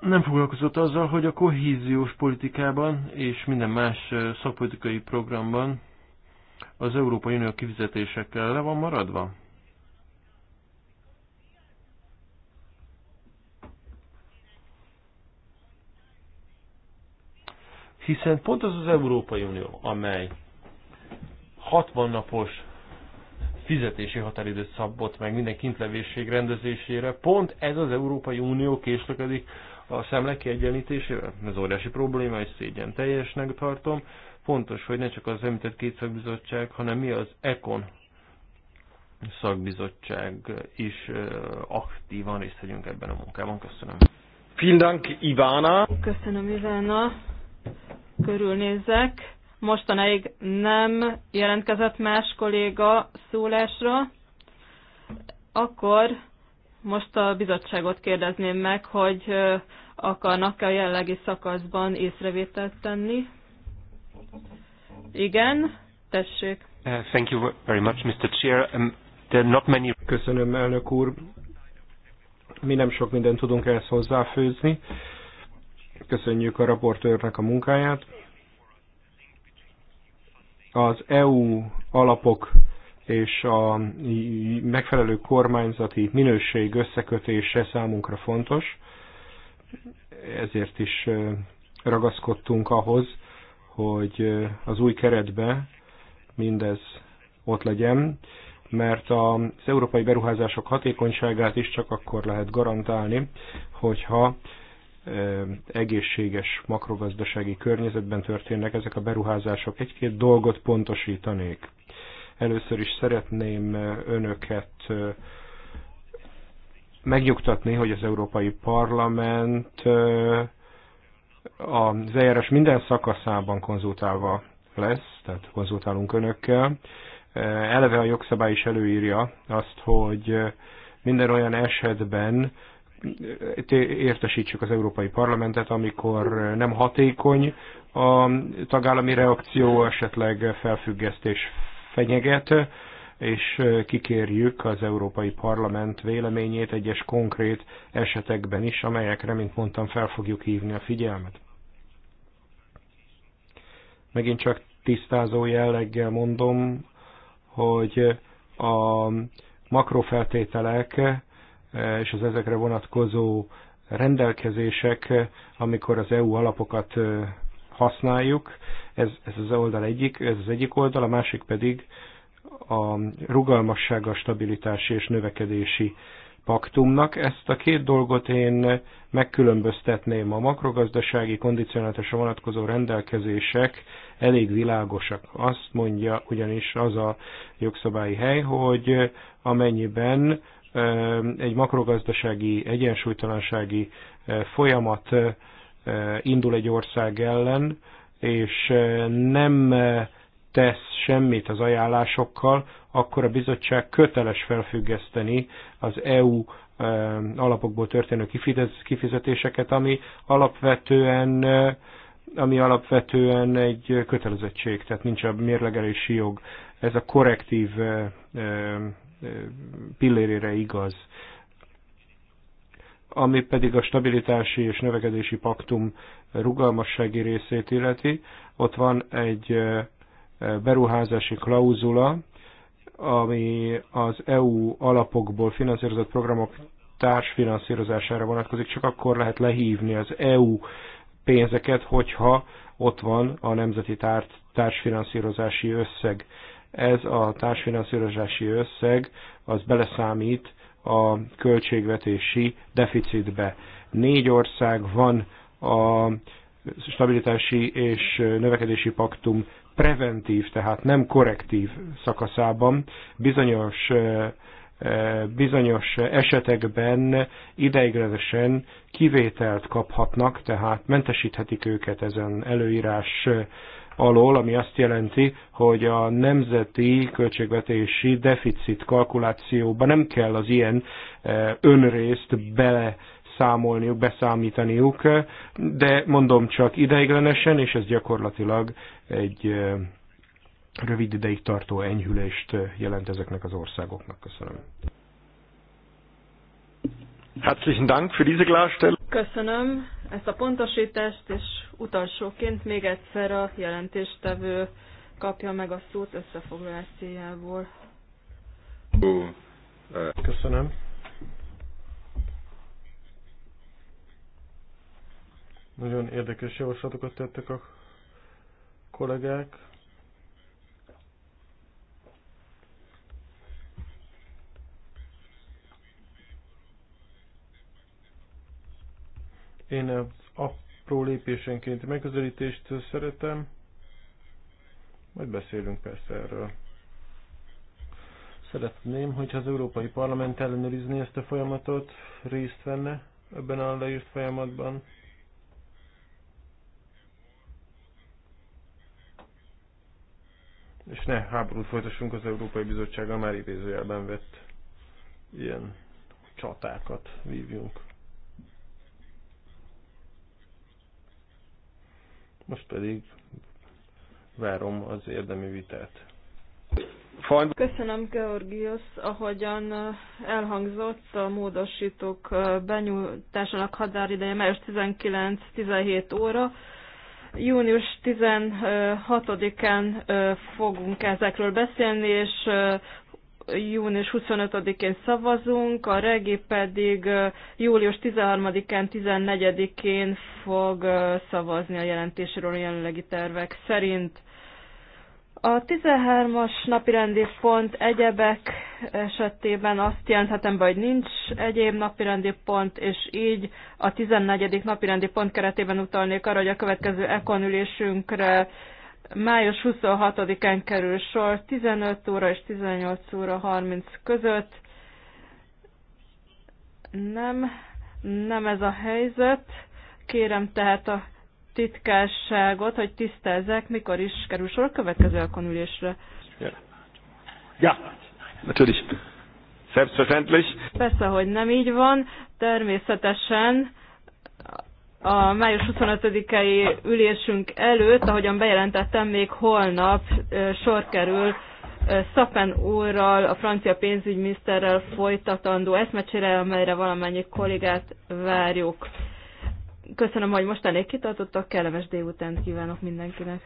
nem foglalkozott azzal, hogy a kohéziós politikában és minden más szakpolitikai programban az Európai Unió kifizetésekkel le van maradva. Hiszen pont az az Európai Unió, amely 60 napos fizetési határidőt szabott meg minden kintlevésség rendezésére, pont ez az Európai Unió késlekedik a szemlek kiegyenlítésével. Ez óriási probléma, és szégyen teljesnek tartom. Fontos, hogy ne csak az említett két szakbizottság, hanem mi az ECON szakbizottság is aktívan részt vegyünk ebben a munkában. Köszönöm. Vielen Dank, Ivana. Köszönöm, Ivana körülnézek. Mostanáig nem jelentkezett más kolléga szólásra. Akkor most a bizottságot kérdezném meg, hogy akarnak-e a jellegi szakaszban észrevételt tenni. Igen, tessék. Uh, thank you very much, Mr. Chair. Um, there are not many... Köszönöm, elnök úr. Mi nem sok mindent tudunk ehhez hozzáfőzni. Uh, Köszönjük a raportőrnek a munkáját. Az EU alapok és a megfelelő kormányzati minőség összekötése számunkra fontos, ezért is ragaszkodtunk ahhoz, hogy az új keretbe mindez ott legyen, mert az európai beruházások hatékonyságát is csak akkor lehet garantálni, hogyha egészséges makrogazdasági környezetben történnek ezek a beruházások. Egy-két dolgot pontosítanék. Először is szeretném önöket megnyugtatni, hogy az Európai Parlament az eljárás minden szakaszában konzultálva lesz, tehát konzultálunk önökkel. Eleve a jogszabály is előírja azt, hogy minden olyan esetben, értesítsük az Európai Parlamentet, amikor nem hatékony a tagállami reakció, esetleg felfüggesztés fenyeget, és kikérjük az Európai Parlament véleményét egyes konkrét esetekben is, amelyekre, mint mondtam, fel fogjuk hívni a figyelmet. Megint csak tisztázó jelleggel mondom, hogy a makrofeltételek E, és az ezekre vonatkozó rendelkezések, amikor az EU alapokat e, használjuk. Ez, ez az oldal egyik, ez az egyik oldal, a másik pedig a rugalmassága, stabilitási és növekedési paktumnak. Ezt a két dolgot én megkülönböztetném. A makrogazdasági kondicionálatosra vonatkozó rendelkezések elég világosak. Azt mondja ugyanis az a jogszabályi hely, hogy amennyiben egy makrogazdasági egyensúlytalansági folyamat indul egy ország ellen, és nem tesz semmit az ajánlásokkal, akkor a bizottság köteles felfüggeszteni az EU alapokból történő kifizetéseket, ami alapvetően ami alapvetően egy kötelezettség, tehát nincs a mérlegelési jog. Ez a korrektív pillérére igaz. Ami pedig a stabilitási és növekedési paktum rugalmassági részét illeti, ott van egy beruházási klauzula, ami az EU alapokból finanszírozott programok társfinanszírozására vonatkozik, csak akkor lehet lehívni az EU pénzeket, hogyha ott van a nemzeti társfinanszírozási összeg ez a társfinanszírozási összeg az beleszámít a költségvetési deficitbe. Négy ország van a stabilitási és növekedési paktum preventív, tehát nem korrektív szakaszában bizonyos eh, eh, bizonyos esetekben ideiglenesen kivételt kaphatnak, tehát mentesíthetik őket ezen előírás alól, ami azt jelenti, hogy a nemzeti költségvetési deficit kalkulációba nem kell az ilyen eh, önrészt bele számolniuk, beszámítaniuk, de mondom csak ideiglenesen, és ez gyakorlatilag egy eh, rövid ideig tartó enyhülést eh, jelent ezeknek az országoknak. Köszönöm. Herzlichen Dank für diese Klarstellung. Köszönöm ezt a pontosítást, és Utolsóként még egyszer a jelentéstevő kapja meg a szót összefoglalás céljából. Köszönöm. Nagyon érdekes javaslatokat tettek a kollégák. Én az app pro lépésenként megközelítést szeretem. Majd beszélünk persze erről. Szeretném, hogyha az Európai Parlament ellenőrizni ezt a folyamatot, részt venne ebben a leírt folyamatban. És ne háborút folytassunk az Európai Bizottsággal, már idézőjelben vett ilyen csatákat vívjunk. Most pedig várom az érdemi vitát. Köszönöm, Georgios. Ahogyan eh, elhangzott, a módosítók eh, benyújtásának határideje május 19-17 óra. Június 16-án eh, fogunk ezekről beszélni, és június 25-én szavazunk, a regi pedig július 13-án, 14-én fog szavazni a jelentésről a jelenlegi tervek szerint. A 13-as napirendi pont egyebek esetében azt jelenthetem be, hogy nincs egyéb napirendi pont, és így a 14. napirendi pont keretében utalnék arra, hogy a következő ekonülésünkre május 26-án kerül sor 15 óra és 18 óra 30 között. Nem, nem ez a helyzet. Kérem tehát a titkásságot hogy tisztázzák, mikor is kerül sor a következő alkonülésre. Ja. ja, natürlich. Selbstverständlich. Persze, hogy nem így van. Természetesen a május 25-i ülésünk előtt, ahogyan bejelentettem, még holnap sor kerül Szapen úrral, a francia pénzügyminiszterrel folytatandó eszmecsére, amelyre valamennyi kollégát várjuk. Köszönöm, hogy mostanék kitartottak, kellemes délutánt kívánok mindenkinek!